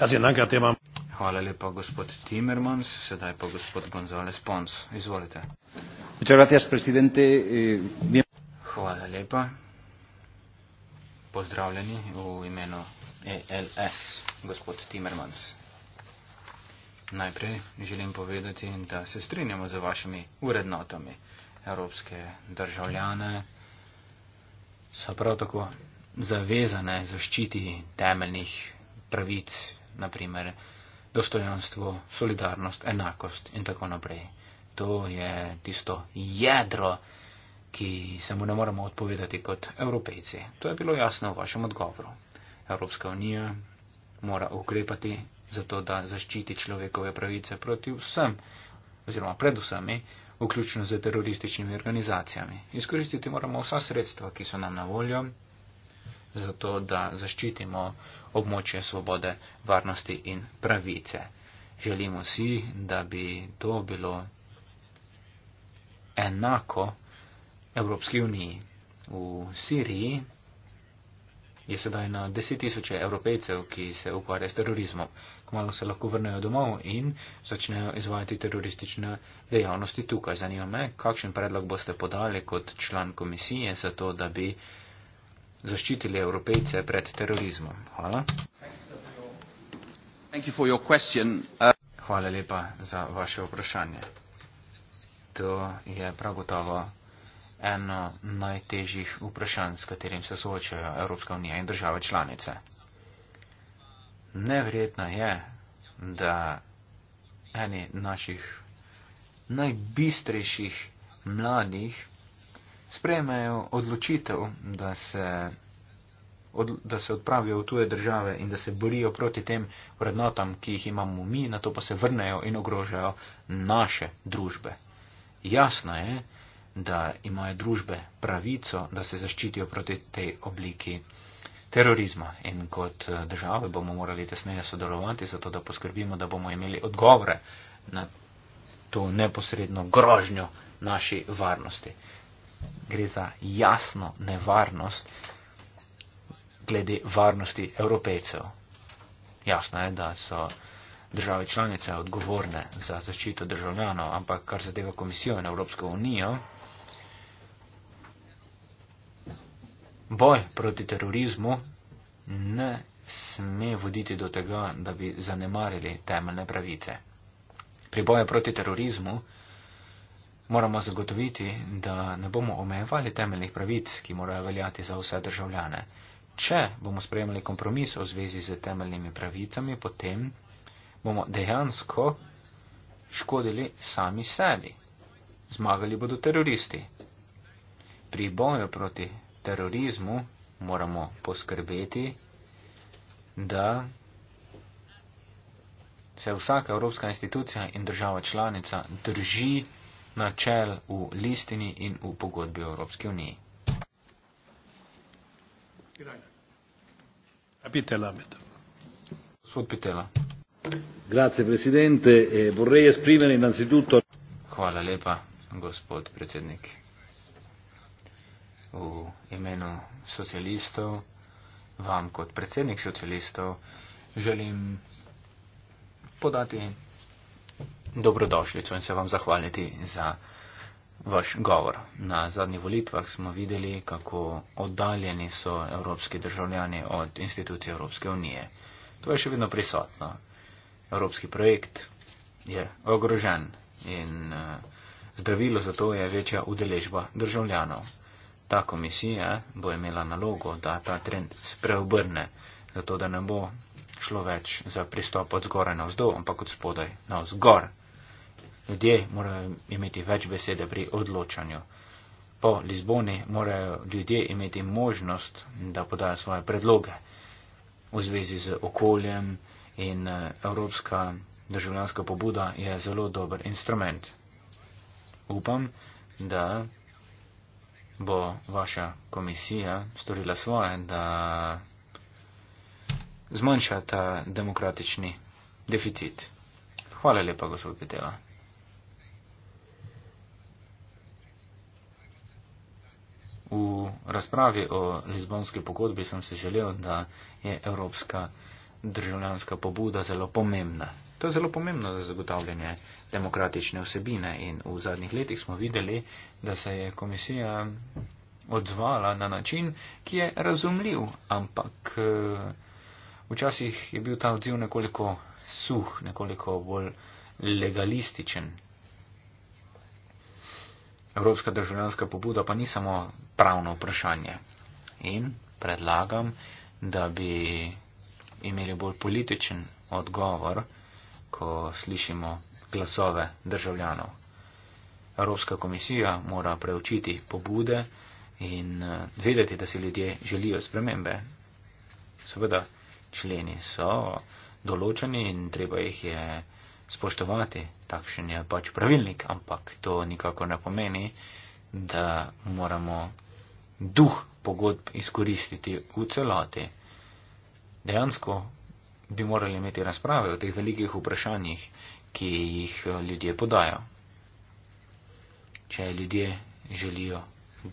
Jaz je nagrad, imam. Hvala lepa, gospod Timmermans. Sedaj pa gospod Gonzales Pons. Izvolite. Gracias, eh, Hvala lepa. Pozdravljeni v imenu ELS, gospod Timmermans. Najprej želim povedati, da se strinjamo z vašimi urednotami. Evropske državljane so prav tako zavezane zaščiti temeljnih pravic naprimer dostojanstvo, solidarnost, enakost in tako naprej. To je tisto jedro, ki se mu ne moremo odpovedati kot evropejci. To je bilo jasno v vašem odgovoru. Evropska unija mora ukrepati zato, da zaščiti človekove pravice proti vsem oziroma predvsem vključno z terorističnimi organizacijami. Izkoristiti moramo vsa sredstva, ki so nam na voljo zato da zaščitimo območje svobode, varnosti in pravice. Želimo si, da bi to bilo enako Evropski uniji. V Siriji je sedaj na deset tisoče evropejcev, ki se ukvarja s terorizmom. Kmalo se lahko vrnejo domov in začnejo izvajati teroristične dejavnosti tukaj. Zanima me, kakšen predlog boste podali kot član komisije za to, da bi zaščitili evropejce pred terorizmom. Hvala. Uh, Hvala lepa za vaše vprašanje. To je prav gotovo eno najtežjih vprašanj, s katerim se soočajo Evropska unija in države članice. Neverjetno je, da eni naših najbistrejših mladih sprejmejo odločitev, da se, od, da se odpravijo v tuje države in da se borijo proti tem vrednotam, ki jih imamo mi, na to pa se vrnejo in ogrožajo naše družbe. Jasno je, da imajo družbe pravico, da se zaščitijo proti tej obliki terorizma in kot eh, države bomo morali tesneje sodelovati, zato da poskrbimo, da bomo imeli odgovore na to neposredno grožnjo naši varnosti gre za jasno nevarnost glede varnosti evropejcev. Jasno je, da so države članice odgovorne za zaščito državljanov, ampak kar zadeva komisijo in Evropsko unijo, boj proti terorizmu ne sme voditi do tega, da bi zanemarili temeljne pravice. Pri boju proti terorizmu moramo zagotoviti, da ne bomo omejevali temeljnih pravic, ki morajo veljati za vse državljane. Če bomo sprejemali kompromis v zvezi z temeljnimi pravicami, potem bomo dejansko škodili sami sebi. Zmagali bodo teroristi. Pri boju proti terorizmu moramo poskrbeti, da se vsaka evropska institucija in država članica drži načel v listini in v pogodbi Evropske unije. Eh, Hvala lepa, gospod predsednik. V imenu socialistov, vam kot predsednik socialistov, želim podati dobrodošlico in se vam zahvaliti za vaš govor. Na zadnjih volitvah smo videli, kako oddaljeni so evropski državljani od institucij Evropske unije. To je še vedno prisotno. Evropski projekt je ogrožen in eh, zdravilo za to je večja udeležba državljanov. Ta komisija bo imela nalogo, da ta trend preobrne, zato da ne bo šlo več za pristop od zgoraj na vzdolj, ampak od spodaj na vzgor. Ljudje morajo imeti več besede pri odločanju. Po Lizboni morajo ljudje imeti možnost, da podajo svoje predloge v zvezi z okoljem in eh, evropska državljanska pobuda je zelo dober instrument. Upam, da bo vaša komisija storila svoje, da zmanjša ta demokratični deficit. Hvala lepa, gospod Petela. V razpravi o Lizbonski pogodbi sem se želel, da je evropska državljanska pobuda zelo pomembna. To je zelo pomembno za zagotavljanje demokratične vsebine in v zadnjih letih smo videli, da se je komisija odzvala na način, ki je razumljiv, ampak eh, včasih je bil ta odziv nekoliko suh, nekoliko bolj legalističen. Evropska državljanska pobuda pa ni samo pravno vprašanje. In predlagam, da bi imeli bolj političen odgovor, ko slišimo glasove državljanov. Evropska komisija mora preučiti pobude in eh, vedeti, da si ljudje želijo spremembe. Seveda, členi so določeni in treba jih je spoštovati, takšen je pač pravilnik, ampak to nikako ne pomeni, da moramo duh pogodb izkoristiti v celoti. Dejansko bi morali imeti razprave o teh velikih vprašanjih, ki jih eh, ljudje podajo. Če ljudje želijo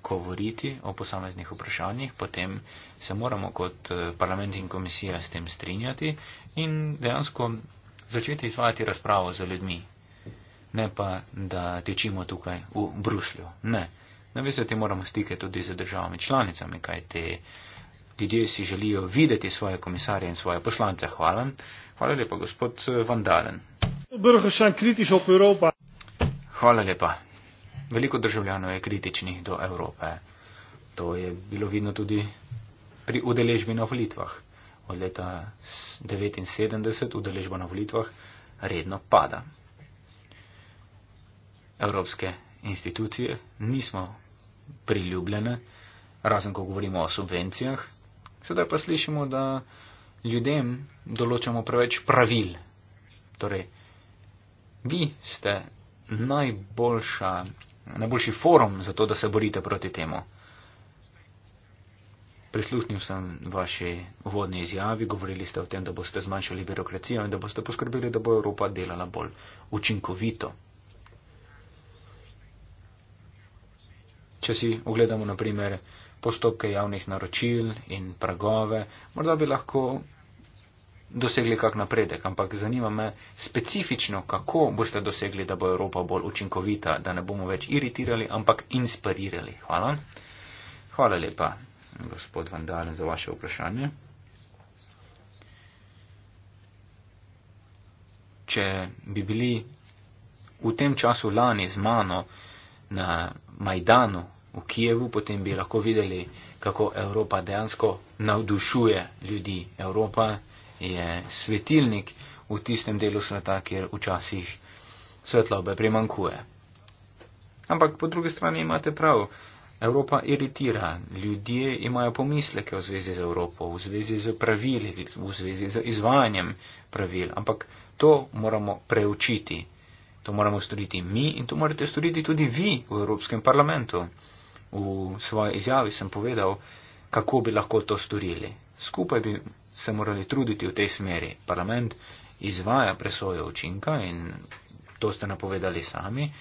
govoriti o posameznih vprašanjih, potem se moramo kot eh, parlament in komisija s tem strinjati in dejansko začeti izvajati razpravo z ljudmi. Ne pa, da tečimo tukaj v Bruslju. Ne navezati moramo stike tudi z državami članicami, kaj te ljudje si želijo videti svoje komisarje in svoje poslance. Hvala. Hvala lepa, gospod Vandalen. Hvala lepa. Veliko državljanov je kritičnih do Evrope. To je bilo vidno tudi pri udeležbi na volitvah. Od leta 1979 udeležba na volitvah redno pada. Evropske institucije nismo priljubljene, razen ko govorimo o subvencijah. Sedaj pa slišimo, da ljudem določamo preveč pravil. Torej, vi ste najboljša, najboljši forum za to, da se borite proti temu. Prisluhnil sem vaši uvodni izjavi, govorili ste o tem, da boste zmanjšali birokracijo in da boste poskrbeli, da bo Evropa delala bolj učinkovito. če si ogledamo naprimer postopke javnih naročil in pragove, morda bi lahko dosegli kak napredek, ampak zanima me specifično, kako boste dosegli, da bo Evropa bolj učinkovita, da ne bomo več iritirali, ampak inspirirali. Hvala. Hvala lepa, gospod Vandalen, za vaše vprašanje. Če bi bili v tem času lani z mano na Majdanu v Kijevu, potem bi lahko videli, kako Evropa dejansko navdušuje ljudi. Evropa je svetilnik v tistem delu sveta, kjer včasih svetlobe primankuje. Ampak po drugi strani imate prav, Evropa iritira, ljudje imajo pomisleke v zvezi z Evropo, v zvezi z pravili, v zvezi z izvajanjem pravil, ampak to moramo preučiti. To moramo storiti mi in to morate storiti tudi vi v Evropskem parlamentu v svoji izjavi sem povedal, kako bi lahko to storili. Skupaj bi se morali truditi v tej smeri. Parlament izvaja presojo učinka in to ste napovedali sami,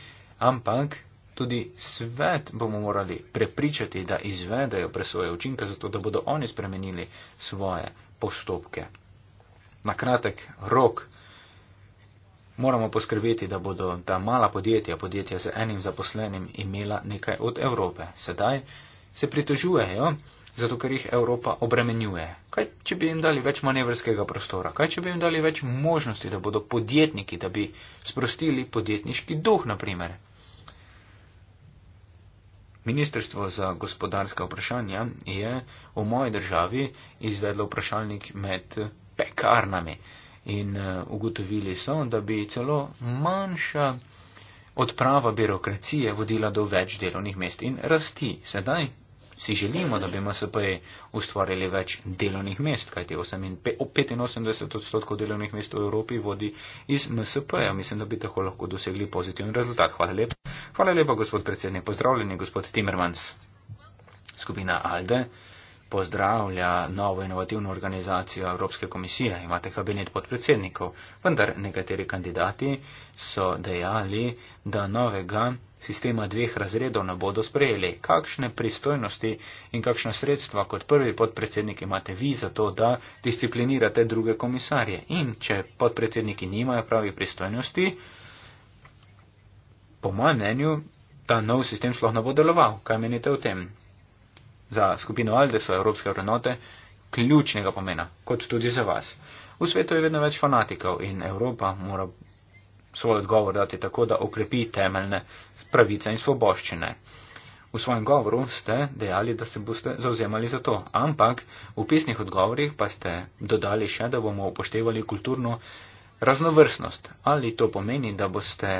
ampak tudi svet bomo morali prepričati, da izvedajo presojo učinka, zato da bodo oni spremenili svoje postopke. Na kratek rok, Moramo poskrbeti, da bodo ta mala podjetja, podjetja z enim zaposlenim, imela nekaj od Evrope. Sedaj se pritožujejo, zato ker jih Evropa obremenjuje. Kaj, če bi jim dali več manevrskega prostora? Kaj, če bi jim dali več možnosti, da bodo podjetniki, da bi sprostili podjetniški duh, naprimer? Ministrstvo za gospodarska vprašanja je v moji državi izvedlo vprašalnik med pekarnami. In uh, ugotovili so, da bi celo manjša odprava birokracije vodila do več delovnih mest in rasti. Sedaj si želimo, da bi MSP ustvarili več delovnih mest, kajti 85 odstotkov delovnih mest v Evropi vodi iz MSP. -ja. Mislim, da bi tako lahko dosegli pozitiven rezultat. Hvala lepa. Hvala lepa, gospod predsednik. Pozdravljeni, gospod Timmermans, skupina Alde. Uh, pozdravlja novo inovativno organizacijo Evropske komisije, imate kabinet podpredsednikov, vendar nekateri kandidati so dejali, da novega sistema dveh razredov ne bodo sprejeli. Kakšne pristojnosti in kakšna sredstva kot prvi podpredsednik imate vi za to, da disciplinirate druge komisarje? In če podpredsedniki nimajo pravih pristojnosti, po mojem mnenju, ta nov sistem sploh ne bo deloval. Kaj menite o tem? Za skupino Alde so evropske vrednote ključnega pomena, kot tudi za vas. V svetu je vedno več fanatikov in Evropa mora svoj odgovor dati tako, da okrepi temeljne pravice in svoboščine. V svojem govoru ste dejali, da se boste zauzemali za to, ampak v pisnih odgovorih pa ste dodali še, da bomo upoštevali kulturno raznovrstnost. Ali to pomeni, da boste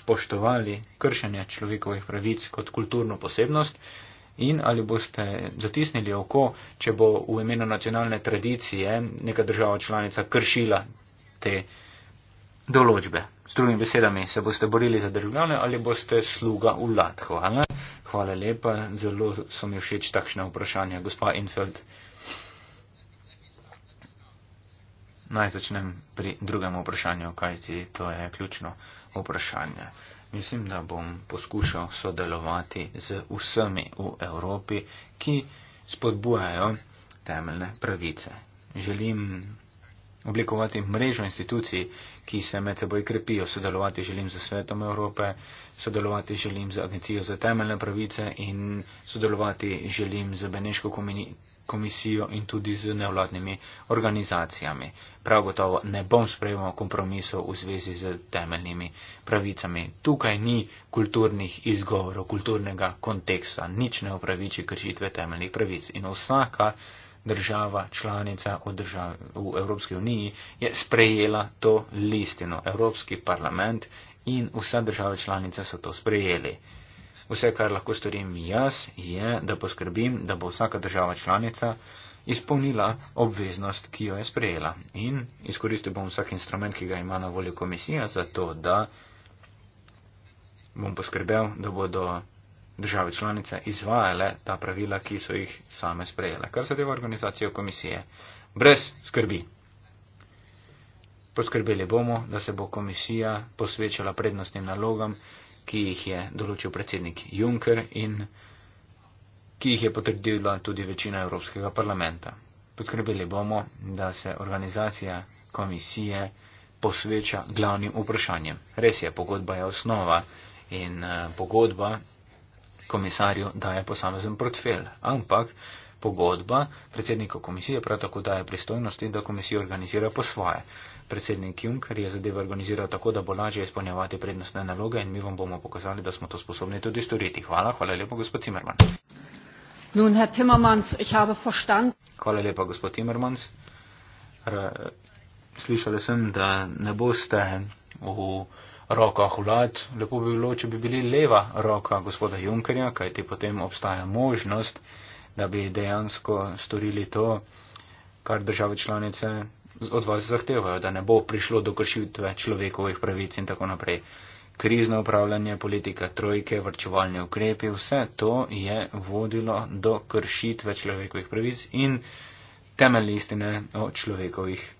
spoštovali kršenje človekovih pravic kot kulturno posebnost? in ali boste zatisnili oko, če bo v imenu nacionalne tradicije neka država članica kršila te določbe. S drugimi besedami, se boste borili za državljane ali boste sluga vlad? Hvala. Hvala lepa, zelo so mi všeč takšne vprašanja. Gospa Infeld, naj začnem pri drugem vprašanju, kajti to je ključno vprašanje. Mislim, da bom poskušal sodelovati z vsemi v Evropi, ki spodbujajo temeljne pravice. Želim oblikovati mrežo institucij, ki se med seboj krepijo. Sodelovati želim z Svetom Evrope, sodelovati želim z Agencijo za temeljne pravice in sodelovati želim z Beneško komunijo komisijo in tudi z nevladnimi organizacijami. Prav gotovo ne bom sprejemal kompromisov v zvezi z temeljnimi pravicami. Tukaj ni kulturnih izgovorov, kulturnega konteksta, nič ne upraviči kršitve temeljnih pravic. In vsaka država članica v, držav, v Evropski uniji je sprejela to listino. Evropski parlament in vsa država članica so to sprejeli. Vse, kar lahko storim jaz, je, da poskrbim, da bo vsaka država članica izpolnila obveznost, ki jo je sprejela. In izkoristil bom vsak instrument, ki ga ima na voljo komisija, zato da bom poskrbel, da bodo države članice izvajale ta pravila, ki so jih same sprejele. Kar zadeva organizacijo komisije. Brez skrbi. Poskrbeli bomo, da se bo komisija posvečala prednostnim nalogam ki jih je določil predsednik Juncker in ki jih je potrdila tudi večina Evropskega parlamenta. Podkrbeli bomo, da se organizacija komisije posveča glavnim vprašanjem. Res je, pogodba je osnova in eh, pogodba komisarju daje posamezen portfel, ampak pogodba. Predsednik komisije prav tako daje pristojnosti, da komisijo organizira po svoje. Predsednik Juncker je zadeve organiziral tako, da bo lažje izpolnjevati prednostne naloge in mi vam bomo pokazali, da smo to sposobni tudi storiti. Hvala, hvala lepa, gospod Zimmerman. Nun, Herr Timmermans, ich habe verstanden. Hvala lepa, gospod Timmermans. Slišali sem, da ne boste v rokah vlad. Lepo bi bilo, če bi bili leva roka gospoda Junkerja, kajti potem obstaja možnost, da bi dejansko storili to, kar države članice od vas zahtevajo, da ne bo prišlo do kršitve človekovih pravic in tako naprej. Krizno upravljanje, politika trojke, vrčevalni ukrepi, vse to je vodilo do kršitve človekovih pravic in temeljne istine o človekovih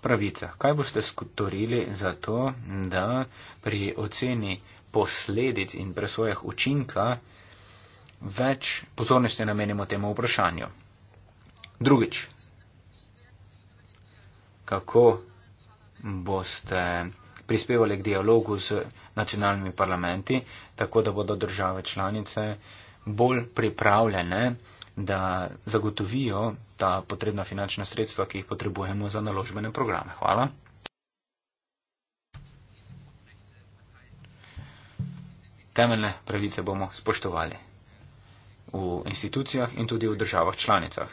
pravicah. Kaj boste storili za to, da pri oceni posledic in presojah učinka več pozornosti namenimo temu vprašanju. Drugič, kako boste prispevali k dialogu z nacionalnimi parlamenti, tako da bodo države članice bolj pripravljene, da zagotovijo ta potrebna finančna sredstva, ki jih potrebujemo za naložbene programe. Hvala. Temeljne pravice bomo spoštovali v institucijah in tudi v državah članicah.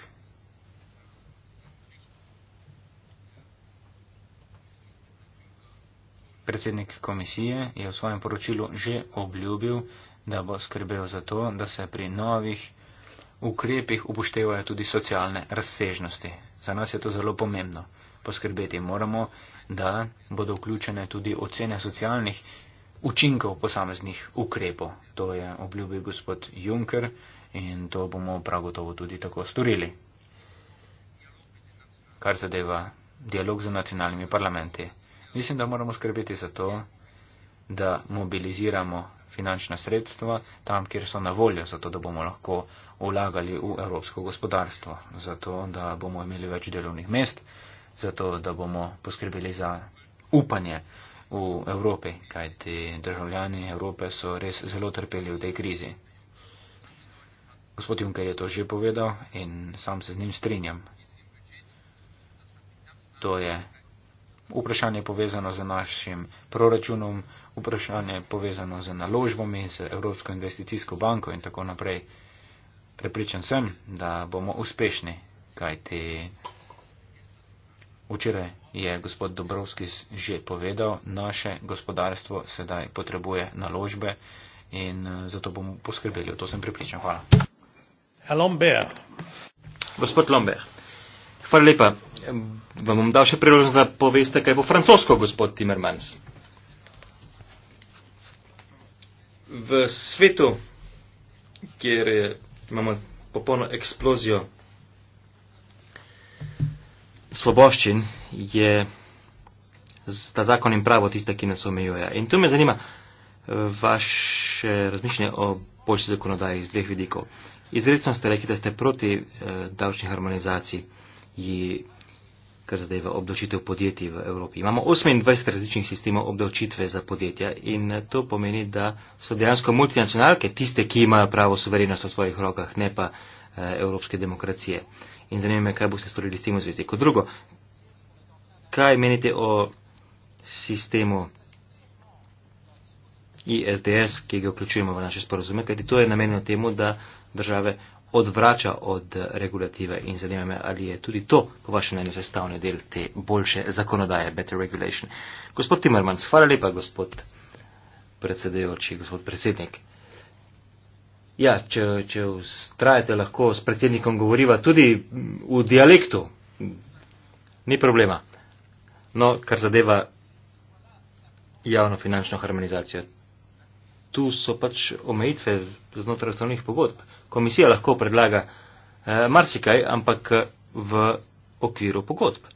Predsednik komisije je v svojem poročilu že obljubil, da bo skrbel za to, da se pri novih ukrepih upoštevajo tudi socialne razsežnosti. Za nas je to zelo pomembno. Poskrbeti moramo, da bodo vključene tudi ocene socialnih učinkov posameznih ukrepov. To je obljubil gospod Juncker in to bomo prav gotovo tudi tako storili. Kar zadeva dialog z nacionalnimi parlamenti. Mislim, da moramo skrbeti za to, da mobiliziramo finančna sredstva tam, kjer so na voljo, zato da bomo lahko vlagali v evropsko gospodarstvo, zato da bomo imeli več delovnih mest, zato da bomo poskrbeli za upanje v Evropi, kajti državljani Evrope so res zelo trpeli v tej krizi. Gospod Juncker je to že povedal in sam se z njim strinjam. To je vprašanje povezano z našim proračunom, vprašanje povezano z naložbami, z Evropsko investicijsko banko in tako naprej. Prepričan sem, da bomo uspešni, kajti Včeraj je gospod Dobrovski že povedal, naše gospodarstvo sedaj potrebuje naložbe in eh, zato bomo poskrbeli. O to sem pripričan. Hvala. Lombea. Gospod Lomber, hvala lepa. Vam bom dal še priložnost, da poveste, kaj bo francosko, gospod Timmermans. V svetu, kjer imamo popolno eksplozijo svoboščin je ta zakon in pravo tista, ki nas omejuje. In tu me zanima vaše razmišljanje o boljši zakonodaji iz dveh vidikov. Izredno ste rekli, da ste proti eh, davčni harmonizaciji, kar zadeva obdočitev podjetij v Evropi. Imamo 28 različnih sistemov obdočitve za podjetja in eh, to pomeni, da so dejansko multinacionalke tiste, ki imajo pravo suverenost v svojih rokah, ne pa eh, evropske demokracije. Eh, in zanimajo me, kaj boste storili s tem v zvezi. Kot drugo, kaj menite o sistemu ISDS, ki ga vključujemo v naše sporozume, kajti to je namenjeno temu, da države odvrača od regulative in zanimajo me, ali je tudi to po vašem mnenju sestavni del te boljše zakonodaje, better regulation. Gospod Timmermans, hvala lepa, gospod predsedujoči, gospod predsednik. Ja, če, če ustrajate, lahko s predsednikom govoriva tudi v dialektu. Ni problema. No, kar zadeva javno finančno harmonizacijo. Tu so pač omejitve znotraj ustavnih pogodb. Komisija lahko predlaga eh, marsikaj, ampak eh, v okviru pogodb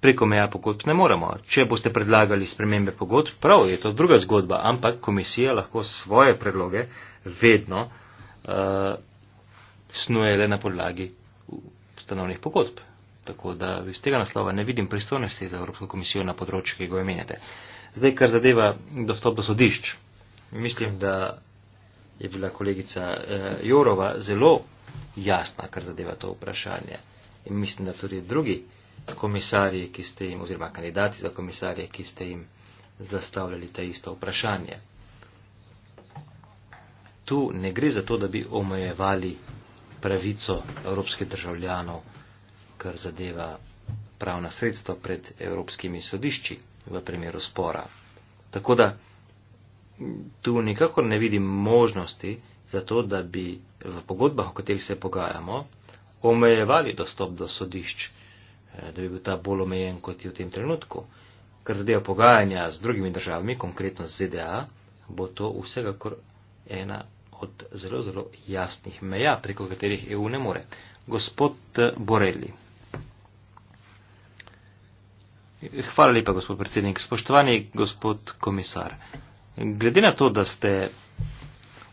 preko meja pogodb ne moremo. Če boste predlagali spremembe pogodb, prav je to druga zgodba, ampak komisija lahko svoje predloge vedno uh, snuje le na podlagi ustanovnih pogodb. Tako da iz tega naslova ne vidim pristojnosti za Evropsko komisijo na področju, ki ga imenjate. Zdaj, kar zadeva dostop do sodišč, mislim, da je bila kolegica uh, Jourova zelo jasna, kar zadeva to vprašanje. In mislim, da tudi drugi komisarji, ki ste jim, oziroma kandidati za komisarje, ki ste jim zastavljali ta isto vprašanje. Tu ne gre za to, da bi omejevali pravico evropskih državljanov, kar zadeva pravna sredstva pred evropskimi sodišči v primeru spora. Tako da tu nikakor ne vidim možnosti za to, da bi v pogodbah, o katerih se pogajamo, omejevali dostop do sodišč Eh, da bi bil ta bolj omejen, kot je v tem trenutku. Kar zadeva pogajanja z drugimi državami, konkretno z ZDA, bo to vsekakor ena od zelo, zelo jasnih meja, preko katerih EU ne more. Gospod eh, Borelli. Hvala lepa, gospod predsednik. Spoštovani gospod komisar, glede na to, da ste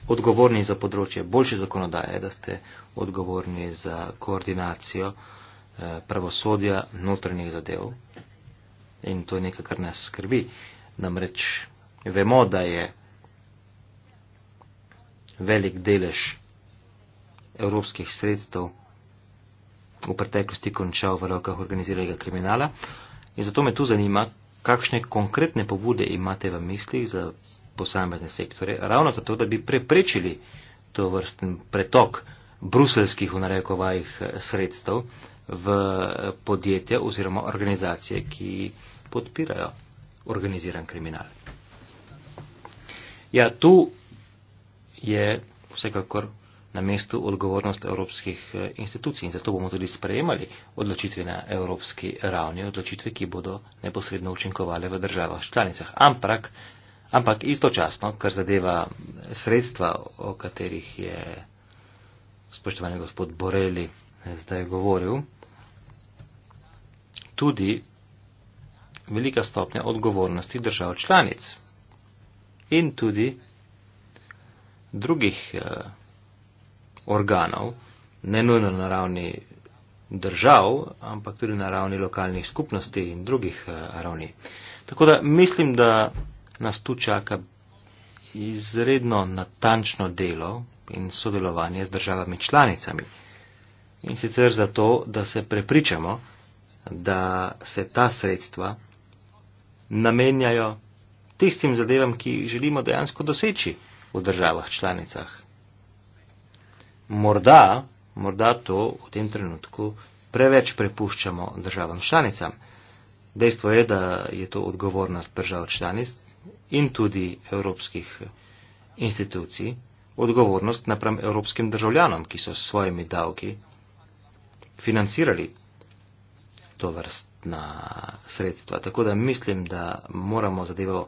odgovorni za področje boljše zakonodaje, da ste odgovorni za koordinacijo, pravosodja notranjih zadev. In to je nekaj, kar nas skrbi. Namreč vemo, da je velik delež evropskih sredstev v preteklosti končal v rokah organiziranega kriminala. In zato me tu zanima, kakšne konkretne pobude imate v mislih za posamezne sektore, ravno zato, da bi preprečili to vrsten pretok bruselskih v narekovajih sredstev, v podjetja oziroma organizacije, ki podpirajo organiziran kriminal. Ja, tu je vsekakor na mestu odgovornost evropskih eh, institucij in zato bomo tudi sprejemali odločitve na evropski ravni, odločitve, ki bodo neposredno učinkovali v državah članicah. Ampak, ampak istočasno, kar zadeva sredstva, o katerih je spoštovani gospod Boreli zdaj govoril, tudi velika stopnja odgovornosti držav članic in tudi drugih eh, organov, ne nujno na ravni držav, ampak tudi na ravni lokalnih skupnosti in drugih eh, ravni. Tako da mislim, da nas tu čaka izredno natančno delo in sodelovanje z državami članicami. In sicer zato, da se prepričamo, da se ta sredstva namenjajo tistim zadevam, ki jih želimo dejansko doseči v državah članicah. Morda, morda to v tem trenutku preveč prepuščamo državam članicam. Dejstvo je, da je to odgovornost držav članic in tudi evropskih institucij, odgovornost napram evropskim državljanom, ki so s svojimi davki financirali to vrstna sredstva. Tako da mislim, da moramo zadevo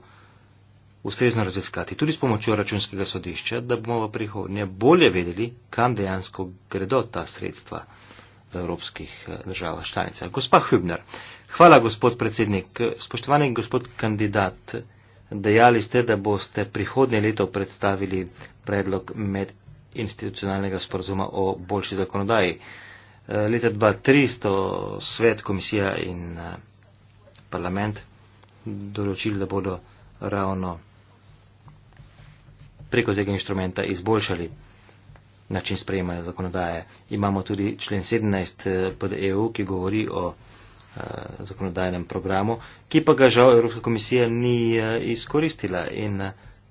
ustrezno raziskati tudi s pomočjo računskega sodišča, da bomo v prihodnje bolje vedeli, kam dejansko gredo ta sredstva v evropskih eh, državah članica. Gospa Hübner, hvala gospod predsednik. Spoštovani gospod kandidat, dejali ste, da boste prihodnje leto predstavili predlog med institucionalnega sporazuma o boljši zakonodaji. Eh, leta 2300 svet, komisija in eh, parlament določili, da bodo ravno preko tega inštrumenta izboljšali način sprejemanja zakonodaje. Imamo tudi člen 17 eh, pod EU, ki govori o zakonodajnem programu, ki pa ga žal Evropska komisija ni izkoristila in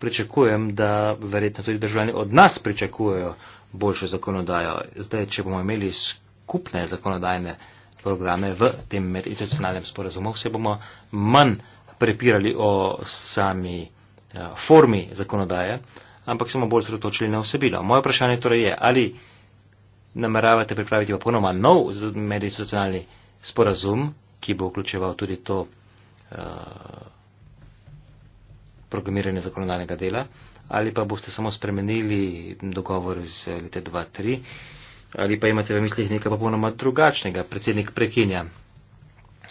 pričakujem, da verjetno tudi državljani od nas pričakujejo boljšo zakonodajo. Zdaj, če bomo imeli skupaj skupne zakonodajne programe v tem medinstitucionalnem sporazumu, se bomo manj prepirali o sami eh, formi zakonodaje, ampak se bomo bolj sredotočili na vsebino. Moje vprašanje torej je, ali nameravate pripraviti popolnoma nov medinstitucionalni sporazum, ki bo vključeval tudi to uh, programiranje zakonodajnega dela, ali pa boste samo spremenili dogovor iz eh, leta 2003 ali pa imate v mislih nekaj popolnoma drugačnega. Predsednik prekinja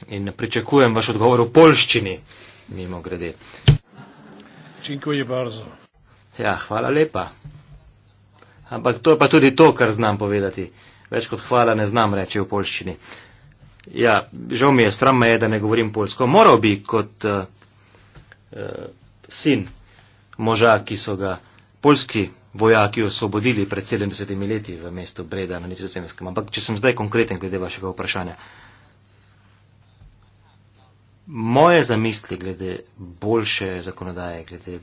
in pričakujem vaš odgovor v polščini, mimo grede. Ja, hvala lepa. Ampak to je pa tudi to, kar znam povedati. Več kot hvala ne znam reči v polščini. Ja, žal mi je, sram me je, da ne govorim polsko. Moral bi kot uh, uh, sin moža, ki so ga polski vojaki osvobodili pred 70 leti v mestu Breda na Nizozemskem. Ampak, če sem zdaj konkreten glede vašega vprašanja. Moje zamisli glede boljše zakonodaje, glede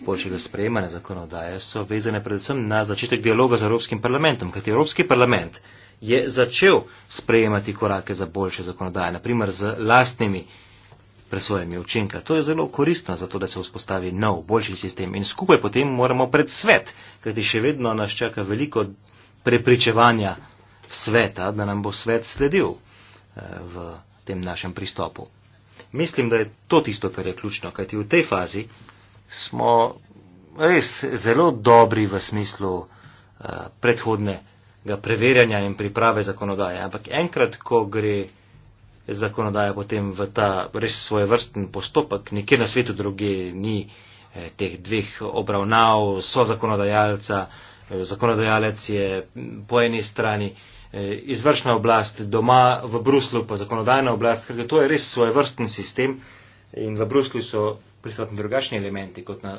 boljšega sprejemanja zakonodaje so vezane predvsem na začetek dialoga z Evropskim parlamentom, kajti Evropski parlament je začel sprejemati korake za boljše zakonodaje, naprimer z lastnimi presvojami učinka. To je zelo koristno, zato da se vzpostavi nov, boljši sistem in skupaj potem moramo pred svet, kajti še vedno nas čaka veliko prepričevanja sveta, da nam bo svet sledil eh, v tem našem pristopu. Mislim, da je to tisto, kar je ključno, kajti v tej fazi smo res zelo dobri v smislu eh, predhodnega preverjanja in priprave zakonodaje, ampak enkrat, ko gre zakonodaja potem v ta res svojevrsten postopek. Nikjer na svetu druge ni eh, teh dveh obravnav, so zakonodajalca, eh, zakonodajalec je po eni strani eh, izvršna oblast doma, v Bruslu pa zakonodajna oblast, ker to je res svojevrsten sistem in v Bruslu so prisotni drugačni elementi kot na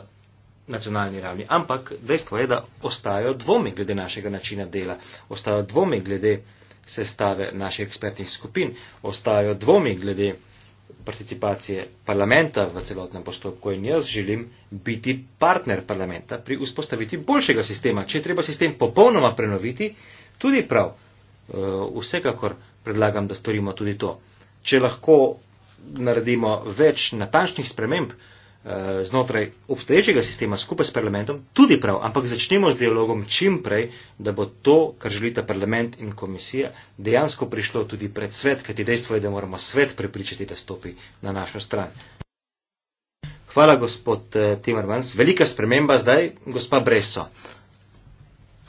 nacionalni ravni. Ampak dejstvo je, da ostajo dvomi glede našega načina dela, ostajo dvomi glede sestave naših ekspertnih skupin. Ostajajo dvomi glede participacije parlamenta v celotnem postopku in jaz želim biti partner parlamenta pri vzpostaviti boljšega sistema. Če treba sistem popolnoma prenoviti, tudi prav. Eh, vsekakor predlagam, da storimo tudi to. Če lahko naredimo več natančnih sprememb, Eh, znotraj obstoječega sistema skupaj s parlamentom tudi prav, ampak začnemo z dialogom čim prej, da bo to, kar želita parlament in komisija, dejansko prišlo tudi pred svet, kajti dejstvo je, da moramo svet prepričati, da stopi na našo stran. Hvala, gospod eh, Timmermans. Velika sprememba zdaj, gospa Breso. Uh,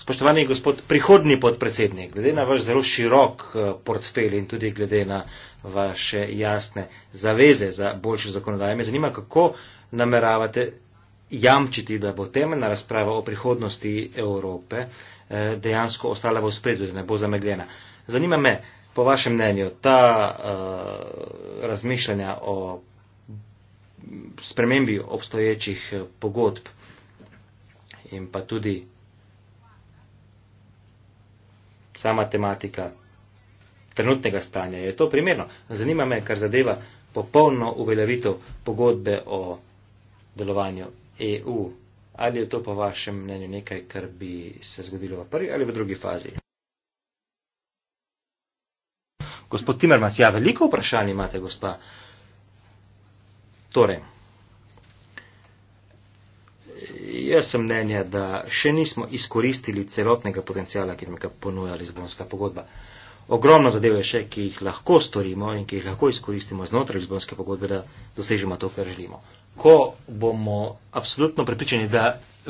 Spoštovani gospod prihodni podpredsednik, glede na vaš zelo širok eh, portfelj in tudi glede na vaše jasne zaveze za boljšo zakonodajo, me zanima, kako nameravate jamčiti, da bo temeljna razprava o prihodnosti Evrope eh, dejansko ostala v spredju, da ne bo zamegljena. Zanima me, po vašem mnenju, ta uh, razmišljanja o spremembi obstoječih pogodb in pa tudi sama tematika trenutnega stanja. Je to primerno? Zanima me, kar zadeva popolno uveljavitev pogodbe o delovanju EU. Ali je to po vašem mnenju nekaj, kar bi se zgodilo v prvi ali v drugi fazi? Gospod Timermans, ja, veliko vprašanj imate, gospa. Torej jaz sem mnenja, da še nismo izkoristili celotnega potencijala, ki nam ga ponuja Lizbonska pogodba. Ogromno zadev je še, ki jih lahko storimo in ki jih lahko izkoristimo znotraj Lizbonske pogodbe, da dosežemo to, kar želimo. Ko bomo absolutno prepričani, da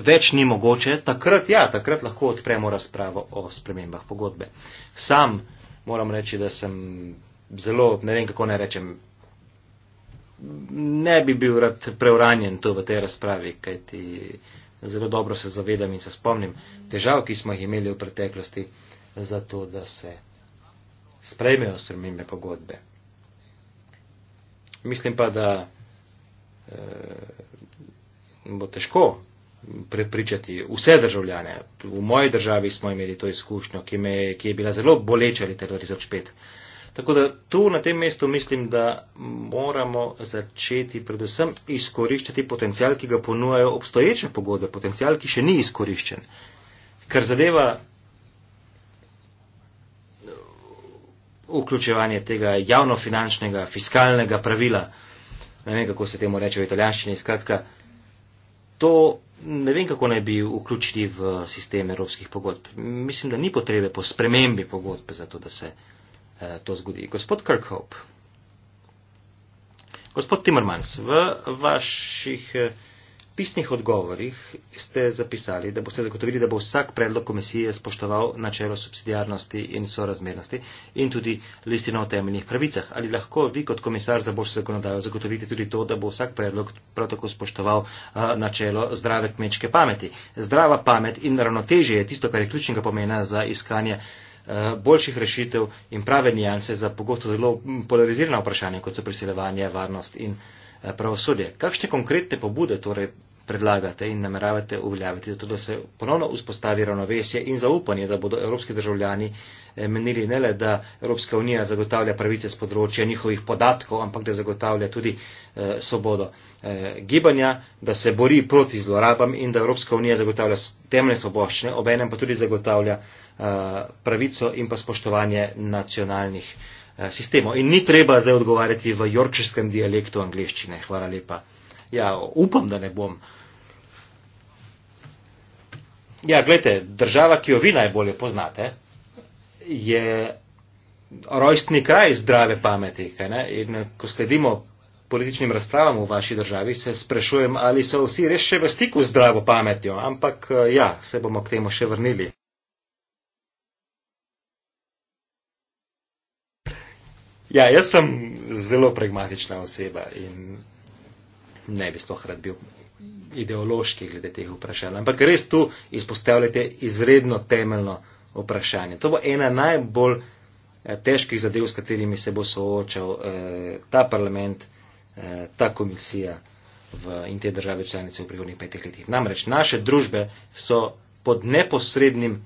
več ni mogoče, takrat, ja, takrat lahko odpremo razpravo o spremembah pogodbe. Sam moram reči, da sem zelo, ne vem kako naj rečem, ne bi bil rad preuranjen to v tej razpravi, kajti zelo dobro se zavedam in se spomnim težav, ki smo jih imeli v preteklosti, zato da se sprejmejo spremembe pogodbe. Mislim pa, da e, bo težko prepričati vse državljane. V moji državi smo imeli to izkušnjo, ki, me, ki je bila zelo boleča leta 2005. Tako da tu na tem mestu mislim, da moramo začeti predvsem izkoriščati potencial, ki ga ponujajo obstoječe pogodbe, potencial, ki še ni izkoriščen. Kar zadeva uh, vključevanje tega javnofinančnega, fiskalnega pravila, ne vem, kako se temu reče v italijanščini, skratka, to ne vem, kako naj bi vključili v sistem evropskih pogodb. Mislim, da ni potrebe po spremembi pogodbe za to, da se. Eh, to zgodi. Gospod Kirkhope, gospod Timmermans, v vaših eh, pisnih odgovorih ste zapisali, da boste zagotovili, da bo vsak predlog komisije spoštoval načelo subsidijarnosti in sorazmernosti in tudi listino o temeljnih pravicah. Ali lahko vi kot komisar za boljšo zakonodajo zagotovite tudi to, da bo vsak predlog prav tako spoštoval eh, načelo zdrave kmečke pameti? Zdrava pamet in ravnotežje je tisto, kar je ključnega pomena za iskanje Eh, boljših rešitev in prave nijanse za pogosto zelo polarizirana vprašanja, kot so priseljevanje, varnost in eh, pravosodje. Kakšne konkretne pobude torej predlagate in nameravate uveljaviti, zato da se ponovno vzpostavi ravnovesje in zaupanje, da bodo evropski državljani eh, menili ne le, da Evropska unija zagotavlja pravice z področja njihovih podatkov, ampak da zagotavlja tudi eh, svobodo eh, gibanja, da se bori proti zlorabam in da Evropska unija zagotavlja temeljne svoboščine, obenem pa tudi zagotavlja eh, Eh, pravico in pa spoštovanje nacionalnih eh, sistemov. In ni treba zdaj odgovarjati v jorkšskem dialektu angliščine. Hvala lepa. Ja, upam, da ne bom. Ja, gledajte, država, ki jo vi najbolje poznate, je rojstni kraj zdrave pameti. Ne? In eh, ko sledimo političnim razpravam v vaši državi, se sprašujem, ali so vsi res še v stiku z zdravo pametjo. Ampak ja, se bomo k temu še vrnili. Ja, jaz sem zelo pragmatična oseba in ne bi sploh rad bil ideološki glede teh vprašanj. Ampak res tu izpostavljate izredno temeljno vprašanje. To bo ena najbolj eh, težkih zadev, s katerimi se bo soočal eh, ta parlament, eh, ta komisija v, in te države članice v prihodnih petih letih. Namreč naše družbe so pod neposrednim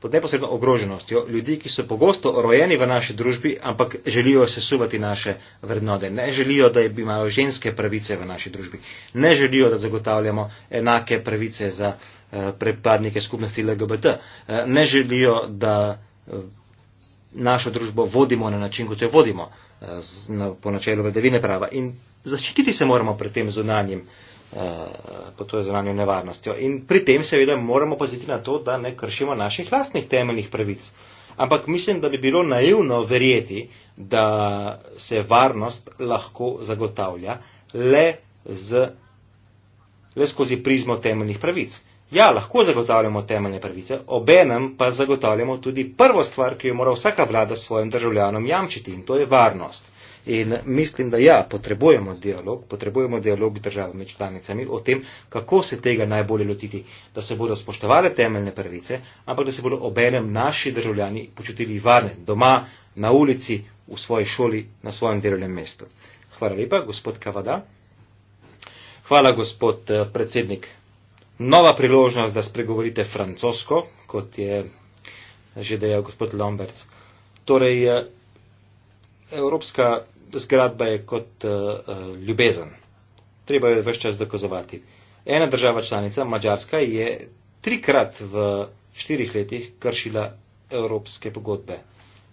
pod neposredno ogroženostjo ljudi, ki so pogosto rojeni v naši družbi, ampak želijo sesuvati naše vrednote. Ne želijo, da imajo ženske pravice v naši družbi. Ne želijo, da zagotavljamo enake pravice za eh, pripadnike skupnosti LGBT. Eh, ne želijo, da eh, našo družbo vodimo na način, kot jo vodimo po načelu vladavine prava. In zaščititi se moramo pred tem zunanjim uh, Eh, pa to je zunanjo nevarnostjo. In pri tem seveda moramo paziti na to, da ne kršimo naših lastnih temeljnih pravic. Ampak mislim, da bi bilo naivno verjeti, da se varnost lahko zagotavlja le, z, le skozi prizmo temeljnih pravic. Ja, lahko zagotavljamo temeljne pravice, obenem pa zagotavljamo tudi prvo stvar, ki jo mora vsaka vlada svojim državljanom jamčiti in to je varnost. In mislim, da ja, potrebujemo dialog, potrebujemo dialog z državami članicami o tem, kako se tega najbolje lotiti, da se bodo spoštovale temeljne pravice, ampak da se bodo obenem naši državljani počutili varne doma, na ulici, v svoji šoli, na svojem delovnem mestu. Hvala lepa, gospod Kavada. Hvala, gospod eh, predsednik. Nova priložnost, da spregovorite francosko, kot je že dejal gospod Lomberc. Torej, eh, evropska zgradba je kot uh, uh, ljubezen. Treba jo vse čas dokazovati. Ena država članica, Mačarska, je trikrat v štirih letih kršila evropske pogodbe.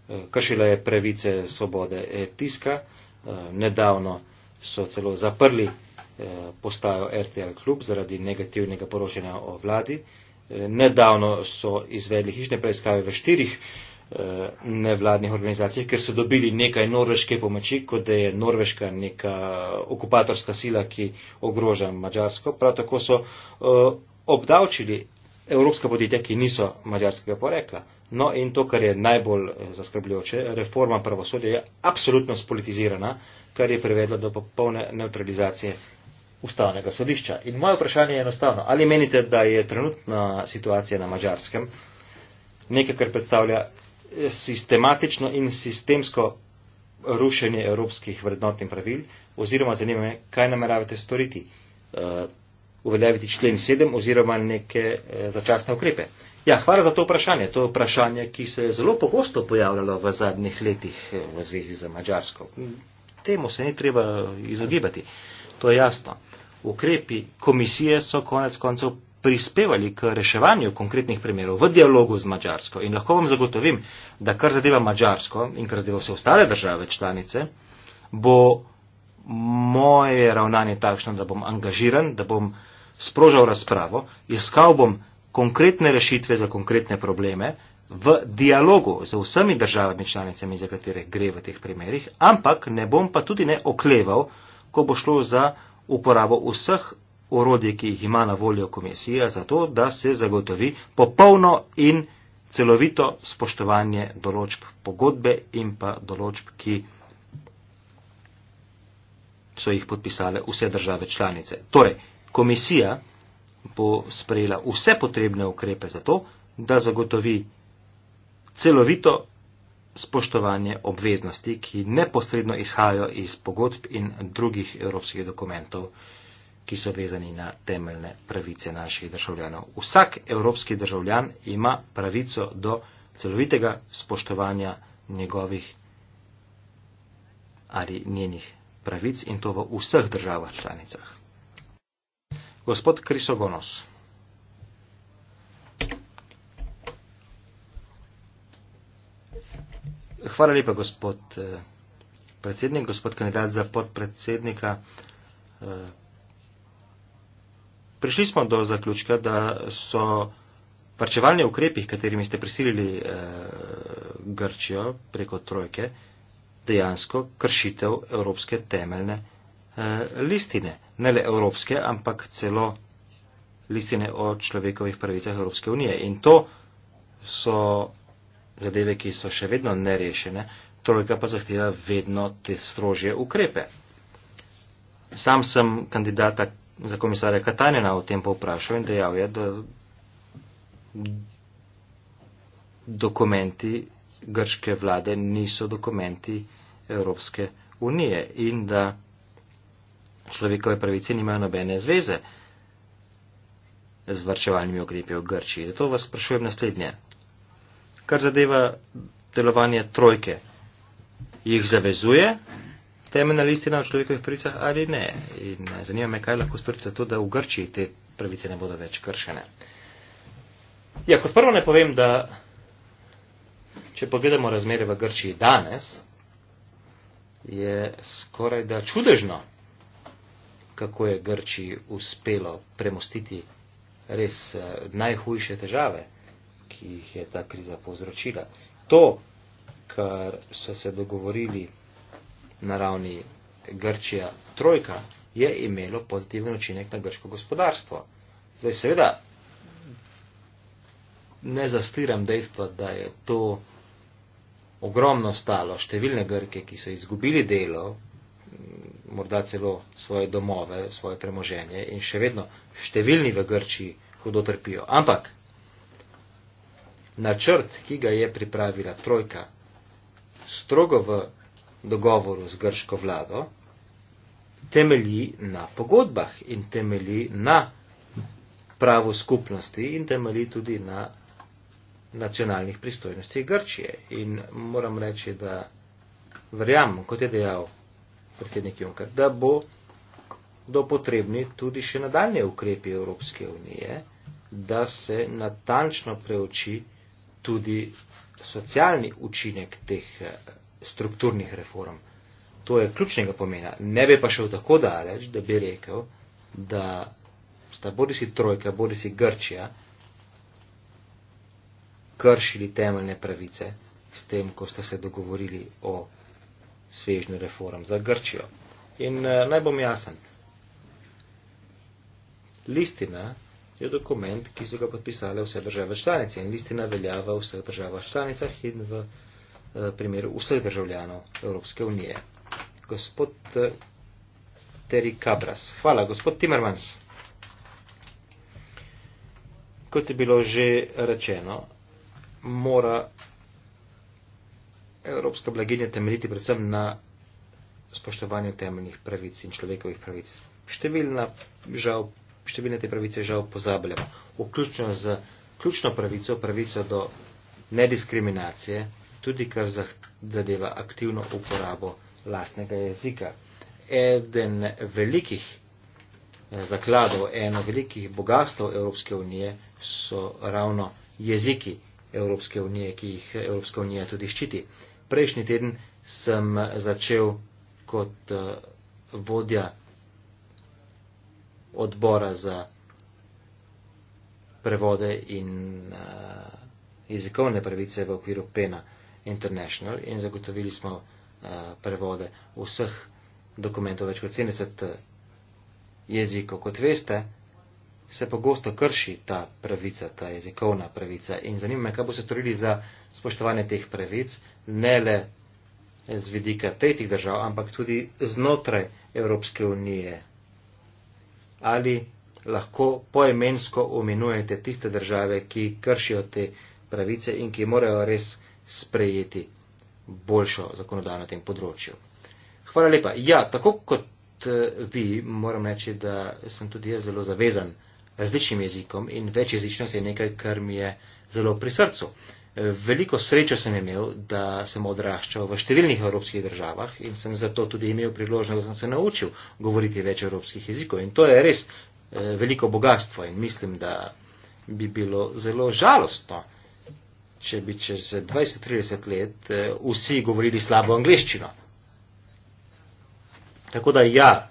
Eh, kršila je pravice svobode tiska, nedavno so celo zaprli postajo RTL klub zaradi negativnega poročanja o vladi, nedavno so izvedli hišne preiskave v štirih Eh, nevladnih organizacij, ker so dobili nekaj norveške pomoči, kot da je norveška neka okupatorska sila, ki ogroža Mačarsko. Prav tako so eh, obdavčili evropska podjetja, ki niso mačarskega porekla. No in to, kar je najbolj eh, zaskrbljujoče, reforma pravosodja je absolutno spolitizirana, kar je privedlo do popolne neutralizacije ustavnega sodišča. In moje vprašanje je enostavno. Ali menite, da je trenutna situacija na mačarskem nekaj, kar predstavlja sistematično in sistemsko rušenje evropskih vrednot in pravil, oziroma zanima me, kaj nameravate storiti, uh, uveljaviti člen 7 oziroma neke uh, začasne ukrepe. Ja, hvala za to vprašanje. To je vprašanje, ki se je zelo pogosto pojavljalo v zadnjih letih eh, v zvezi z Mačarsko. Temu se ne treba izogibati. To je jasno. Ukrepi komisije so konec koncev prispevali k reševanju konkretnih primerov v dialogu z Mačarsko. In lahko vam zagotovim, da kar zadeva Mačarsko in kar zadeva vse ostale države članice, bo moje ravnanje takšno, da bom angažiran, da bom sprožal razpravo, iskal bom konkretne rešitve za konkretne probleme v dialogu z vsemi državami članicami, za katere gre v teh primerih, ampak ne bom pa tudi ne okleval, ko bo šlo za uporabo vseh orodje, ki jih ima na voljo komisija, zato da se zagotovi popolno in celovito spoštovanje določb pogodbe in pa določb, ki so jih podpisale vse države članice. Torej, komisija bo sprejela vse potrebne ukrepe za to, da zagotovi celovito spoštovanje obveznosti, ki neposredno izhajajo iz pogodb in drugih evropskih dokumentov ki so vezani na temeljne pravice naših državljanov. Vsak evropski državljan ima pravico do celovitega spoštovanja njegovih ali njenih pravic in to v vseh državah članicah. Gospod Krisogonos. Hvala lepa, gospod eh, predsednik, gospod kandidat za podpredsednika. Eh, Prišli smo do zaključka, da so varčevalni ukrepih, katerimi ste prisilili eh, Grčijo preko trojke, dejansko kršitev evropske temeljne eh, listine. Ne le evropske, ampak celo listine o človekovih pravicah Evropske unije. In to so zadeve, ki so še vedno nerešene, trojka pa zahteva vedno te strožje ukrepe. Sam sem kandidata za komisarja Katanina o tem povprašal in dejal je, da dokumenti grške vlade niso dokumenti Evropske unije in da človekove pravice nimajo nobene zveze z vrčevalnimi ukrepi v Grčiji. Zato vas sprašujem naslednje. Kar zadeva delovanje trojke, jih zavezuje temeljna listina o človekovih pravicah ali ne. In eh, zanima me, kaj lahko storite za to, da v Grčiji te pravice ne bodo več kršene. Ja, kot prvo ne povem, da če pogledamo razmere v Grčiji danes, je skoraj da čudežno, kako je Grčiji uspelo premostiti res eh, najhujše težave, ki jih je ta kriza povzročila. To, kar so se dogovorili na ravni Grčija trojka, je imelo pozitiven učinek na grško gospodarstvo. Zdaj seveda ne zastiram dejstva, da je to ogromno stalo številne Grke, ki so izgubili delo, morda celo svoje domove, svoje premoženje in še vedno številni v Grčiji hudo trpijo. Ampak načrt, ki ga je pripravila trojka, strogo v dogovoru z grško vlado, temelji na pogodbah in temelji na pravo skupnosti in temelji tudi na nacionalnih pristojnostih Grčije. In moram reči, da verjamem, kot je dejal predsednik Juncker, da bo do potrebni tudi še nadaljne ukrepi Evropske unije, da se natančno preuči tudi socialni učinek teh strukturnih reform. To je ključnega pomena. Ne bi pa šel tako daleč, da bi rekel, da sta bodi si trojka, bodi si Grčija kršili temeljne pravice s tem, ko ste se dogovorili o svežnju reform za Grčijo. In uh, naj bom jasen. Listina je dokument, ki so ga podpisale vse države članice in listina velja v vseh državah članicah in v. Eh, primeru vseh državljanov Evropske unije. Gospod eh, Terry Cabras. Hvala, gospod Timmermans. Kot je bilo že rečeno, mora evropska blaginja temeljiti predvsem na spoštovanju temeljnih pravic in človekovih pravic. Številna, žal, številne te pravice žal pozabljamo, vključno z ključno pravico, pravico do nediskriminacije, tudi kar zadeva aktivno uporabo lastnega jezika. Eden velikih eh, zakladov, eno velikih bogatstv Evropske unije so ravno jeziki Evropske unije, ki jih Evropska unija tudi ščiti. Prejšnji teden sem začel kot eh, vodja odbora za prevode in uh, jezikovne pravice v okviru PENA. Uh, International in zagotovili smo eh, prevode vseh dokumentov, več kot 70 eh, jezikov. Kot veste, se pogosto krši ta pravica, ta jezikovna pravica in zanima me, kaj boste storili za spoštovanje teh pravic, ne le z vidika tretjih držav, ampak tudi znotraj Evropske unije. Ali lahko poemensko omenujete tiste države, ki kršijo te pravice in ki morajo res sprejeti boljšo zakonodajo na tem področju. Hvala lepa. Ja, tako kot eh, vi, moram reči, da sem tudi jaz zelo zavezan različnim jezikom in večjezičnost je nekaj, kar mi je zelo pri srcu. Eh, veliko srečo sem imel, da sem odraščal v številnih evropskih državah in sem zato tudi imel priložnost, da sem se naučil govoriti več evropskih jezikov. In to je res eh, veliko bogatstvo in mislim, da bi bilo zelo žalostno, če bi čez 20-30 let eh, vsi govorili slabo angliščino. Tako da ja,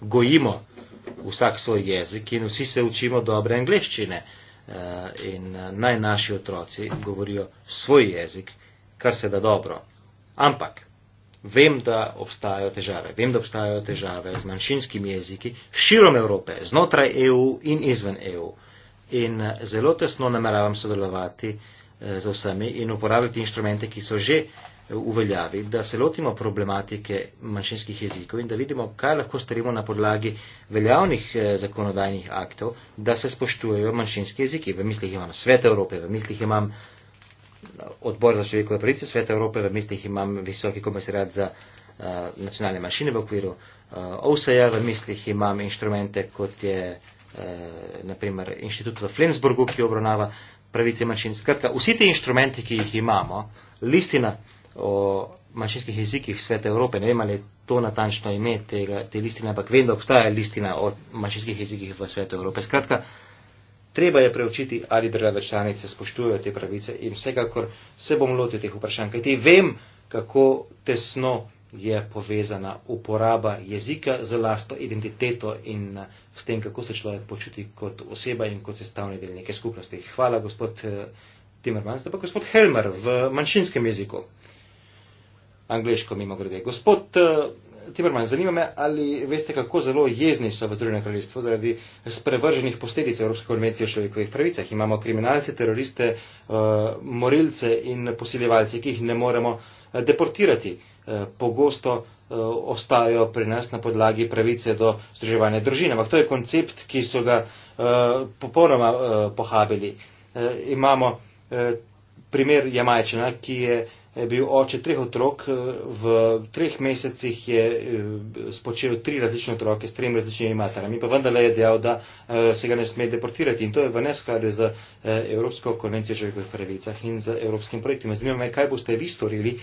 gojimo vsak svoj jezik in vsi se učimo dobre angliščine eh, in eh, naj naši otroci govorijo svoj jezik, kar se da dobro. Ampak vem, da obstajajo težave. Vem, da obstajajo težave z manjšinskimi jeziki širom Evrope, znotraj EU in izven EU. In zelo tesno nameravam sodelovati uh, Eh, za vsemi in uporabljati inštrumente, ki so že uveljavi, da se lotimo problematike manjšinskih jezikov in da vidimo, kaj lahko storimo na podlagi veljavnih eh, zakonodajnih aktov, da se spoštujejo manjšinski jeziki. V mislih imam Svet Evrope, v mislih imam eh, odbor za človekove pravice Sveta Evrope, v mislih imam visoki komisariat za a, nacionalne manjšine v okviru OUSA-ja, v mislih imam inštrumente, kot je a, naprimer inštitut v Flensburgu, ki obravnava pravice manjšin. Skratka, vsi ti inštrumenti, ki jih imamo, listina o manjšinskih jezikih Sveta Evrope, ne vem ali je to natančno ime tega, te listine, ampak vem, da obstaja listina o manjšinskih jezikih v Svetu Evrope. Skratka, treba je preučiti, ali države članice spoštujejo te pravice in vsekakor se bom lotil teh vprašanj, kajti vem, kako tesno je povezana uporaba jezika z lastno identiteto in eh, s tem, kako se človek počuti kot oseba in kot sestavni del neke skupnosti. Hvala, gospod eh, Timmermans, da pa gospod Helmer v manjšinskem jeziku, angliško mimo grede. Gospod eh, Timmermans, zanima me, ali veste, kako zelo jezni so v Združenem kraljestvu zaradi sprevrženih posledic Evropske konvencije o človekovih pravicah. Imamo kriminalce, teroriste, morilce in posiljevalce, ki jih ne moremo deportirati. Eh, pogosto eh, ostajajo pri nas na podlagi pravice do združevanja družine. Ampak to je koncept, ki so ga eh, popolnoma pohabili. Imamo primer Jamajčana, ki je je bil oče treh otrok, eh, v treh mesecih je eh, spočel tri različne otroke s tremi različnimi materami, pa vendarle je dejal, da eh, se ga ne sme deportirati in to je v neskladju z Evropsko konvencijo o človekovih pravicah in z Evropskim projektom. Zanima me, kaj boste vi storili,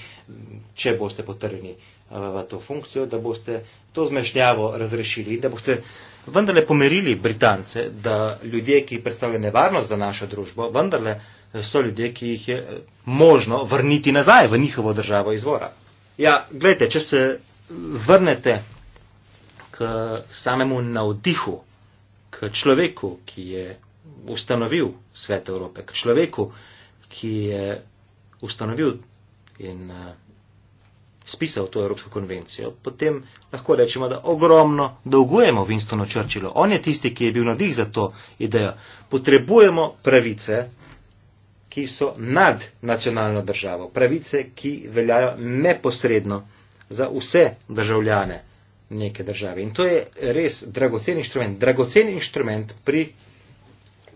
če boste potrjeni v to funkcijo, da boste to zmešnjavo razrešili in da boste vendarle pomerili Britance, da ljudje, ki predstavljajo nevarnost za našo družbo, vendarle so ljudje, ki jih je eh, možno vrniti nazaj v njihovo državo izvora. Ja, gledajte, če se vrnete k samemu navdihu, k človeku, ki je ustanovil svet Evrope, k človeku, ki je ustanovil in eh, spisal to Evropsko konvencijo, potem lahko rečemo, da ogromno dolgujemo Winstonu Churchillu. On je tisti, ki je bil navdih za to idejo. Potrebujemo pravice ki so nad nacionalno državo, pravice, ki veljajo neposredno za vse državljane neke države. In to je res dragocen inštrument, dragocen inštrument pri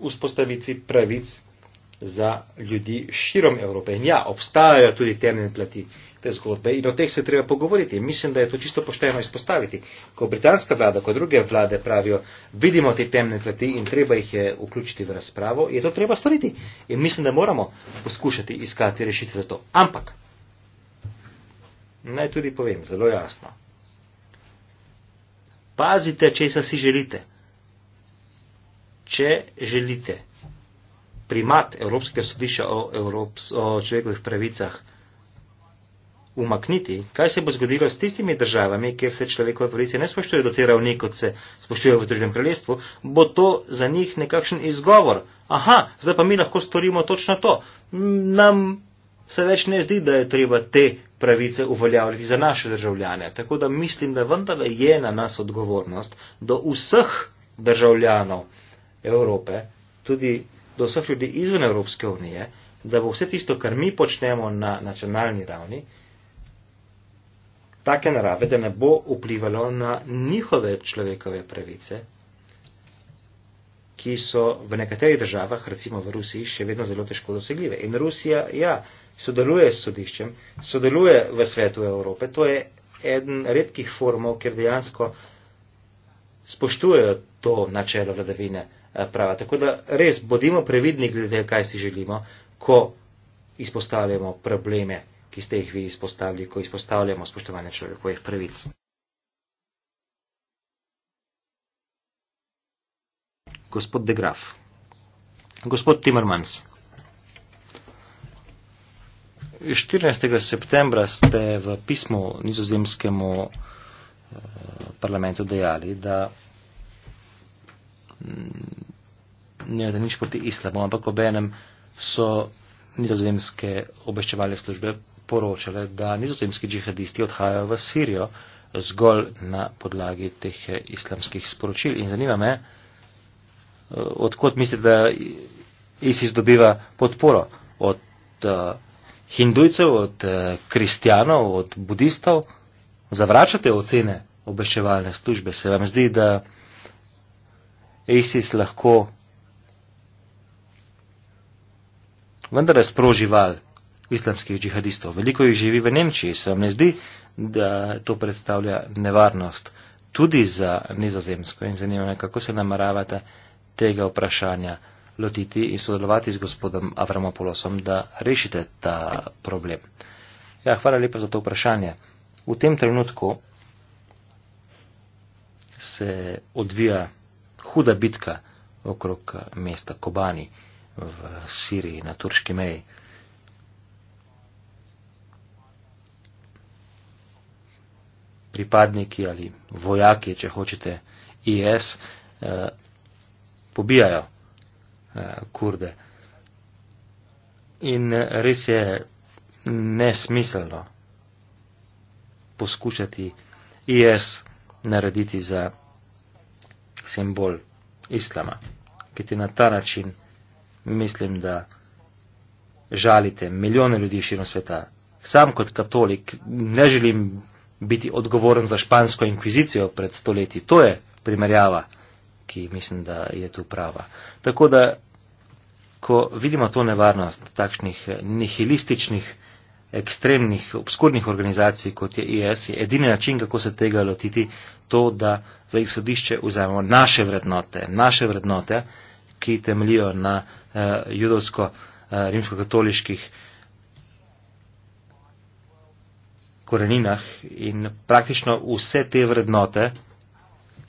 vzpostavitvi pravic za ljudi širom Evrope. In ja, obstajajo tudi temne plati te zgodbe in o teh se treba pogovoriti. Mislim, da je to čisto pošteno izpostaviti. Ko britanska vlada, ko druge vlade pravijo, vidimo te temne plati in treba jih je vključiti v razpravo, je to treba storiti. In mislim, da moramo poskušati iskati rešitve za to. Ampak, naj tudi povem zelo jasno, pazite, če se si želite. Če želite primat Evropskega sodišča o, Evrops o človekovih pravicah, umakniti, kaj se bo zgodilo s tistimi državami, kjer se človekove pravice ne spoštuje do te ravni, kot se spoštuje v Združenem kraljestvu, bo to za njih nekakšen izgovor. Aha, zdaj pa mi lahko storimo točno to. Nam se več ne zdi, da je treba te pravice uveljavljati za naše državljane. Tako da mislim, da vendarle je na nas odgovornost do vseh državljanov Evrope, tudi do vseh ljudi izven Evropske unije, da bo vse tisto, kar mi počnemo na nacionalni ravni, take narave, da ne bo vplivalo na njihove človekove pravice, ki so v nekaterih državah, recimo v Rusiji, še vedno zelo težko dosegljive. In Rusija, ja, sodeluje s sodiščem, sodeluje v svetu Evrope, to je eden redkih formov, kjer dejansko spoštujejo to načelo vladavine eh, prava. Tako da res bodimo previdni glede, kaj si želimo, ko izpostavljamo probleme ki ste jih vi izpostavili, ko izpostavljamo spoštovanje človekovih pravic. Gospod De Graf, gospod Timmermans. 14. septembra ste v pismu nizozemskemu eh, parlamentu dejali, da ne da nič proti islamu, ampak obenem so nizozemske obveščevalne službe poročale, da nizozemski džihadisti odhajajo v Sirijo zgolj na podlagi teh eh, islamskih sporočil. In zanima me, eh, odkot mislite, da ISIS dobiva podporo od uh, hindujcev, od uh, kristjanov, od budistov? Zavračate ocene obveščevalne službe? Se vam zdi, da ISIS lahko vendar sproži val islamskih džihadistov. Veliko jih živi v Nemčiji, se vam ne zdi, da to predstavlja nevarnost tudi za nizozemsko in zanima me, kako se nameravate tega vprašanja lotiti in sodelovati z gospodom Avramopolosom, da rešite ta problem. Ja, hvala lepa za to vprašanje. V tem trenutku se odvija huda bitka okrog mesta Kobani v Siriji na turški meji. pripadniki ali vojaki, če hočete, IS, eh, pobijajo eh, kurde. In eh, res je nesmiselno poskušati IS narediti za simbol islama, ki ti na ta način mislim, da žalite milijone ljudi širom sveta. Sam kot katolik ne želim biti odgovoren za špansko inkvizicijo pred stoletji. To je primerjava, ki mislim, da je tu prava. Tako da, ko vidimo to nevarnost takšnih nihilističnih, ekstremnih, obskurnih organizacij, kot je IS, e je edini način, kako se tega lotiti, to, da za izhodišče vzamemo naše vrednote, naše vrednote, ki temelijo na eh, judovsko-rimsko-katoliških eh, koreninah in praktično vse te vrednote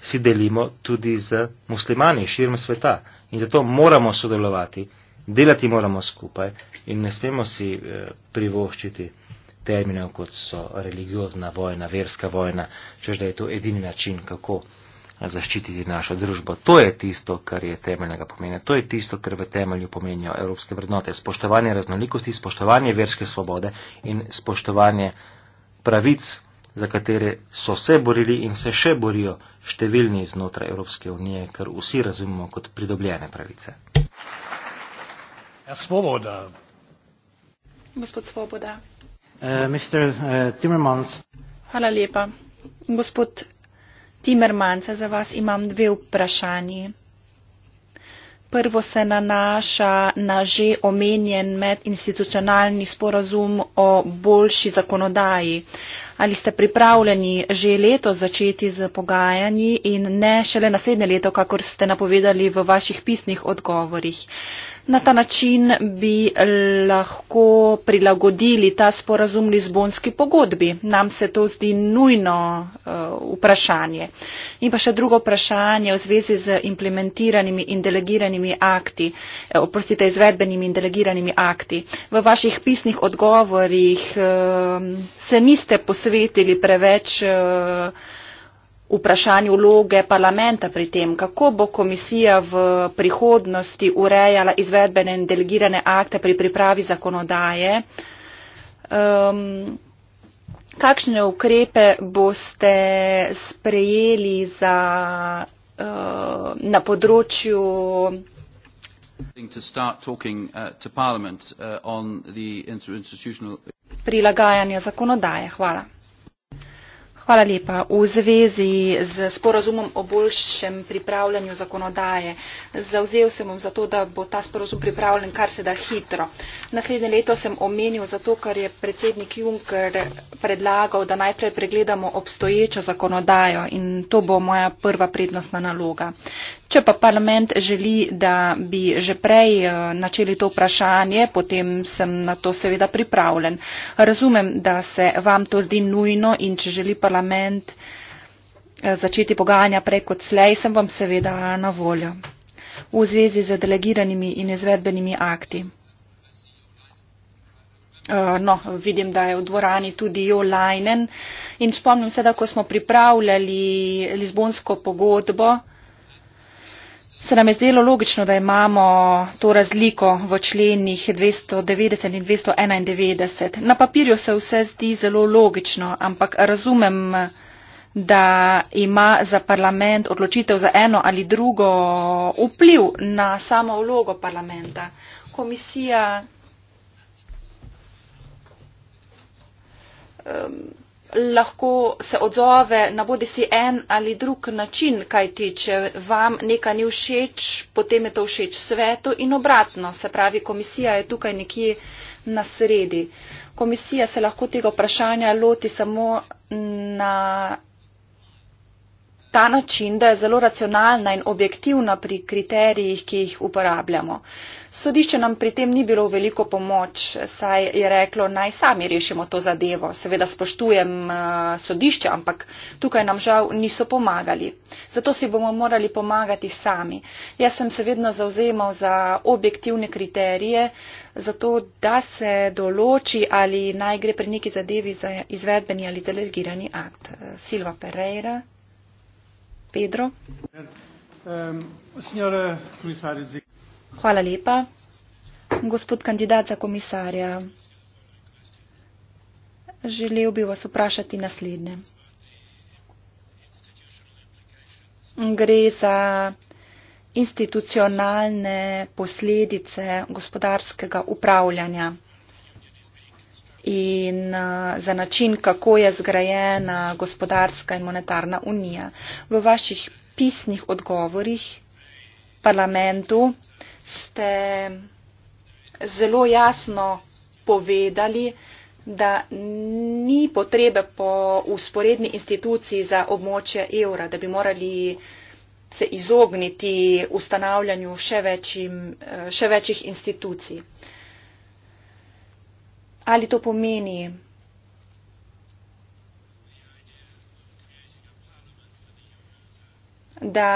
si delimo tudi z muslimani širom sveta. In zato moramo sodelovati, delati moramo skupaj in ne smemo si eh, privoščiti terminov, kot so religiozna vojna, verska vojna, čež da je to edini način, kako zaščititi našo družbo. To je tisto, kar je temeljnega pomena. To je tisto, kar v temelju pomenijo evropske vrednote. Spoštovanje raznolikosti, spoštovanje verske svobode in spoštovanje pravic, za katere so se borili in se še borijo številni znotraj Evropske unije, kar vsi razumemo kot pridobljene pravice. Svoboda. Gospod Svoboda. Eh, eh, Hvala lepa. Gospod Timmermans, za vas imam dve vprašanje. Prvo se nanaša na že omenjen medinstitucionalni sporazum o boljši zakonodaji. Ali ste pripravljeni že leto začeti z pogajanji in ne šele naslednje leto, kakor ste napovedali v vaših pisnih odgovorih? Na ta način bi lahko prilagodili ta sporazum Lizbonski pogodbi. Nam se to zdi nujno uh, vprašanje. In pa še drugo vprašanje v zvezi z implementiranimi in delegiranimi akti, eh, oprostite, izvedbenimi in delegiranimi akti. V vaših pisnih odgovorjih eh, se niste posvetili preveč. Eh, vprašanju vloge parlamenta pri tem, kako bo komisija v prihodnosti urejala izvedbene in delegirane akte pri pripravi zakonodaje. Um, kakšne ukrepe boste sprejeli za, uh, na področju. Talking, uh, uh, prilagajanja zakonodaje. Hvala. Hvala lepa. V zvezi z sporozumom o boljšem pripravljanju zakonodaje zauzel sem vam za to, da bo ta sporozum pripravljen kar se da hitro. Naslednje leto sem omenil zato, ker je predsednik Juncker predlagal, da najprej pregledamo obstoječo zakonodajo in to bo moja prva prednostna naloga. Če pa parlament želi, da bi že prej eh, načeli to vprašanje, potem sem na to seveda pripravljen. Razumem, da se vam to zdi nujno in če želi parlament eh, začeti pogajanja prej kot slej, sem vam seveda na voljo v zvezi z delegiranimi in izvedbenimi akti. Eh, no, vidim, da je v dvorani tudi Jo Leinen in spomnim se, da ko smo pripravljali Lizbonsko pogodbo, se nam je zdelo logično, da imamo to razliko v členih 290 in 291. Na papirju se vse zdi zelo logično, ampak razumem, da ima za parlament odločitev za eno ali drugo vpliv na samo vlogo parlamenta. Komisija um, lahko se odzove na bodisi en ali drug način, kaj ti, če vam nekaj ni všeč, potem je to všeč svetu in obratno. Se pravi, komisija je tukaj nekje na sredi. Komisija se lahko tega vprašanja loti samo na ta način, da je zelo racionalna in objektivna pri kriterijih, ki jih uporabljamo. Sodišče nam pri tem ni bilo veliko pomoč, saj je reklo, naj sami rešimo to zadevo. Seveda spoštujem eh, sodišče, ampak tukaj nam žal niso pomagali. Zato si bomo morali pomagati sami. Jaz sem se vedno zauzemal za objektivne kriterije, zato da se določi, ali naj gre pri neki zadevi za izvedbeni ali delegirani akt. Eh, Silva Pereira. Pedro. Ehm, Hvala lepa. Gospod kandidat za komisarja, želel bi vas vprašati naslednje. Gre za institucionalne posledice gospodarskega upravljanja in eh, za način, kako je zgrajena gospodarska in monetarna unija. V vaših pisnih odgovorih parlamentu ste zelo jasno povedali, da ni potrebe po usporedni instituciji za območje evra, da bi morali se izogniti ustanavljanju še, večjim, eh, še večjih institucij ali to pomeni, da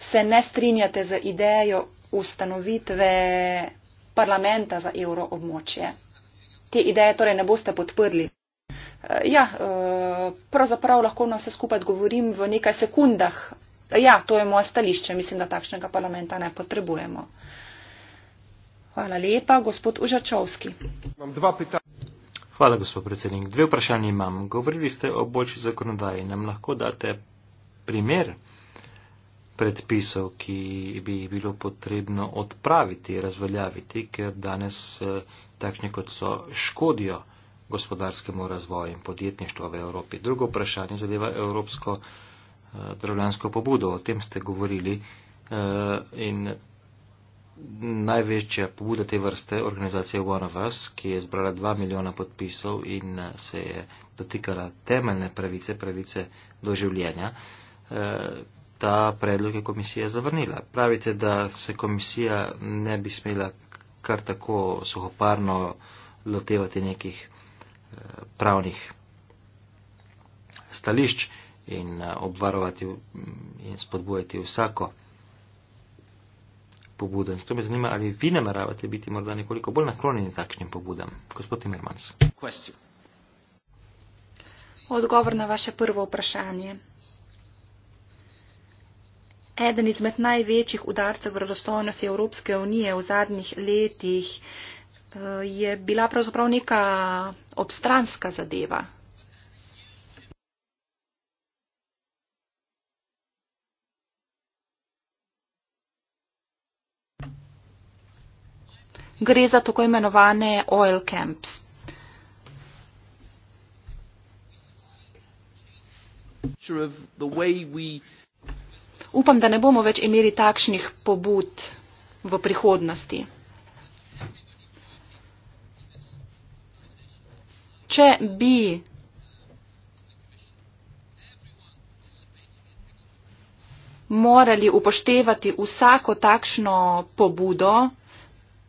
se ne strinjate z idejo ustanovitve parlamenta za evroobmočje. Te ideje torej ne boste podprli. Ja, eh, pravzaprav lahko na vse skupaj govorim v nekaj sekundah. Ja, to je moje stališče. Mislim, da takšnega parlamenta ne potrebujemo. Hvala lepa, gospod Užačovski. Hvala, gospod predsednik. Dve vprašanje imam. Govorili ste o boljši zakonodaji. Nam lahko date primer predpisov, ki bi jih bilo potrebno odpraviti, razveljaviti, ker danes eh, takšni kot so škodijo gospodarskemu razvoju in podjetništvu v Evropi. Drugo vprašanje zadeva evropsko eh, državljansko pobudo. O tem ste govorili eh, in največja pobuda te vrste, organizacija One of Us, ki je zbrala 2 milijona podpisov in eh, se je dotikala temeljne pravice, pravice do življenja, eh, ta predlog je komisija zavrnila. Pravite, da se komisija ne bi smela kar tako suhoparno lotevati nekih eh, pravnih stališč in obvarovati in spodbujati vsako pobudo. Zato me zanima, ali vi nameravate biti morda nekoliko bolj naklonjeni takšnim pobudam. Gospod Timmermans. Question. Odgovor na vaše prvo vprašanje. Eden izmed največjih udarcev vrodostojnosti Evropske unije v zadnjih letih eh, je bila pravzaprav neka obstranska zadeva, gre za tako imenovane oil camps. Upam, da ne bomo več imeli takšnih pobud v prihodnosti. Če bi morali upoštevati vsako takšno pobudo,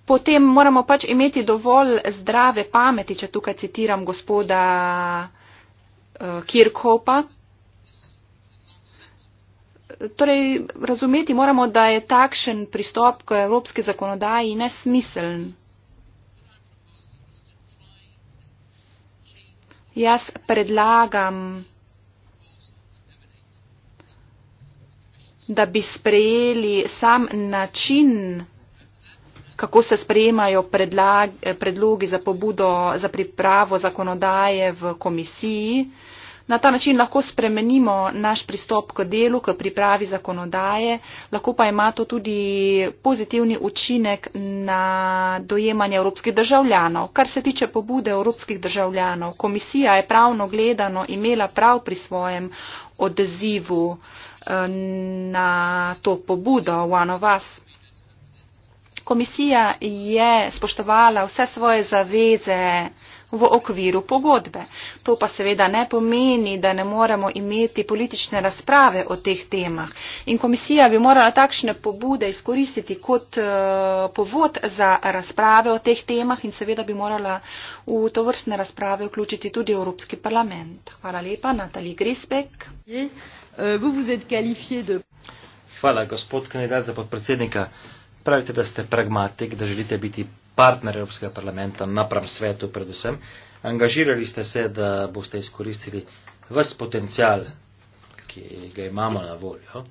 potem moramo pač imeti dovolj zdrave pameti, če tukaj citiram gospoda uh, eh, Kirkopa. Torej, razumeti moramo, da je takšen pristop k evropski zakonodaji nesmiseln. Jaz predlagam, da bi sprejeli sam način kako se sprejemajo predlag, predlogi za pobudo za pripravo zakonodaje v komisiji. Na ta način lahko spremenimo naš pristop k delu, k pripravi zakonodaje, lahko pa ima to tudi pozitivni učinek na dojemanje evropskih državljanov. Kar se tiče pobude evropskih državljanov, komisija je pravno gledano imela prav pri svojem odzivu eh, na to pobudo One of Us. Komisija je spoštovala vse svoje zaveze v okviru pogodbe. To pa seveda ne pomeni, da ne moremo imeti politične razprave o teh temah. In komisija bi morala takšne pobude izkoristiti kot eh, povod za razprave o teh temah in seveda bi morala v to vrstne razprave vključiti tudi Evropski parlament. Hvala lepa, Natalija Grisbek. Eh, Hvala, gospod kandidat za podpredsednika pravite, da ste pragmatik, da želite biti partner Evropskega parlamenta napram svetu predvsem. Angažirali ste se, da boste izkoristili vs potencial, ki ga imamo na voljo.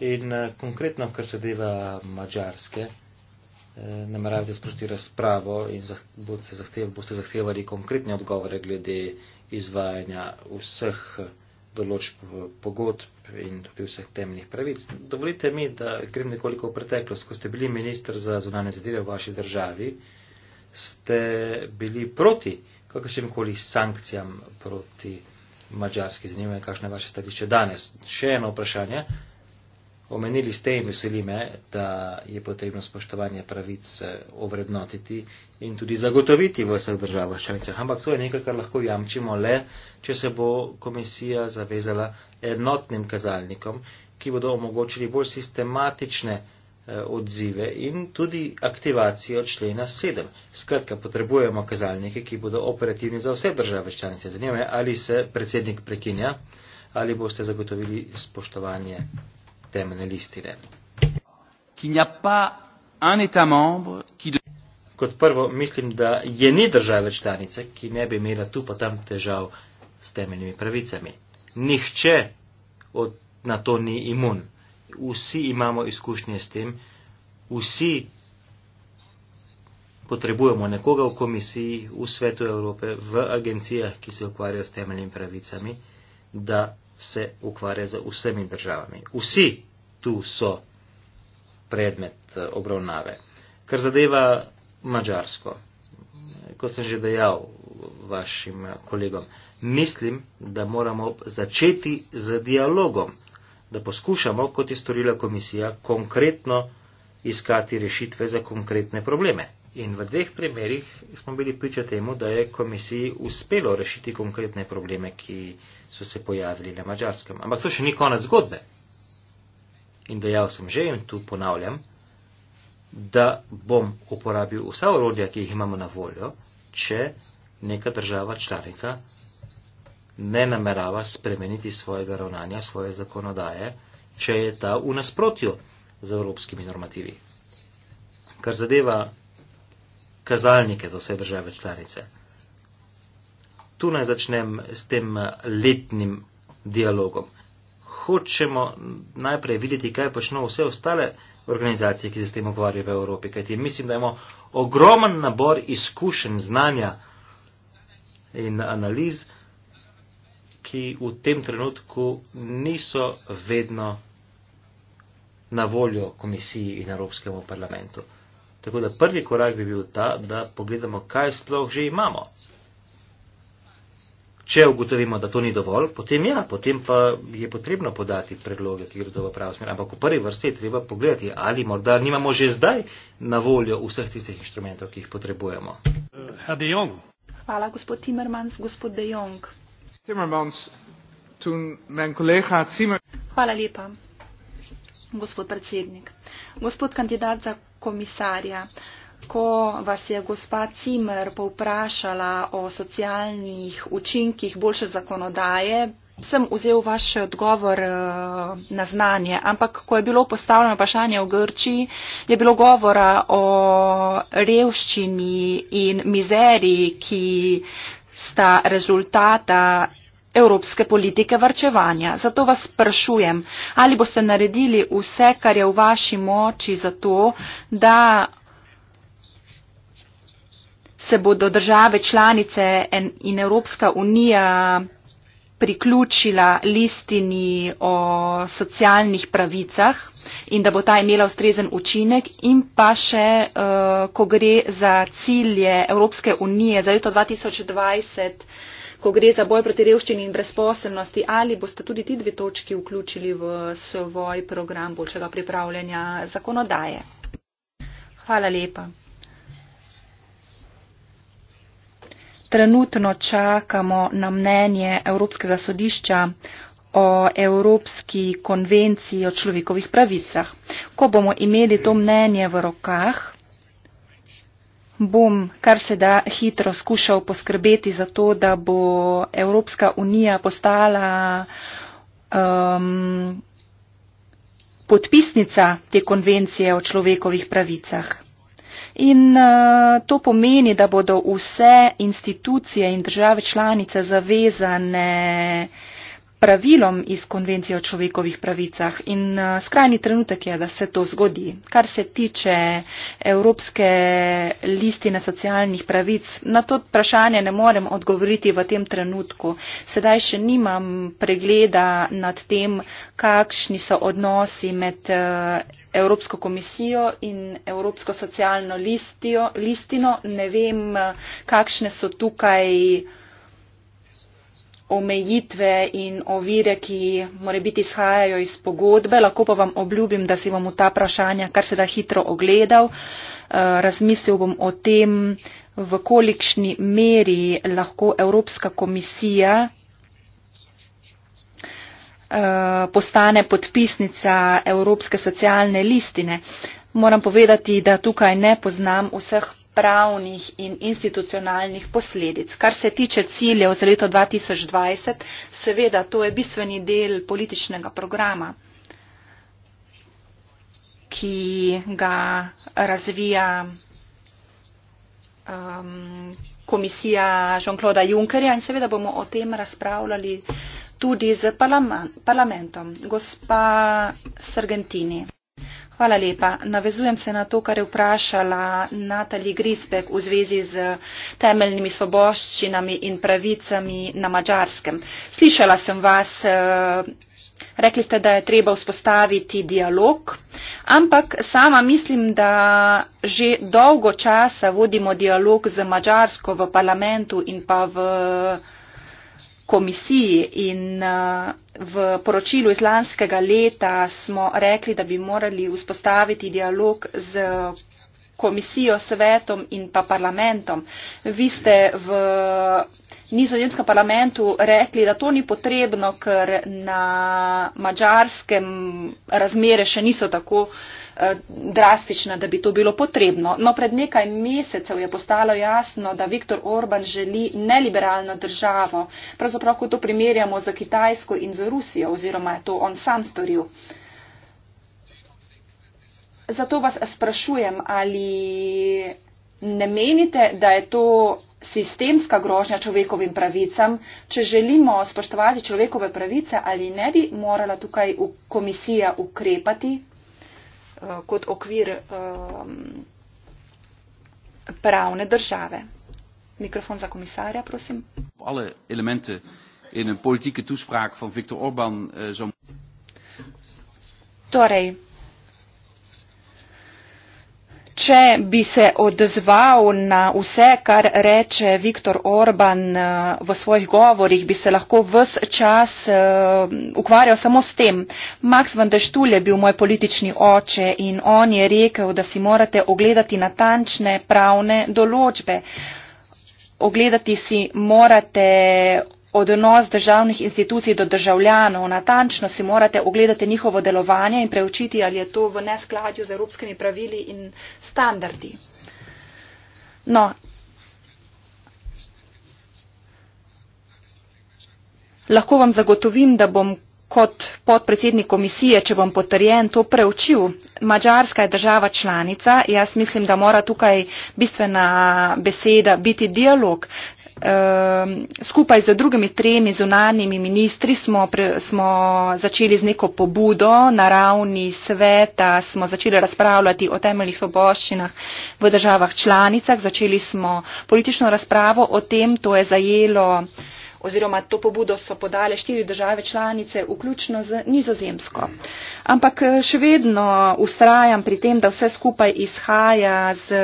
In eh, konkretno, kar se deva mađarske, eh, namerate sprosti razpravo in boste zahtevali konkretne odgovore glede izvajanja vseh določb eh, pogodb in tudi vseh temeljnih pravic. Dovolite mi, da grem nekoliko v preteklost. Ko ste bili ministr za zunanje zadeve v vaši državi, ste bili proti kakršnim koli sankcijam proti Mačarski. Zanima me, kakšno je vaše stališče danes. Še eno vprašanje. Omenili ste in veseli me, da je potrebno spoštovanje pravic eh, ovrednotiti in tudi zagotoviti v vseh državah članicah. Ampak to je nekaj, kar lahko jamčimo le, če se bo komisija zavezala enotnim kazalnikom, ki bodo omogočili bolj sistematične eh, odzive in tudi aktivacijo člena 7. Skratka, potrebujemo kazalnike, ki bodo operativni za vse države članice. Zanima me, ali se predsednik prekinja, ali boste zagotovili spoštovanje temne listine. Kot prvo, mislim, da je ni države članice, ki ne bi imela tu pa tam težav s temeljnimi pravicami. Nihče od, na to ni imun. Vsi imamo izkušnje s tem, vsi potrebujemo nekoga v komisiji, v svetu Evrope, v agencijah, ki se ukvarjajo s temeljnimi pravicami, da se ukvarja z vsemi državami. Vsi tu so predmet eh, obravnave. Kar zadeva Mačarsko, kot sem že dejal vašim eh, kolegom, mislim, da moramo začeti z dialogom, da poskušamo, kot je storila komisija, konkretno iskati rešitve za konkretne probleme. In v dveh primerjih smo bili priča temu, da je komisiji uspelo rešiti konkretne probleme, ki so se pojavili na mačarskem. Ampak to še ni konec zgodbe. In dejal sem že in tu ponavljam, da bom uporabil vsa urodja, ki jih imamo na voljo, če neka država članica ne namerava spremeniti svojega ravnanja, svoje zakonodaje, če je ta v nasprotju z evropskimi normativi. Kar zadeva kazalnike za vse države članice. Tu naj začnem s tem eh, letnim dialogom. Hočemo najprej videti, kaj počnejo vse ostale organizacije, ki se s tem ukvarjajo v Evropi, kajti mislim, da imamo ogromen nabor izkušenj, znanja in analiz, ki v tem trenutku niso vedno na voljo komisiji in Evropskemu parlamentu. Tako da prvi korak bi bil ta, da pogledamo, kaj sploh že imamo. Če ugotovimo, da to ni dovolj, potem ja, potem pa je potrebno podati predloge, ki gredo v pravo smer. Ampak v prvi vrsti je treba pogledati, ali morda nimamo že zdaj na voljo vseh tistih inštrumentov, ki jih potrebujemo. Hvala, gospod Timmermans. Gospod De Jong. Timmermans, tu men kolega Cimer. Hvala lepa, gospod predsednik. Gospod kandidat za komisarja. Ko vas je gospa Cimer povprašala o socialnih učinkih boljše zakonodaje, sem vzel vaš odgovor eh, na znanje. Ampak, ko je bilo postavljeno vprašanje v Grčiji, je bilo govora o revščini in mizeriji, ki sta rezultata evropske politike varčevanja. Zato vas sprašujem, ali boste naredili vse, kar je v vaši moči za to, da se bodo države članice in Evropska unija priključila listini o socialnih pravicah in da bo ta imela ustrezen učinek in pa še, eh, ko gre za cilje Evropske unije za leto 2020 ko gre za boj proti revščini in brezposelnosti, ali boste tudi ti dve točki vključili v svoj program boljšega pripravljanja zakonodaje. Hvala lepa. Trenutno čakamo na mnenje Evropskega sodišča o Evropski konvenciji o človekovih pravicah. Ko bomo imeli to mnenje v rokah, bom kar se da hitro skušal poskrbeti za to, da bo Evropska unija postala um, podpisnica te konvencije o človekovih pravicah. In uh, to pomeni, da bodo vse institucije in države članice zavezane uh, pravilom iz konvencije o človekovih pravicah in eh, skrajni trenutek je, da se to zgodi. Kar se tiče Evropske listine socialnih pravic, na to vprašanje ne morem odgovoriti v tem trenutku. Sedaj še nimam pregleda nad tem, kakšni so odnosi med eh, Evropsko komisijo in Evropsko socialno listijo, listino. Ne vem, eh, kakšne so tukaj omejitve in ovire, ki more biti izhajajo iz pogodbe. Lahko pa vam obljubim, da si bom v ta vprašanja kar se da hitro ogledal. Eh, razmislil bom o tem, v kolikšni meri lahko Evropska komisija eh, postane podpisnica Evropske socialne listine. Moram povedati, da tukaj ne poznam vseh pravnih in institucionalnih posledic. Kar se tiče ciljev za leto 2020, seveda to je bistveni del političnega programa, ki ga razvija um, komisija Jean-Claude Junckerja in seveda bomo o tem razpravljali tudi z parlamentom. Gospa Sargentini. Hvala lepa. Navezujem se na to, kar je vprašala Natalija Grisbek v zvezi z temeljnimi svoboščinami in pravicami na mačarskem. Slišala sem vas, eh, rekli ste, da je treba vzpostaviti dialog, ampak sama mislim, da že dolgo časa vodimo dialog z mačarsko v parlamentu in pa v komisiji in uh, v poročilu iz lanskega leta smo rekli, da bi morali vzpostaviti dialog z komisijo, svetom in pa parlamentom. Vi ste v nizozemskem parlamentu rekli, da to ni potrebno, ker na mačarskem razmere še niso tako eh, drastična, da bi to bilo potrebno. No, pred nekaj mesecev je postalo jasno, da Viktor Orban želi neliberalno državo. Pravzaprav, ko to primerjamo za Kitajsko in za Rusijo, oziroma je to on sam storil. Uh, Zato vas sprašujem, ali ne menite, da je to sistemska grožnja človekovim pravicam, če želimo spoštovati človekove pravice, ali ne bi morala tukaj komisija ukrepati eh, kot okvir um, pravne države. Mikrofon za komisarja, prosim. Alle elemente in politike tuspraak von Viktor Orban. Uh, eh, zom... Torej, če bi se odzval na vse, kar reče Viktor Orban eh, v svojih govorih, bi se lahko ves čas eh, ukvarjal samo s tem. Max van der Štul je bil moj politični oče in on je rekel, da si morate ogledati natančne pravne določbe. Ogledati si morate odnos državnih institucij do državljanov. Natančno si morate ogledati njihovo delovanje in preučiti, ali je to v neskladju z evropskimi pravili in standardi. No. Lahko vam zagotovim, da bom kot podpredsednik komisije, če bom potrjen, to preučil. Mačarska je država članica. Jaz mislim, da mora tukaj bistvena beseda biti dialog. Ehm, skupaj z drugimi tremi zunanjimi ministri smo, pre, smo začeli z neko pobudo na ravni sveta, smo začeli razpravljati o temeljnih svoboščinah v državah članicah, začeli smo politično razpravo o tem, to je zajelo uh, oziroma to pobudo so podale štiri države članice, vključno z nizozemsko. Ampak eh, še vedno ustrajam pri tem, da vse skupaj izhaja z,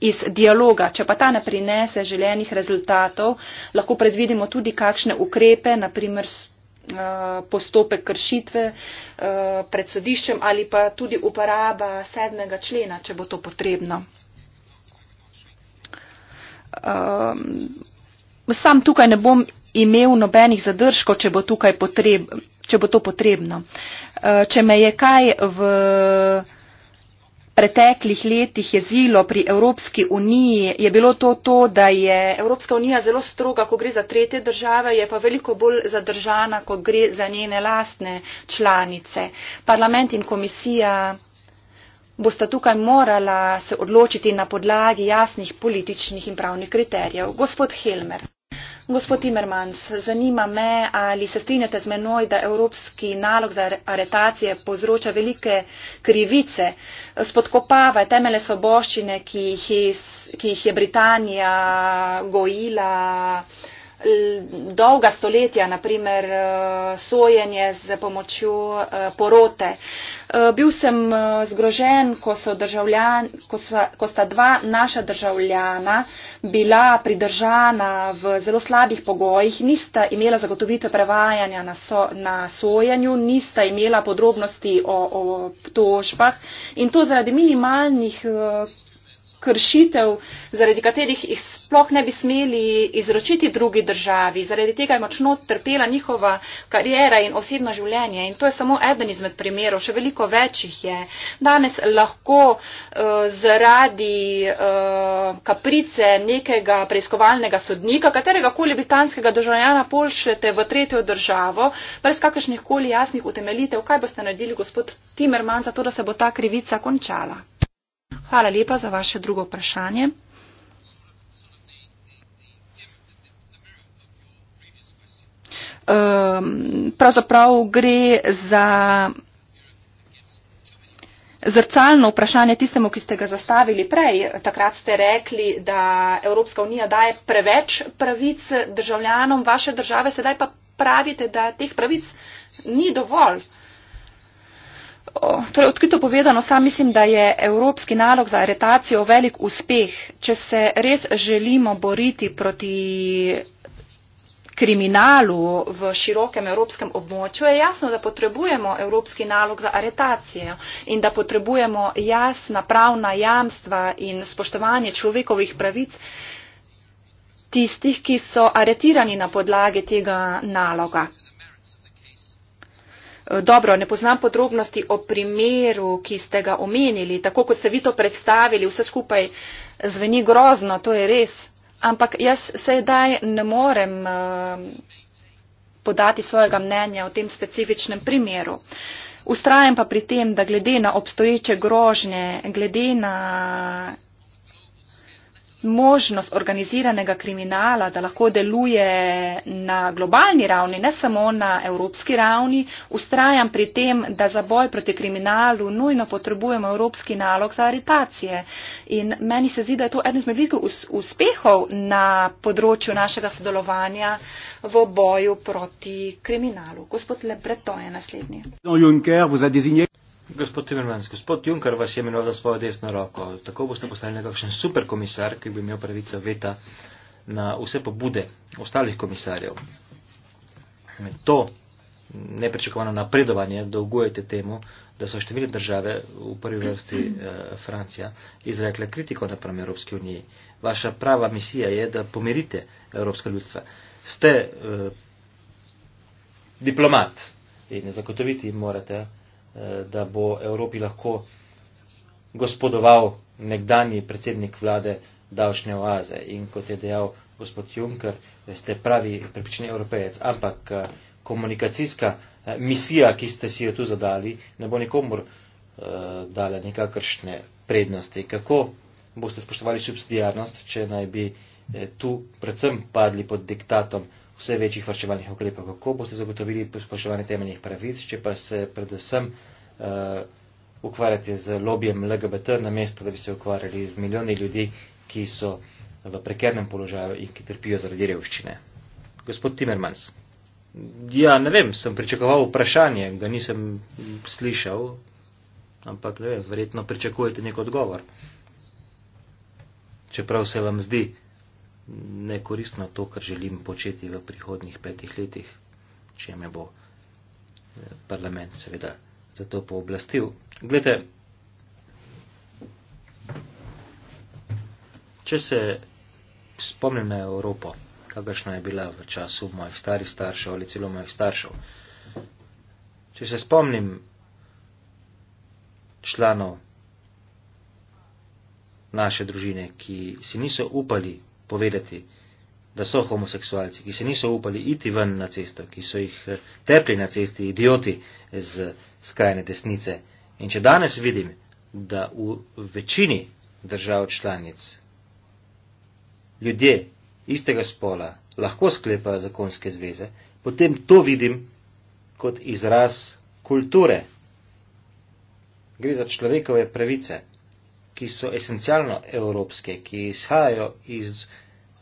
iz dialoga. Če pa ta ne prinese željenih rezultatov, lahko predvidimo tudi kakšne ukrepe, naprimer eh, postopek kršitve eh, pred sodiščem ali pa tudi uporaba sedmega člena, če bo to potrebno. Ehm, sam tukaj ne bom imel nobenih zadržkov, če bo, potreb, če bo to potrebno. E, če me je kaj v preteklih letih jezilo pri Evropski uniji, je bilo to to, da je Evropska unija zelo stroga, ko gre za tretje države, je pa veliko bolj zadržana, ko gre za njene lastne članice. Parlament in komisija bosta tukaj morala se odločiti na podlagi jasnih političnih in pravnih kriterijev. Gospod Helmer. Gospod Timmermans, zanima me, ali se strinjate z menoj, da evropski nalog za aretacije povzroča velike krivice, spodkopava temele svoboščine, ki jih, ki jih je Britanija gojila dolga stoletja, naprimer eh, sojenje z pomočjo eh, porote. Eh, bil sem eh, zgrožen, ko, so državljan, ko, so, ko sta dva naša državljana bila pridržana v zelo slabih pogojih, nista imela zagotovitve prevajanja na, so, na sojanju, nista imela podrobnosti o, o tožbah in to zaradi minimalnih. Eh, kršitev, zaradi katerih jih sploh ne bi smeli izročiti drugi državi. Zaradi tega je močno trpela njihova karijera in osebno življenje. In to je samo eden izmed primerov, še veliko večjih je. Danes lahko uh, zaradi uh, kaprice nekega preiskovalnega sodnika, katerega koli britanskega državljana pošljete v tretjo državo, brez kakršnih koli jasnih utemeljitev, kaj boste naredili, gospod Timerman, za to, da se bo ta krivica končala. Hvala lepa za vaše drugo vprašanje. Um, pravzaprav gre za zrcalno vprašanje tistemu, ki ste ga zastavili prej. Takrat ste rekli, da Evropska unija daje preveč pravic državljanom vaše države, sedaj pa pravite, da teh pravic ni dovolj. Uh, torej odkrito povedano, sam mislim, da je evropski nalog za aretacijo velik uspeh, če se res želimo boriti proti kriminalu v širokem evropskem območju, je jasno, da potrebujemo evropski nalog za aretacijo in da potrebujemo jasna pravna jamstva in spoštovanje človekovih pravic tistih, ki so aretirani na podlage tega naloga. Eh, dobro, ne poznam podrobnosti o primeru, ki ste ga omenili. Tako kot ste vi to predstavili, vse skupaj zveni grozno, to je res. Ampak jaz sedaj ne morem eh, podati svojega mnenja o tem specifičnem primeru. Ustrajam pa pri tem, da glede na obstoječe grožnje, glede na možnost organiziranega kriminala, da lahko deluje na globalni ravni, ne samo na evropski ravni. Ustrajam pri tem, da za boj proti kriminalu nujno potrebujemo evropski nalog za aretacije. In meni se zdi, da je to eden izmed velikih uspehov na področju našega sodelovanja v boju proti kriminalu. Gospod Lebreto je naslednji. No, Juncker, Gospod Timmermans, gospod Juncker vas je imenoval za svojo desno roko. Tako boste postali nekakšen super komisar, ki bi imel pravico veta na vse pobude ostalih komisarjev. To nepričakovano napredovanje dolgujete temu, da so številne države, v prvi vrsti eh, Francija, izrekle kritiko napram Evropske unije. Vaša prava misija je, da pomerite evropska ljudstva. Ste eh, diplomat in zagotoviti morate. Eh, Eh, da bo Evropi lahko gospodoval nekdani predsednik vlade davčne oaze. In kot je dejal gospod Juncker, ste pravi prepričani evropejec, ampak eh, komunikacijska eh, misija, ki ste si jo tu zadali, ne bo nikomor dala nekakršne prednosti. Kako boste spoštovali subsidijarnost, če naj bi tu predvsem padli pod diktatom vse večjih vrčevalnih ukrepov. Kako boste zagotovili spoštovanje temeljnih pravic, če pa se predvsem uh, ukvarjate z lobijem LGBT, namesto da bi se ukvarjali z milijoni ljudi, ki so v prekernem položaju in ki trpijo zaradi revščine. Gospod Timmermans. Ja, ne vem, sem pričakoval vprašanje, ga nisem slišal, ampak ne vem, verjetno pričakujete nek odgovor. Čeprav se vam zdi, nekoristno to, kar želim početi v prihodnih petih letih, če me bo eh, parlament seveda za to pooblastil. Glede, če se spomnim na Evropo, kakršna je bila v času mojih starih staršev ali celo mojih staršev, če se spomnim članov naše družine, ki si niso upali povedati, da so homoseksualci, ki se niso upali iti ven na cesto, ki so jih eh, tepli na cesti, idioti z skrajne desnice. In če danes vidim, da v večini držav članic ljudje istega spola lahko sklepajo zakonske zveze, potem to vidim kot izraz kulture. Gre za človekove pravice ki so esencialno evropske, ki izhajajo iz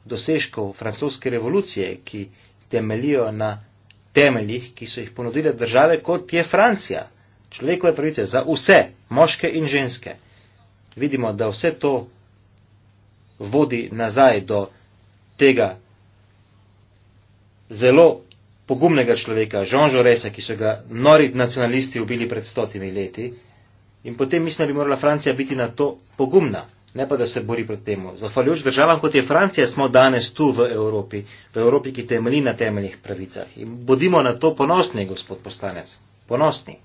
dosežkov francoske revolucije, ki temelijo na temeljih, ki so jih ponudile države, kot je Francija. Človekove pravice za vse, moške in ženske. Vidimo, da vse to vodi nazaj do tega zelo pogumnega človeka, Jean Jaurès, ki so ga nori nacionalisti ubili pred stotimi leti In potem mislim, da bi morala Francija biti na to pogumna, ne pa da se bori proti temu. Zahvaljujoč državam, kot je Francija, smo danes tu v Evropi, v Evropi, ki temelji na temeljnih pravicah. In bodimo na to ponosni, gospod poslanec. Ponosni.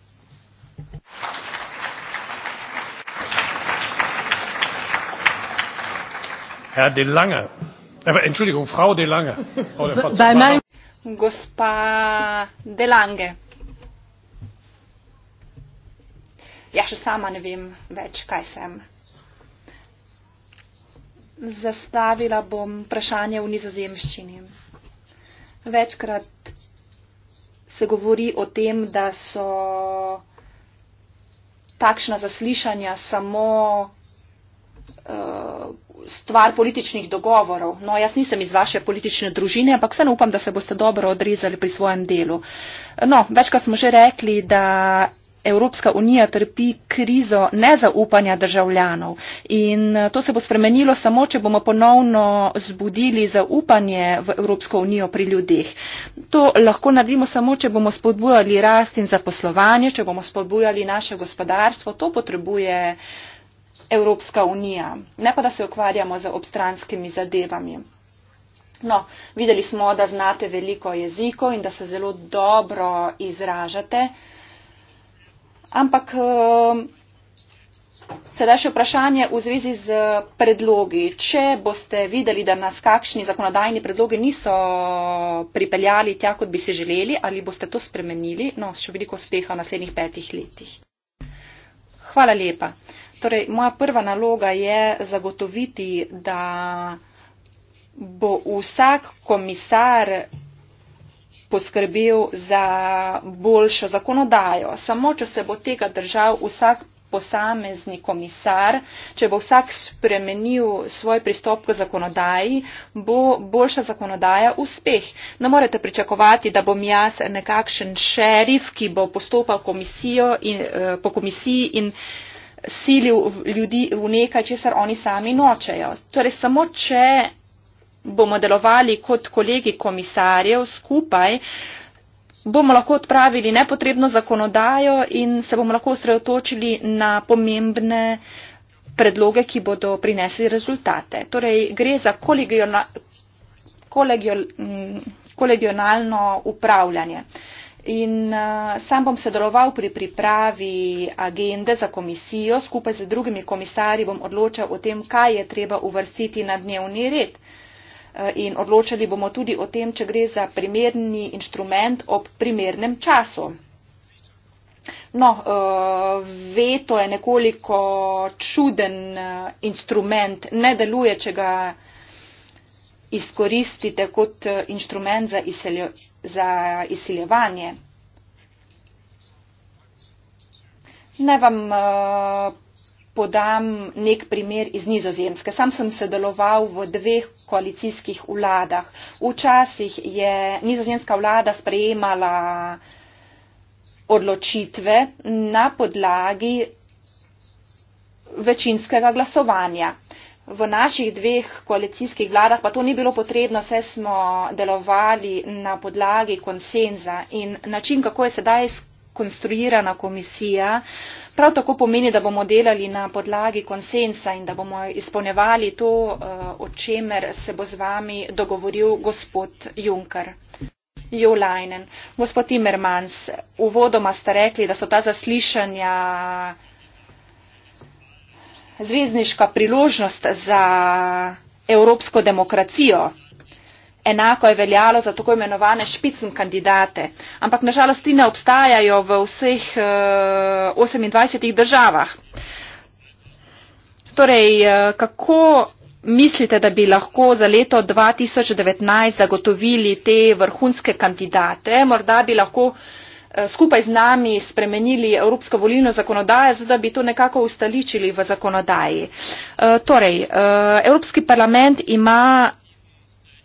Herr De Lange, aber äh, Entschuldigung, Frau De Lange. Oder Bei Gospa De Lange. ja še sama ne vem več, kaj sem. Zastavila bom vprašanje v nizozemščini. Večkrat se govori o tem, da so takšna zaslišanja samo eh, stvar političnih dogovorov. No, jaz nisem iz vaše politične družine, ampak vseeno upam, da se boste dobro odrezali pri svojem delu. No, večkrat smo že rekli, da Evropska unija trpi krizo nezaupanja državljanov. In eh, to se bo spremenilo samo, če bomo ponovno zbudili zaupanje v Evropsko unijo pri ljudeh. To lahko naredimo samo, če bomo spodbujali rast in zaposlovanje, če bomo spodbujali naše gospodarstvo. To potrebuje Evropska unija. Ne pa, da se ukvarjamo z obstranskimi zadevami. No, videli smo, da znate veliko jezikov in da se zelo dobro izražate. Ampak ehm, sedaj še vprašanje v zvezi z predlogi. Če boste videli, da nas kakšni zakonodajni predlogi niso pripeljali tja, kot bi si želeli, ali boste to spremenili, no, še veliko uspeha v naslednjih petih letih. Hvala lepa. Torej, moja prva naloga je zagotoviti, da bo vsak komisar poskrbel za boljšo zakonodajo. Samo, če se bo tega držal vsak posamezni komisar, če bo vsak spremenil svoj pristop k zakonodaji, bo boljša zakonodaja uspeh. Ne morete pričakovati, da bom jaz nekakšen šerif, ki bo postopal komisijo in, eh, po komisiji in silil ljudi v nekaj, česar oni sami nočejo. Torej, samo če bomo delovali kot kolegi komisarjev skupaj, bomo lahko odpravili nepotrebno zakonodajo in se bomo lahko osredotočili na pomembne predloge, ki bodo prinesli rezultate. Torej, gre za kolegionalno upravljanje. In uh, sam bom sodeloval pri pripravi agende za komisijo, skupaj z drugimi komisarji bom odločal o tem, kaj je treba uvrstiti na dnevni red. Uh, in odločali bomo tudi o tem, če gre za primerni inštrument ob primernem času. No, eh, veto je nekoliko čuden eh, instrument, ne deluje, če ga izkoristite kot eh, inštrument za, izselje, za izseljevanje. Ne vam uh, podam nek primer iz nizozemske. Sam sem sedeloval v dveh koalicijskih vladah. Včasih je nizozemska vlada sprejemala odločitve na podlagi večinskega glasovanja. V naših dveh koalicijskih vladah pa to ni bilo potrebno, vse smo delovali na podlagi konsenza in način, kako je sedaj skonstruirana komisija, uh, Prav tako pomeni, da bomo delali na podlagi konsensa in da bomo izpolnjevali to, eh, o čemer se bo z vami dogovoril gospod Juncker. Jo Leinen, gospod Timmermans, uvodoma ste rekli, da so ta zaslišanja zvezdniška priložnost za evropsko demokracijo enako je veljalo za tako imenovane špicen kandidate. Ampak nažalost ti ne obstajajo v vseh 28 eh, državah. Torej, eh, kako mislite, da bi lahko za leto 2019 zagotovili te vrhunske kandidate? Morda bi lahko eh, skupaj z nami spremenili Evropsko volilno zakonodajo, zato da bi to nekako ustaličili v zakonodaji. Torej, Evropski parlament ima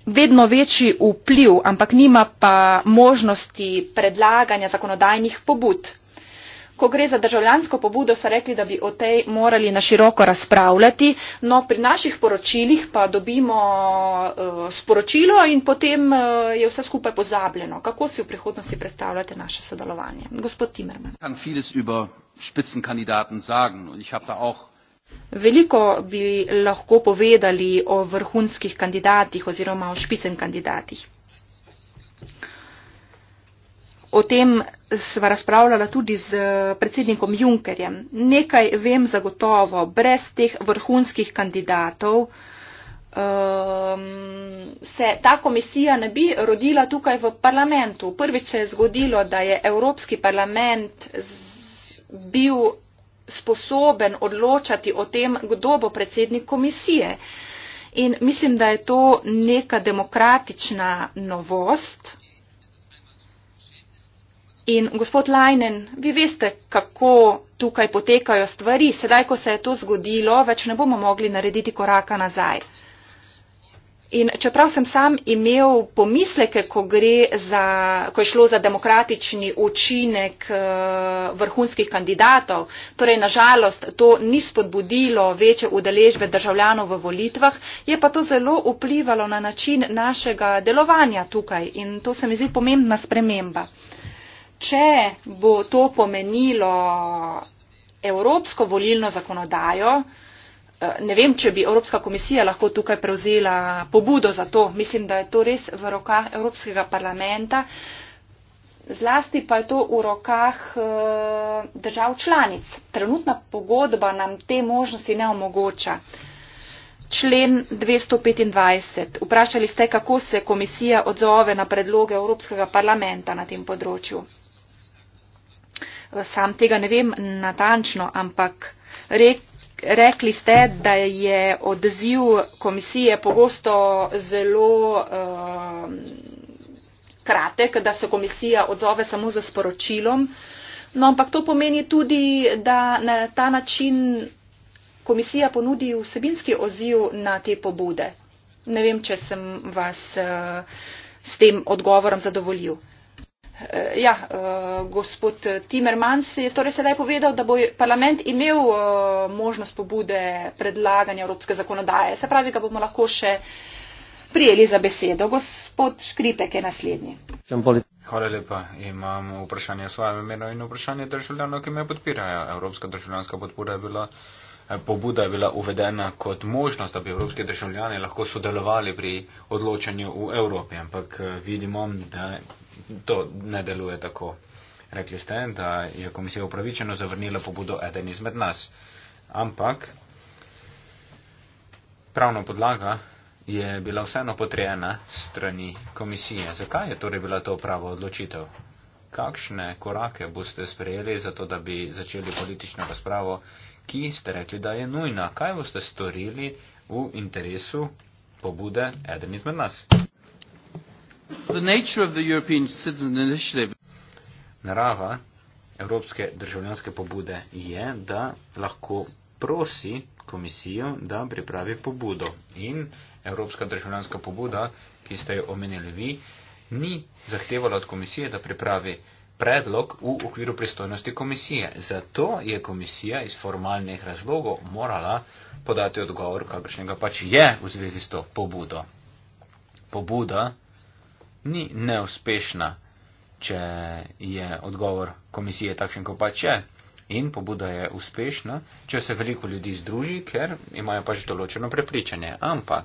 vedno večji vpliv, ampak nima pa možnosti predlaganja zakonodajnih pobud. Ko gre za državljansko pobudo, so rekli, da bi o tej morali na široko razpravljati, no pri naših poročilih pa dobimo uh, sporočilo in potem uh, je vse skupaj pozabljeno. Kako si v prihodnosti predstavljate naše sodelovanje? Gospod Timerman. Kan vieles über Spitzenkandidaten sagen. Ich habe da auch Veliko bi lahko povedali o vrhunskih kandidatih oziroma o špicen kandidatih. O tem sva razpravljala tudi z predsednikom Junkerjem. Nekaj vem zagotovo, brez teh vrhunskih kandidatov um, se ta komisija ne bi rodila tukaj v parlamentu. Prvič se je zgodilo, da je Evropski parlament z, bil sposoben odločati o tem, kdo bo predsednik komisije. In mislim, da je to neka demokratična novost. In gospod Lajnen, vi veste, kako tukaj potekajo stvari. Sedaj, ko se je to zgodilo, več ne bomo mogli narediti koraka nazaj. In čeprav sem sam imel pomisleke, ko, za, ko je šlo za demokratični učinek eh, vrhunskih kandidatov, torej nažalost to ni spodbudilo večje udeležbe državljanov v volitvah, je pa to zelo vplivalo na način našega delovanja tukaj in to se mi zdi pomembna sprememba. Če bo to pomenilo evropsko volilno zakonodajo, Eh, ne vem, če bi Evropska komisija lahko tukaj prevzela pobudo za to. Mislim, da je to res v rokah Evropskega parlamenta. Zlasti pa je to v rokah eh, držav članic. Trenutna pogodba nam te možnosti ne omogoča. Člen 225. Vprašali ste, kako se komisija odzove na predloge Evropskega parlamenta na tem področju. Eh, sam tega ne vem natančno, ampak rek, rekli ste, da je odziv komisije pogosto zelo uh, kratek, da se komisija odzove samo za sporočilom. No, ampak to pomeni tudi, da na ta način komisija ponudi vsebinski odziv na te pobude. Ne vem, če sem vas uh, s tem odgovorom zadovoljil. Eh, ja, eh, gospod Timmermans je torej sedaj povedal, da bo parlament imel eh, možnost pobude predlaganja evropske zakonodaje. Se pravi, ga bomo lahko še prijeli za besedo. Gospod Škripek je naslednji. Hvala lepa. Imam vprašanje v svojem imenu in vprašanje državljanov, ki me podpirajo. Evropska državljanska podpora je bila Eh, pobuda je bila uvedena kot možnost, da bi evropski državljani lahko sodelovali pri odločanju v Evropi, ampak eh, vidimo, da to ne deluje tako. Rekli ste, da je komisija upravičeno zavrnila pobudo eden izmed nas. Ampak pravna podlaga je bila vseeno potrejena strani komisije. Zakaj je torej bila to prava odločitev? Kakšne korake boste sprejeli za to, da bi začeli politično razpravo ki ste rekli, da je nujna. Kaj boste storili v interesu pobude eden izmed nas? Narava Evropske državljanske pobude je, da lahko prosi komisijo, da pripravi pobudo. In Evropska državljanska pobuda, ki ste jo omenili vi, ni zahtevala od komisije, da pripravi pobudo predlog v okviru pristojnosti komisije. Zato je komisija iz formalnih razlogov morala podati odgovor, kakršnega pač je v zvezi s to pobudo. Pobuda ni neuspešna, če je odgovor komisije takšen, kot pač je. In pobuda je uspešna, če se veliko ljudi združi, ker imajo pač določeno prepričanje. Ampak,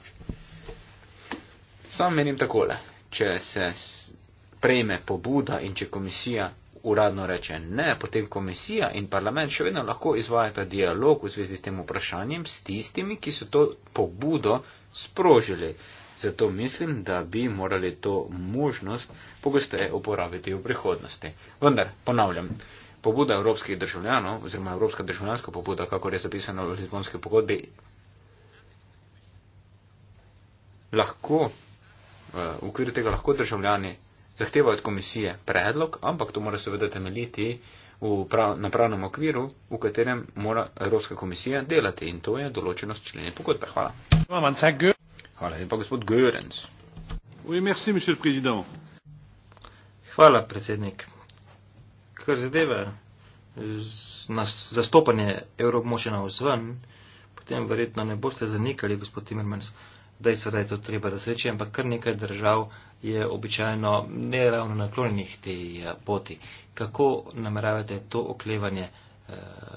sam menim takole, če se prejme pobuda in če komisija uradno reče ne, potem komisija in parlament še vedno lahko izvajata dialog v zvezi s tem vprašanjem s tistimi, ki so to pobudo sprožili. Zato mislim, da bi morali to možnost pogosteje uporabiti v prihodnosti. Vendar, ponavljam, pobuda evropskih državljanov oziroma evropska državljanska pobuda, kako je zapisano v Lizbonski pogodbi, lahko, eh, v okviru tega lahko državljani zahteva od komisije predlog, ampak to mora seveda temeljiti prav, na pravnem okviru, v katerem mora Evropska komisija delati in to je določeno s členi pogodbe. Hvala. Hvala lepa, gospod Görens. Hvala, predsednik. Kar zadeva zastopanje evropmočena v zven, potem verjetno ne boste zanikali, gospod Timmermans dejstvo, da je to treba doseči, ampak kar nekaj držav je običajno ne ravno naklonjenih tej eh, poti. Kako nameravate to oklevanje eh,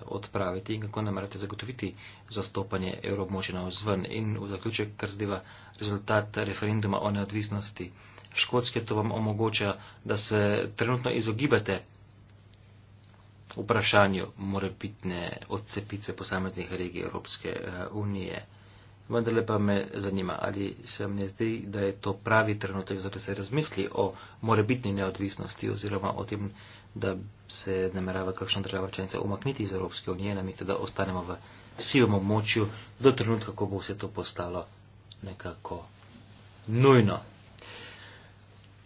odpraviti in kako nameravate zagotoviti zastopanje evroobmočja na vzven in v zaključek, kar zdiva rezultat referenduma o neodvisnosti Škotske, to vam omogoča, da se trenutno izogibate vprašanju morebitne odcepitve posameznih regij Evropske eh, unije vendarle pa me zanima, ali se mne zdi, da je to pravi trenutek, za da se razmisli o morebitni neodvisnosti oziroma o tem, da se namerava kakšna država članica umakniti iz Evropske unije, namesto da ostanemo v sivem območju do trenutka, ko bo vse to postalo nekako nujno.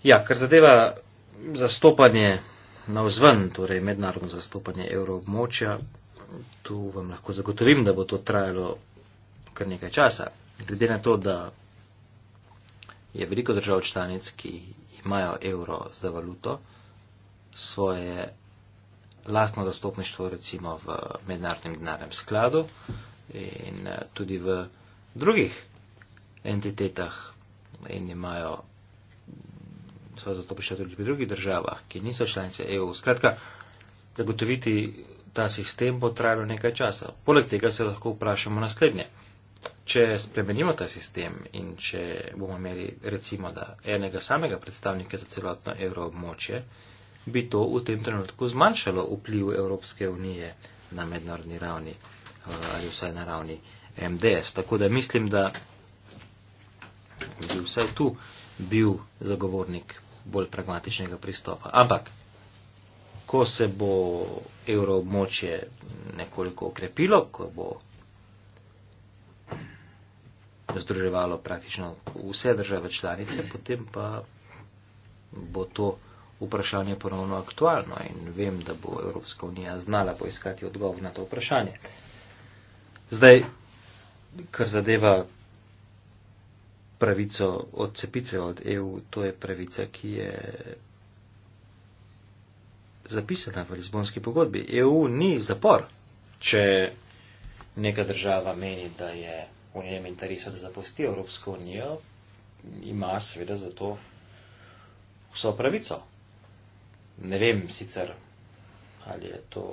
Ja, kar zadeva zastopanje na vzven, torej mednarodno zastopanje evroobmočja, tu vam lahko zagotovim, da bo to trajalo kar nekaj časa. Glede na to, da je veliko držav članic, ki imajo evro za valuto, svoje lastno zastopništvo recimo v mednarodnem denarnem skladu in eh, tudi v drugih entitetah in imajo svoje zastopništvo tudi v drugih državah, ki niso članice EU. Skratka, zagotoviti ta sistem bo trajalo nekaj časa. Poleg tega se lahko vprašamo naslednje. Če spremenimo ta sistem in če bomo imeli recimo da enega samega predstavnika za celotno evroobmočje, bi to v tem trenutku zmanjšalo vpliv Evropske unije na mednarodni ravni eh, ali vsaj na ravni MDS. Tako da mislim, da bi vsaj tu bil zagovornik bolj pragmatičnega pristopa. Ampak, ko se bo evroobmočje nekoliko okrepilo, ko bo združevalo praktično vse države članice, potem pa bo to vprašanje ponovno aktualno in vem, da bo Evropska unija znala poiskati odgovor na to vprašanje. Zdaj, kar zadeva pravico odcepitve od EU, to je pravica, ki je zapisana v Lizbonski pogodbi. EU ni zapor, če neka država meni, da je v njenem interesu, da zapusti Evropsko unijo, ima seveda za to vso pravico. Ne vem sicer, ali je to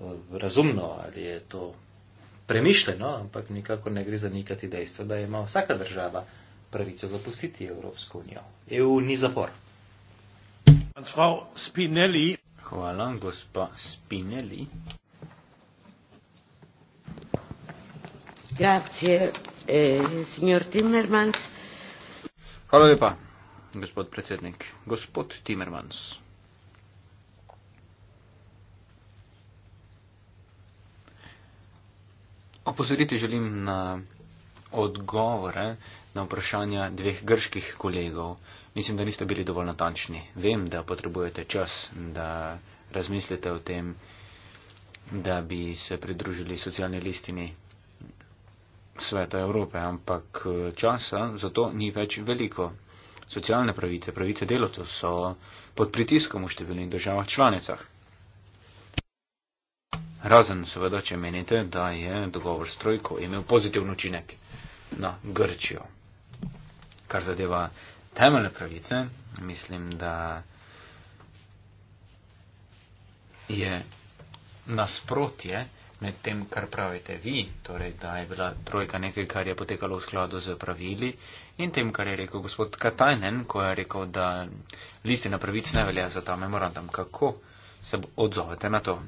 eh, razumno, ali je to premišljeno, ampak nikako ne gre zanikati dejstva, da ima vsaka država pravico zapustiti Evropsko unijo. EU ni zapor. Hvala, gospa Spinelli. Grazie, eh, signor Timmermans. Hvala lepa, gospod predsednik. Gospod Timmermans. Opozoriti želim na odgovore na vprašanja dveh grških kolegov. Mislim, da niste bili dovolj natančni. Vem, da potrebujete čas, da razmislite o tem, da bi se pridružili socialni listini sveta Evrope, ampak eh, časa za to ni več veliko. Socialne pravice, pravice delovcev so pod pritiskom v številnih državah članicah. Razen seveda, če menite, da je dogovor s trojko imel pozitivni učinek na Grčijo. Kar zadeva temeljne pravice, mislim, da je nasprotje med tem, kar pravite vi, torej da je bila trojka nekaj, kar je potekalo v skladu z pravili, in tem, kar je rekel gospod Katajnen, ko je rekel, da listina pravic ne velja za ta memorandum. Kako se odzovete na to?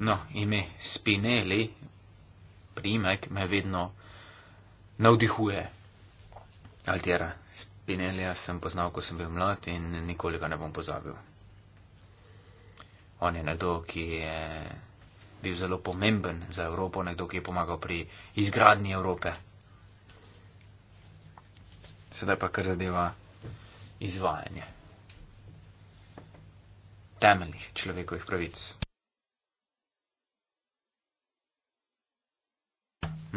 No, ime Spinelli, primek, me vedno navdihuje. Altjera, Spinellija sem poznal, ko sem bil mlad in nikoli ga ne bom pozabil. On je nekdo, ki je bil zelo pomemben za Evropo, nekdo, ki je pomagal pri izgradnji Evrope. Sedaj pa kar zadeva izvajanje temeljnih človekovih pravic.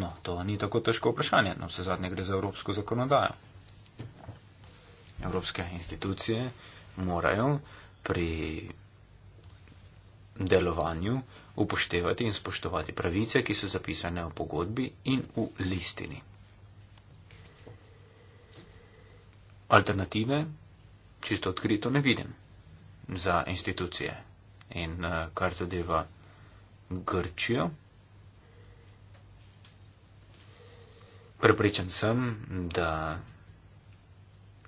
No, to ni tako težko vprašanje. No, vse zadnje gre za evropsko zakonodajo. Evropske institucije morajo pri delovanju upoštevati in spoštovati pravice, ki so zapisane v pogodbi in v listini. Alternative čisto odkrito ne vidim za institucije. In eh, kar zadeva Grčijo, prepričan sem, da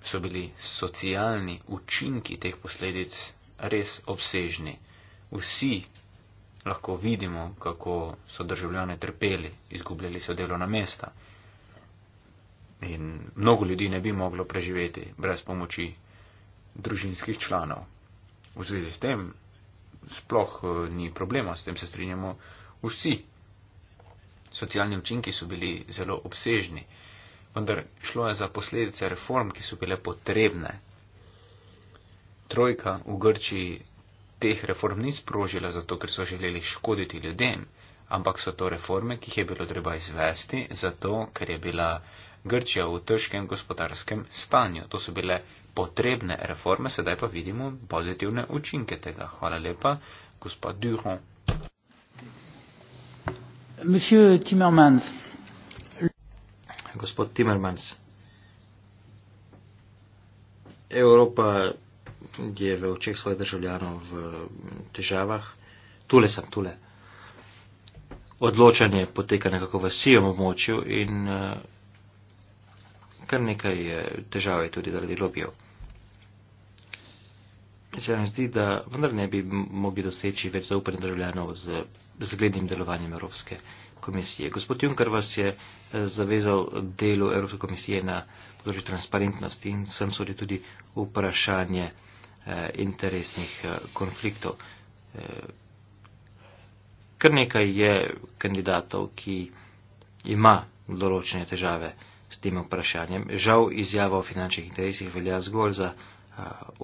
so bili socialni učinki teh posledic res obsežni vsi lahko vidimo, kako so državljane trpeli, izgubljali so delo na mesta. In mnogo ljudi ne bi moglo preživeti brez pomoči družinskih članov. V zvezi s tem sploh eh, ni problema, s tem se strinjamo vsi. Socialni učinki so bili zelo obsežni, vendar šlo je za posledice reform, ki so bile potrebne. Trojka v Grčiji teh reform ni sprožila zato, ker so želeli škoditi ljudem, ampak so to reforme, ki jih je bilo treba izvesti zato, ker je bila Grčija v težkem gospodarskem stanju. To so bile potrebne reforme, sedaj pa vidimo pozitivne učinke tega. Hvala lepa, gospod Duron. Gospod Timmermans, Evropa je v očeh svojih državljanov v težavah. Tule sem, tule. Odločanje poteka nekako v sijem območju in eh, kar nekaj eh, težav je tudi zaradi lobijev. Se nam zdi, da vendar ne bi mogli doseči več zaupanja državljanov z zglednim delovanjem Evropske komisije. Gospod Juncker vas je eh, zavezal delu Evropske komisije na področju transparentnosti in sem sodi tudi vprašanje. Eh, interesnih eh, konfliktov. Eh, kar nekaj je kandidatov, ki ima določene težave s tem vprašanjem. Žal izjava o finančnih interesih velja zgolj za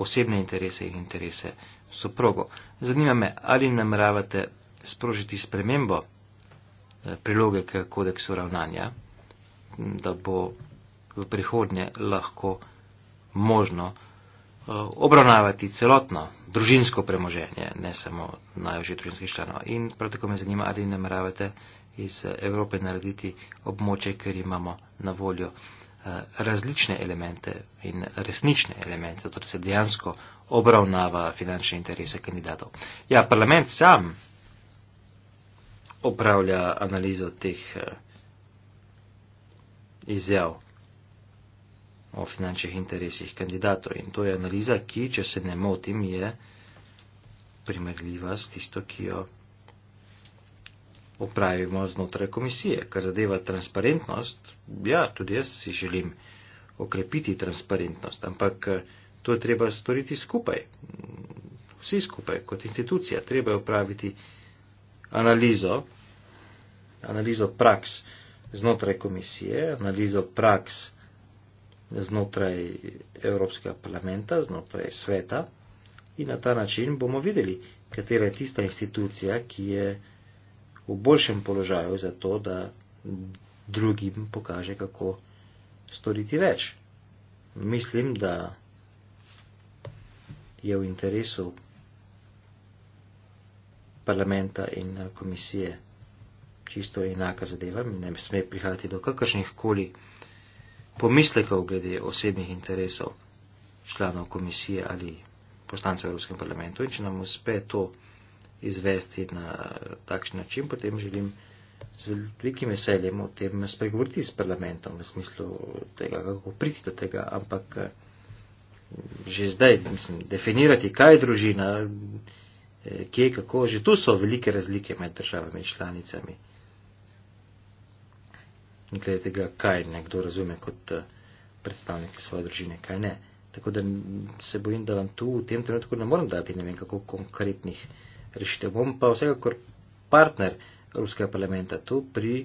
osebne interese in interese soprogo. Zanima me, ali nameravate sprožiti spremembo priloge k kodeksu ravnanja, da bo v prihodnje lahko možno Eh, obravnavati celotno družinsko premoženje, ne samo najvišji družinski članov. In prav tako me zanima, ali nameravate iz Evrope narediti območje, ker imamo na voljo eh, različne elemente in resnične elemente, torej se dejansko obravnava finančne interese kandidatov. Ja, parlament sam opravlja analizo teh eh, izjav o finančnih interesih kandidatov. In to je analiza, ki, če se ne motim, je primerljiva s tisto, ki jo opravimo znotraj komisije. Kar zadeva transparentnost, ja, tudi jaz si želim okrepiti transparentnost, ampak eh, to je treba storiti skupaj, vsi skupaj, kot institucija. Treba je opraviti analizo, analizo praks znotraj komisije, analizo praks znotraj Evropskega parlamenta, znotraj sveta in na ta način bomo videli, katera je tista institucija, ki je v boljšem položaju za to, da drugim pokaže, kako storiti več. Mislim, da je v interesu parlamenta in komisije čisto enaka zadeva, ne sme prihajati do kakršnih koli pomislekov glede osebnih interesov članov komisije ali poslancev v Evropskem parlamentu in če nam uspe to izvesti na takšen način, potem želim z velikim veseljem o tem spregovoriti s parlamentom v smislu tega, kako priti do tega, ampak eh, že zdaj, mislim, definirati, kaj je družina, eh, kje, kako, že tu so velike razlike med državami in članicami glede tega, kaj nekdo razume kot eh, predstavniki svoje družine, kaj ne. Tako da se bojim, da vam tu v tem trenutku ne morem dati ne vem kako konkretnih rešitev. Bom pa vsekakor partner Ruskega parlamenta tu pri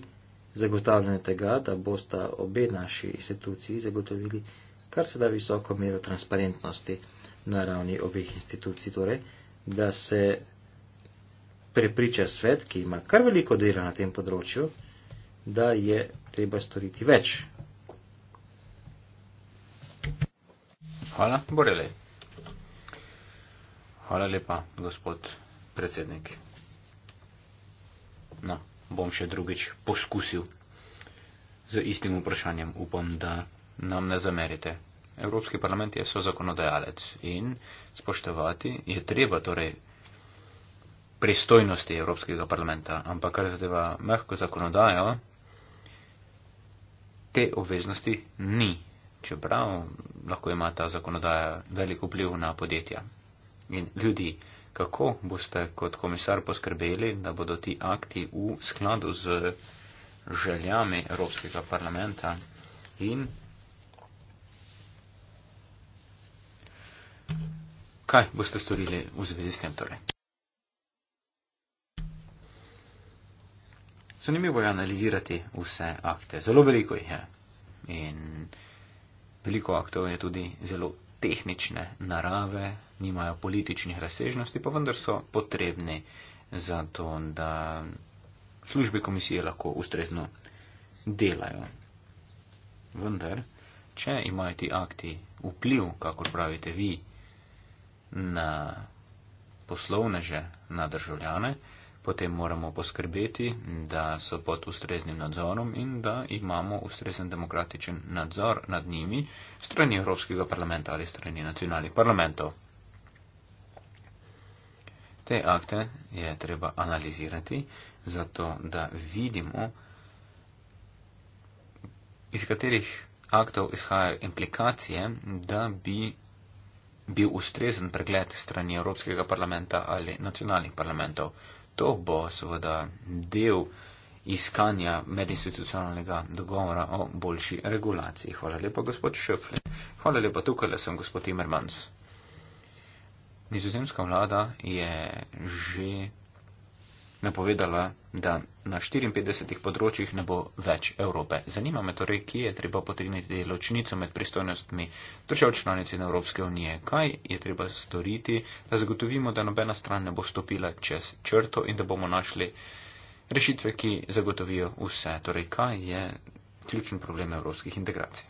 zagotavljanju tega, da bosta obe naši instituciji zagotovili kar se da visoko mero transparentnosti na ravni obeh institucij, torej, da se prepriča svet, ki ima kar veliko dela na tem področju, da je treba storiti več. Hvala, Borele. Hvala lepa, gospod predsednik. No, bom še drugič poskusil z istim vprašanjem. Upam, da nam ne zamerite. Evropski parlament je so zakonodajalec in spoštovati je treba torej pristojnosti Evropskega parlamenta, ampak kar zadeva mehko zakonodajo, te obveznosti ni, čeprav lahko ima ta zakonodaja velik vpliv na podjetja. In ljudi, kako boste kot komisar poskrbeli, da bodo ti akti v skladu z željami Evropskega parlamenta in kaj boste storili v zvezi s tem torej? Zanimivo je analizirati vse akte, zelo veliko jih je. In veliko aktov je tudi zelo tehnične narave, nimajo političnih razsežnosti, pa vendar so potrebni za to, da službe komisije lahko ustrezno delajo. Vendar, če imajo ti akti vpliv, kako pravite vi, na poslovneže, na državljane, potem moramo poskrbeti, da so pod ustreznim nadzorom in da imamo ustrezen demokratičen nadzor nad njimi strani Evropskega parlamenta ali strani nacionalnih parlamentov. Te akte je treba analizirati, zato da vidimo, iz katerih aktov izhajajo implikacije, da bi bil ustrezen pregled strani Evropskega parlamenta ali nacionalnih parlamentov to bo seveda del iskanja medinstitucionalnega dogovora o boljši regulaciji. Hvala lepa, gospod Šöfle. Hvala lepa, tukaj le sem, gospod Timmermans. Nizozemska vlada je že napovedala, da na 54 področjih ne bo več Evrope. Zanima me torej, kje je treba potegniti ločnico med pristojnostmi držav članic in Evropske unije. Kaj je treba storiti, da zagotovimo, da nobena stran ne bo stopila čez črto in da bomo našli rešitve, ki zagotovijo vse. Torej, kaj je ključen problem evropskih integracij?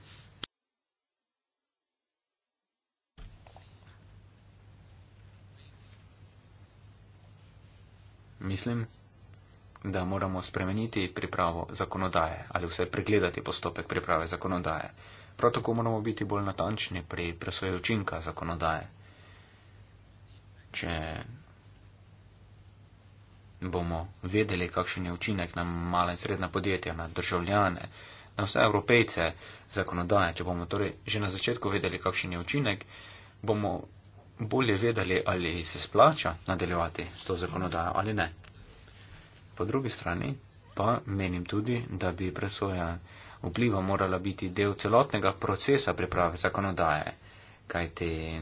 mislim, da moramo spremeniti pripravo zakonodaje ali vse pregledati postopek priprave zakonodaje. Prav tako moramo biti bolj natančni pri presoji učinka zakonodaje. Če bomo vedeli, kakšen je učinek na male in srednja podjetja, na državljane, na vse evropejce zakonodaje, če bomo torej že na začetku vedeli, kakšen je učinek, bomo bolje vedeli, ali se splača nadaljevati s to zakonodajo ali ne. Po drugi strani pa menim tudi, da bi presoja vpliva morala biti del celotnega procesa priprave zakonodaje, kajti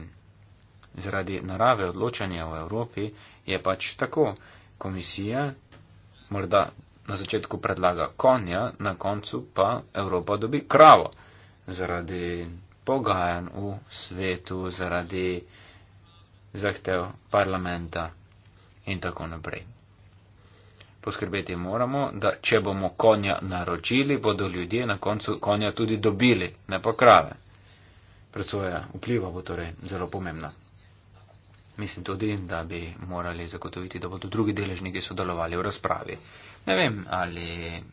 zaradi narave odločanja v Evropi je pač tako. Komisija morda na začetku predlaga konja, na koncu pa Evropa dobi kravo zaradi pogajanj v svetu, zaradi zahtev parlamenta in tako naprej. Poskrbeti moramo, da če bomo konja naročili, bodo ljudje na koncu konja tudi dobili, ne pa krave. Predsoja vpliva bo torej zelo pomembna. Mislim tudi, da bi morali zagotoviti, da bodo drugi deležniki sodelovali v razpravi. Ne vem, ali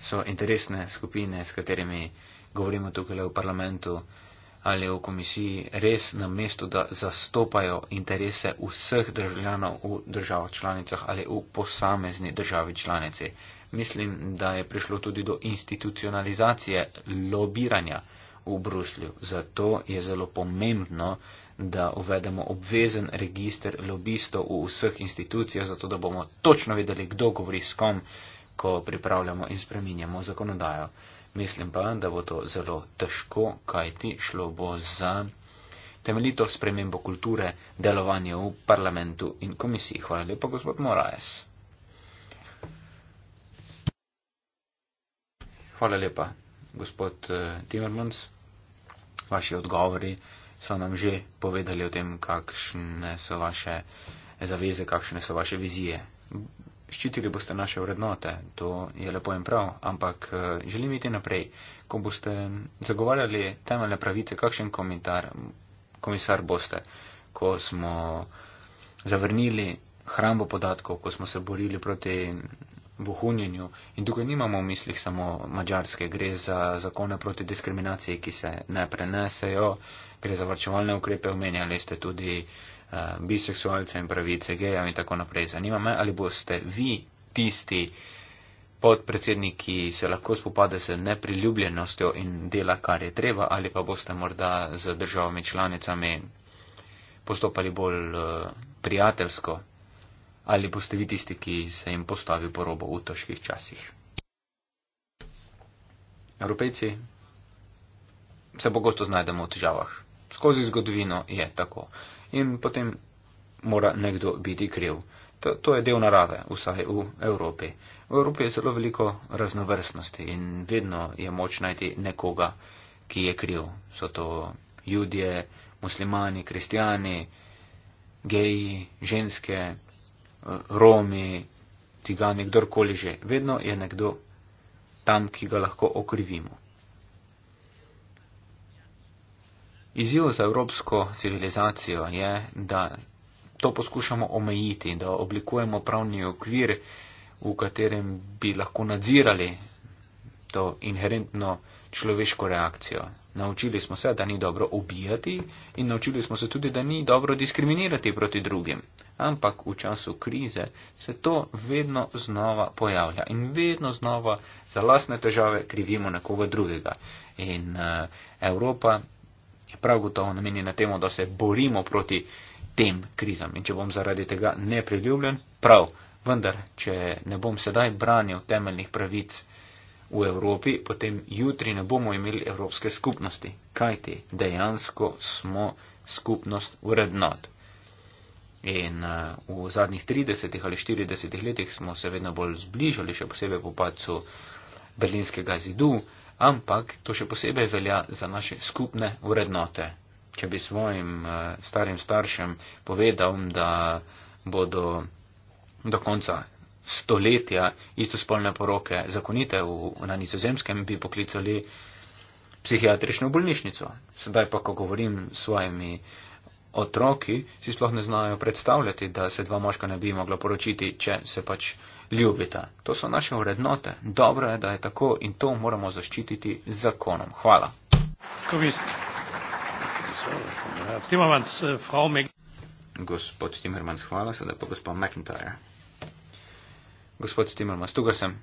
so interesne skupine, s katerimi govorimo tukaj v parlamentu, ali v komisiji res na mestu, da zastopajo interese vseh državljanov v državah članicah ali v posamezni državi članici. Mislim, da je prišlo tudi do institucionalizacije lobiranja v Bruslju. Zato je zelo pomembno, da uvedemo obvezen register lobistov v vseh institucijah, zato da bomo točno vedeli, kdo govori s kom, ko pripravljamo in spreminjamo zakonodajo. Mislim pa, da bo to zelo težko, kajti šlo bo za temeljito spremembo kulture, delovanje v parlamentu in komisiji. Hvala lepa, gospod Moraes. Hvala lepa, gospod eh, Timmermans. Vaši odgovori so nam že povedali o tem, kakšne so vaše zaveze, kakšne so vaše vizije ščitili boste naše vrednote, to je lepo in prav, ampak eh, želim iti naprej. Ko boste zagovarjali temeljne pravice, kakšen komentar, komisar boste, ko smo zavrnili hrambo podatkov, ko smo se borili proti vohunjenju in tukaj nimamo v mislih samo mađarske, gre za zakone proti diskriminaciji, ki se ne prenesejo, gre za varčevalne ukrepe, omenjali ste tudi Eh, biseksualce in pravice gejev in tako naprej. Zanima me, ali boste vi tisti podpredsednik, ki se lahko spopade s nepriljubljenostjo in dela, kar je treba, ali pa boste morda z državami članicami postopali bolj eh, prijateljsko, ali boste vi tisti, ki se jim postavi po robo v težkih časih. Evropejci se pogosto znajdemo v težavah. Skozi zgodovino je tako. Uh, in potem mora nekdo biti kriv. To, to je del narave, vsaj v Evropi. V Evropi je zelo veliko raznovrstnosti in vedno je moč najti nekoga, ki je kriv. So to ljudje, muslimani, kristijani, geji, ženske, romi, tigani, kdorkoli že. Vedno je nekdo tam, ki ga lahko okrivimo. Izjiv za evropsko civilizacijo je, da to poskušamo omejiti, da oblikujemo pravni okvir, v katerem bi lahko nadzirali to inherentno človeško reakcijo. Naučili smo se, da ni dobro ubijati in naučili smo se tudi, da ni dobro diskriminirati proti drugim. Ampak v času krize se to vedno znova pojavlja in vedno znova za lasne težave krivimo nekoga drugega. In uh, Evropa je prav gotovo namenjena temu, da se borimo proti tem krizam. In če bom zaradi tega nepriljubljen, prav, vendar, če ne bom sedaj branil temeljnih pravic v Evropi, potem jutri ne bomo imeli Evropske skupnosti, kajti dejansko smo skupnost vrednot. In eh, v zadnjih 30 ali 40 letih smo se vedno bolj zbližali, še posebej po pacu Berlinskega zidu, ampak to še posebej velja za naše skupne vrednote. Če bi svojim eh, starim staršem povedal, da bodo do konca stoletja istospolne poroke zakonite v, na nizozemskem, bi poklicali psihiatrično bolnišnico. Sedaj pa, ko govorim s svojimi otroki si sploh ne znajo predstavljati, da se dva moška ne bi mogla poročiti, če se pač ljubita. To so naše vrednote. Dobro je, da je tako in to moramo zaščititi z zakonom. Hvala. Eh, gospod Timmermans, hvala, sedaj pa gospod McIntyre. Gospod Timmermans, tukaj sem.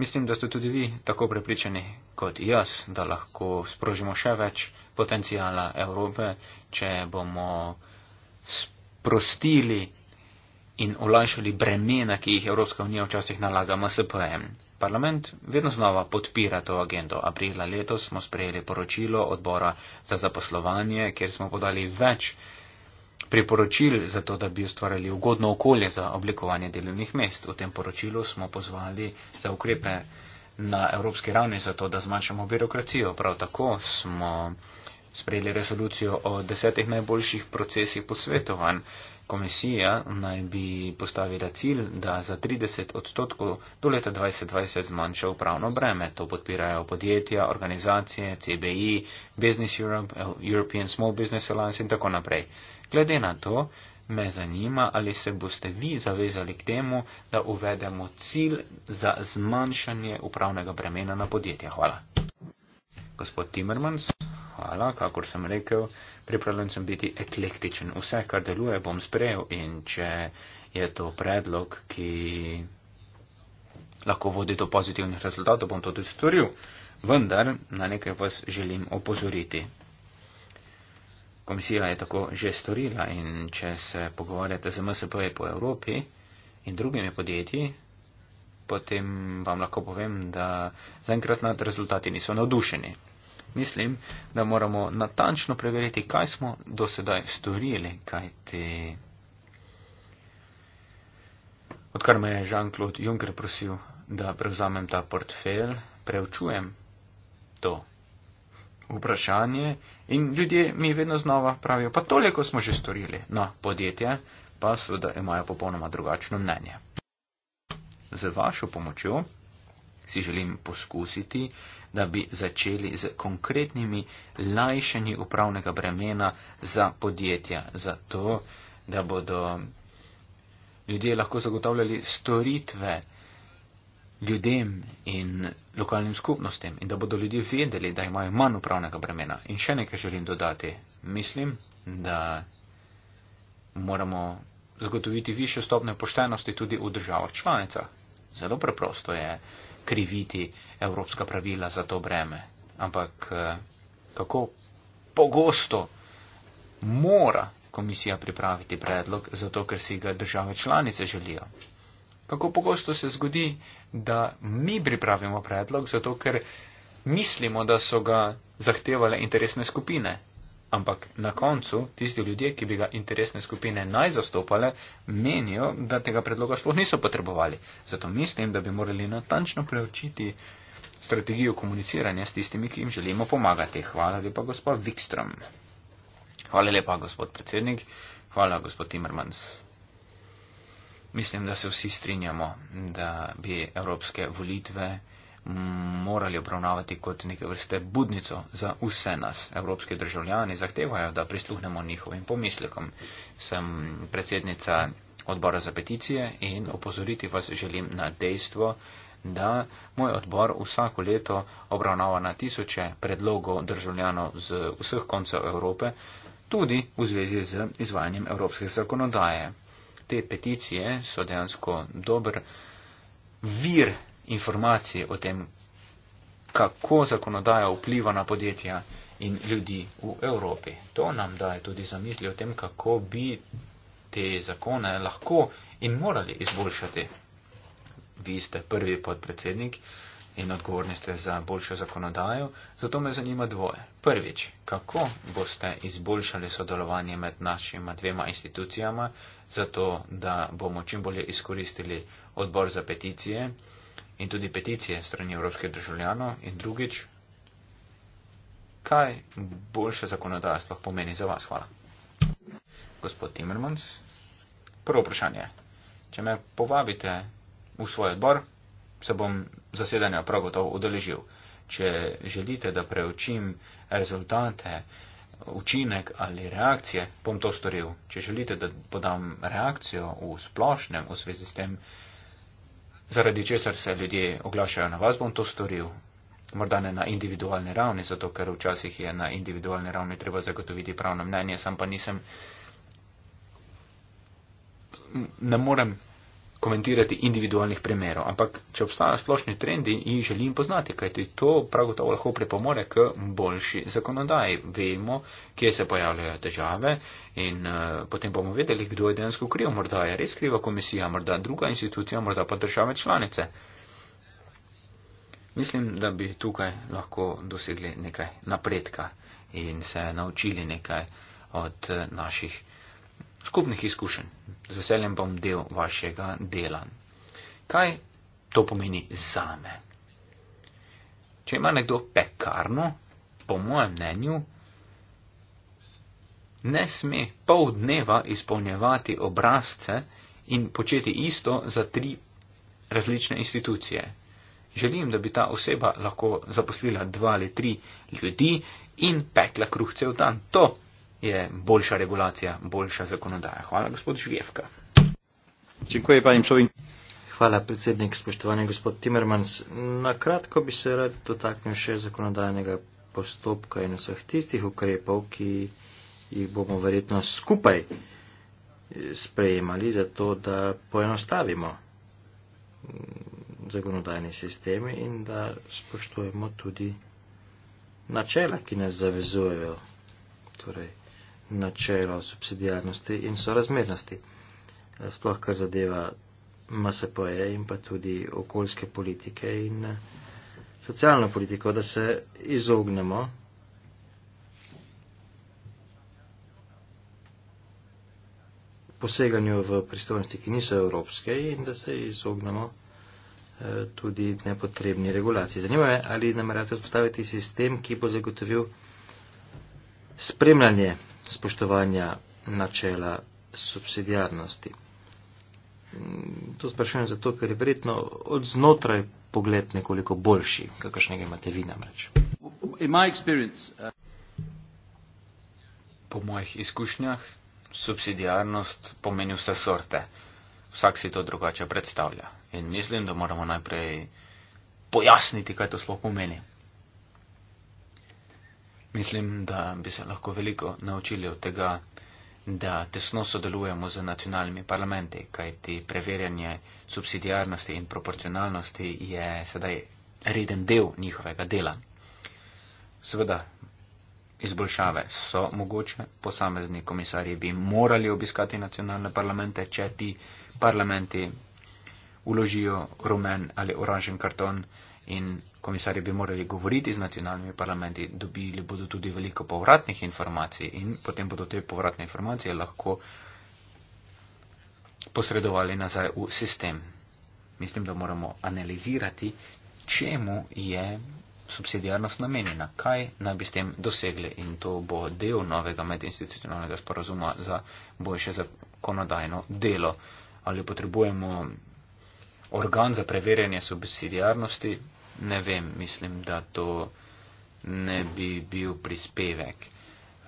Mislim, da ste tudi vi tako prepričani kot jaz, da lahko sprožimo še več potencijala Evrope, če bomo sprostili in olajšali bremena, ki jih Evropska unija včasih nalaga MSPM. Parlament vedno znova podpira to agendo. Aprila letos smo sprejeli poročilo odbora za zaposlovanje, kjer smo podali več priporočil za to, da bi ustvarjali ugodno okolje za oblikovanje delovnih mest. V tem poročilu smo pozvali za ukrepe na evropski ravni za to, da zmanjšamo birokracijo. Prav tako smo sprejeli resolucijo o desetih najboljših procesih posvetovanj. Komisija naj bi postavila cilj, da za 30 odstotkov do leta 2020 zmanjša upravno breme. To podpirajo podjetja, organizacije, CBI, Business Europe, European Small Business Alliance in tako naprej. Glede na to, me zanima, ali se boste vi zavezali k temu, da uvedemo cilj za zmanjšanje upravnega bremena na podjetja. Hvala. Gospod Timmermans, hvala, kakor sem rekel, pripravljen sem biti eklektičen. Vse, kar deluje, bom sprejel in če je to predlog, ki lahko vodi do pozitivnih rezultatov, bom to tudi storil. Vendar na nekaj vas želim opozoriti. Komisija je tako že storila in če se pogovarjate z MSP po Evropi in drugimi podjetji, potem vam lahko povem, da zaenkrat nad rezultati niso navdušeni. Mislim, da moramo natančno preveriti, kaj smo do sedaj storili, kaj ti. Odkar me je Jean-Claude Juncker prosil, da prevzamem ta portfel, preučujem to vprašanje in ljudje mi vedno znova pravijo, pa toliko smo že storili. No, podjetje pa seveda imajo popolnoma drugačno mnenje. Z vašo pomočjo si želim poskusiti, da bi začeli z konkretnimi lajšanji upravnega bremena za podjetja, zato da bodo ljudje lahko zagotavljali storitve ljudem in lokalnim skupnostim in da bodo ljudje vedeli, da imajo manj upravnega bremena. In še nekaj želim dodati. Mislim, da moramo zagotoviti više stopne poštenosti tudi v državah članicah. Zelo preprosto je kriviti evropska pravila za to breme. Ampak eh, kako pogosto mora komisija pripraviti predlog, zato ker si ga države članice želijo kako pogosto se zgodi, da mi pripravimo predlog, zato ker mislimo, da so ga zahtevale interesne skupine. Ampak na koncu tisti ljudje, ki bi ga interesne skupine naj zastopale, menijo, da tega predloga sploh niso potrebovali. Zato mislim, da bi morali natančno preučiti strategijo komuniciranja s tistimi, ki jim želimo pomagati. Hvala lepa, gospod Wikström. Hvala lepa, gospod predsednik. Hvala, gospod Timmermans. Mislim, da se vsi strinjamo, da bi evropske volitve morali obravnavati kot neke vrste budnico za vse nas. Evropski državljani zahtevajo, da prisluhnemo njihovim pomislekom. Sem predsednica odbora za peticije in opozoriti vas želim na dejstvo, da moj odbor vsako leto obravnava na tisoče predlogov državljanov z vseh koncev Evrope, tudi v zvezi z izvajanjem evropske zakonodaje te peticije so dejansko dober vir informacij o tem, kako zakonodaja vpliva na podjetja in ljudi v Evropi. To nam daje tudi zamisli o tem, kako bi te zakone lahko in morali izboljšati. Vi ste prvi podpredsednik. Uh, in odgovorni ste za boljšo zakonodajo, zato me zanima dvoje. Prvič, kako boste izboljšali sodelovanje med našima dvema institucijama, zato da bomo čim bolje izkoristili odbor za peticije in tudi peticije strani evropskih državljanov in drugič, kaj boljše zakonodajstvo pomeni za vas? Hvala. Gospod Timmermans, prvo vprašanje. Če me povabite v svoj odbor, se bom zasedanja prav gotovo udeležil. Če želite, da preučim rezultate, učinek ali reakcije, bom to storil. Če želite, da podam reakcijo v splošnem v zvezi s tem, zaradi česar se ljudje oglašajo na vas, bom to storil. Morda ne na individualni ravni, zato ker včasih je na individualni ravni treba zagotoviti pravno mnenje, sam pa nisem. Ne morem komentirati individualnih primerov, ampak če obstajajo splošni trendi, jih želim poznati, kajti to prav gotovo lahko pripomore k boljši zakonodaji. Vemo, kje se pojavljajo težave in uh, potem bomo vedeli, kdo je dejansko kriv. Morda je res kriva komisija, morda druga institucija, morda pa države članice. Mislim, da bi tukaj lahko dosegli nekaj napredka in se naučili nekaj od uh, naših skupnih izkušenj. Z veseljem bom del vašega dela. Kaj to pomeni za me? Če ima nekdo pekarno, po mojem mnenju, ne sme pol dneva izpolnjevati obrazce in početi isto za tri različne institucije. Želim, da bi ta oseba lahko zaposlila dva ali tri ljudi in pekla kruhce v dan. To je boljša regulacija, boljša zakonodaja. Hvala, gospod Žvjevka. Čekuje, panim človek. Hvala, predsednik, spoštovani gospod Timmermans. Na kratko bi se rad dotaknil še zakonodajnega postopka in vseh tistih ukrepov, ki jih bomo verjetno skupaj sprejemali za to, da poenostavimo zakonodajni sistem in da spoštujemo tudi načela, ki nas zavezujejo. Torej, načelo subsidijarnosti in sorazmernosti, eh, sploh kar zadeva MSP-je in pa tudi okoljske politike in eh, socialno politiko, da se izognemo poseganju v pristojnosti, ki niso evropske in da se izognemo eh, tudi nepotrebni regulaciji. Zanima me, ali namerate vzpostaviti sistem, ki bo zagotovil spremljanje spoštovanja načela subsidijarnosti. Mm, to sprašujem zato, ker je verjetno od znotraj pogled nekoliko boljši, kakršnega imate vi namreč. Uh, po mojih izkušnjah subsidijarnost pomeni vse sorte. Vsak si to drugače predstavlja. In mislim, da moramo najprej pojasniti, kaj to sploh pomeni. Mislim, da bi se lahko veliko naučili od tega, da tesno sodelujemo z nacionalnimi parlamenti, kajti preverjanje subsidijarnosti in proporcionalnosti je sedaj reden del njihovega dela. Seveda, izboljšave so mogoče, posamezni komisarji bi morali obiskati nacionalne parlamente, če ti parlamenti uložijo rumen ali oranžen karton in komisarji bi morali govoriti z nacionalnimi parlamenti, dobili bodo tudi veliko povratnih informacij in potem bodo te povratne informacije lahko posredovali nazaj v sistem. Mislim, da moramo analizirati, čemu je subsidijarnost namenjena, kaj naj bi s tem dosegli in to bo del novega medinstitucionalnega sporazuma za boljše zakonodajno delo. Ali potrebujemo organ za preverjanje subsidijarnosti, ne vem, mislim, da to ne bi bil prispevek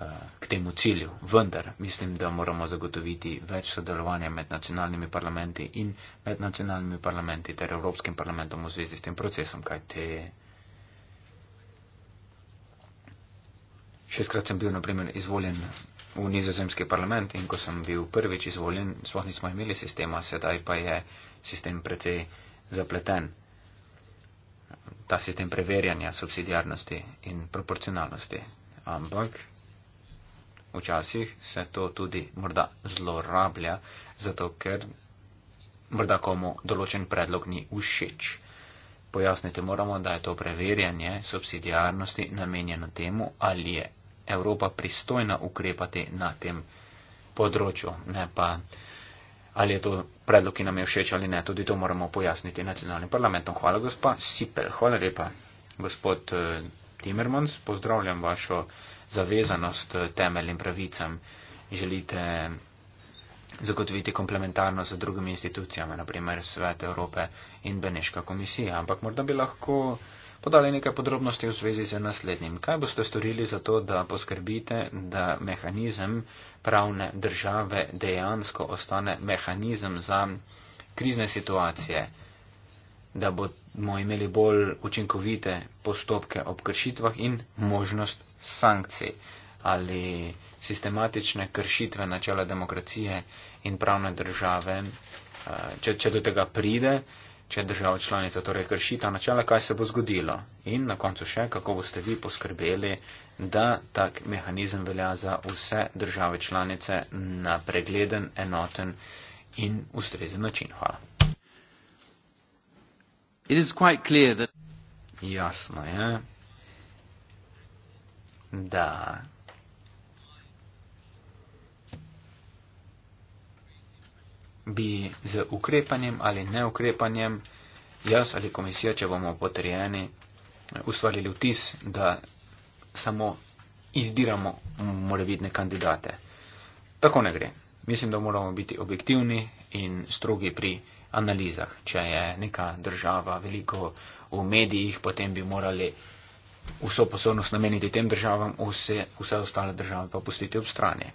eh, k temu cilju. Vendar mislim, da moramo zagotoviti več sodelovanja med nacionalnimi parlamenti in med nacionalnimi parlamenti ter Evropskim parlamentom v zvezi s tem procesom, kaj te. Šestkrat sem bil, na primer, izvoljen v nizozemski parlament in ko sem bil prvič izvoljen, sploh nismo imeli sistema, sedaj pa je sistem precej zapleten. Ta sistem preverjanja subsidijarnosti in proporcionalnosti. Ampak včasih se to tudi morda zlorablja, zato ker morda komu določen predlog ni všeč. Pojasniti moramo, da je to preverjanje subsidijarnosti namenjeno temu, ali je Evropa pristojna ukrepati na tem področju. Ne pa, ali je to predlog, ki nam je všeč ali ne, tudi to moramo pojasniti nacionalnim parlamentom. Hvala, gospa Sipel. Hvala lepa, gospod eh, Timmermans. Pozdravljam vašo zavezanost eh, temeljnim pravicam. Želite zagotoviti komplementarno z drugimi institucijami, naprimer Svet Evrope in Beneška komisija. Ampak morda bi lahko podali nekaj podrobnosti v zvezi z naslednjim. Kaj boste storili za to, da poskrbite, da mehanizem pravne države dejansko ostane mehanizem za krizne situacije, da bomo imeli bolj učinkovite postopke ob kršitvah in možnost sankcij ali sistematične kršitve načela demokracije in pravne države, eh, če, če do tega pride, če država članica torej krši ta načela, kaj se bo zgodilo. In na koncu še, kako boste vi poskrbeli, da tak mehanizem velja za vse države članice na pregleden, enoten in ustrezen način. Hvala. Jasno je, da bi z ukrepanjem ali neukrepanjem, jaz ali komisija, če bomo potrjeni, ustvarili vtis, da samo izbiramo morebitne kandidate. Tako ne gre. Mislim, da moramo biti objektivni in strogi pri analizah. Če je neka država veliko v medijih, potem bi morali vso pozornost nameniti tem državam, vse, vse ostale države pa pustiti ob strani.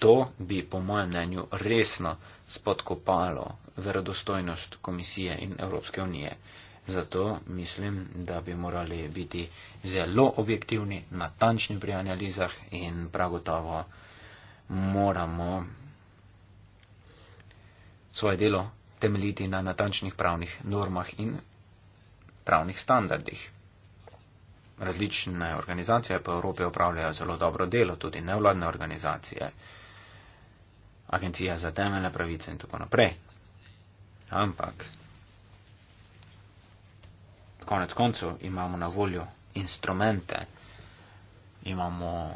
To bi, po mojem mnenju, resno spodkopalo verodostojnost komisije in Evropske unije. Zato mislim, da bi morali biti zelo objektivni, natančni pri analizah in pragotovo moramo svoje delo temeljiti na natančnih pravnih normah in pravnih standardih. Različne organizacije po Evropi opravljajo zelo dobro delo, tudi nevladne organizacije agencija za temeljne pravice in tako naprej. Ampak konec koncu imamo na voljo instrumente, imamo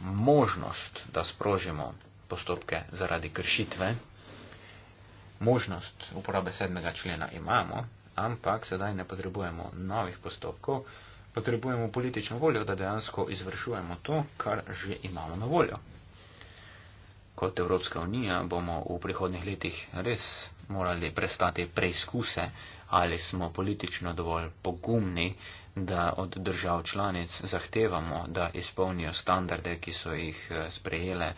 možnost, da sprožimo postopke zaradi kršitve, možnost uporabe sedmega člena imamo, ampak sedaj ne potrebujemo novih postopkov, potrebujemo politično voljo, da dejansko izvršujemo to, kar že imamo na voljo kot Evropska unija bomo v prihodnih letih res morali prestati preizkuse, ali smo politično dovolj pogumni, da od držav članic zahtevamo, da izpolnijo standarde, ki so jih eh, sprejele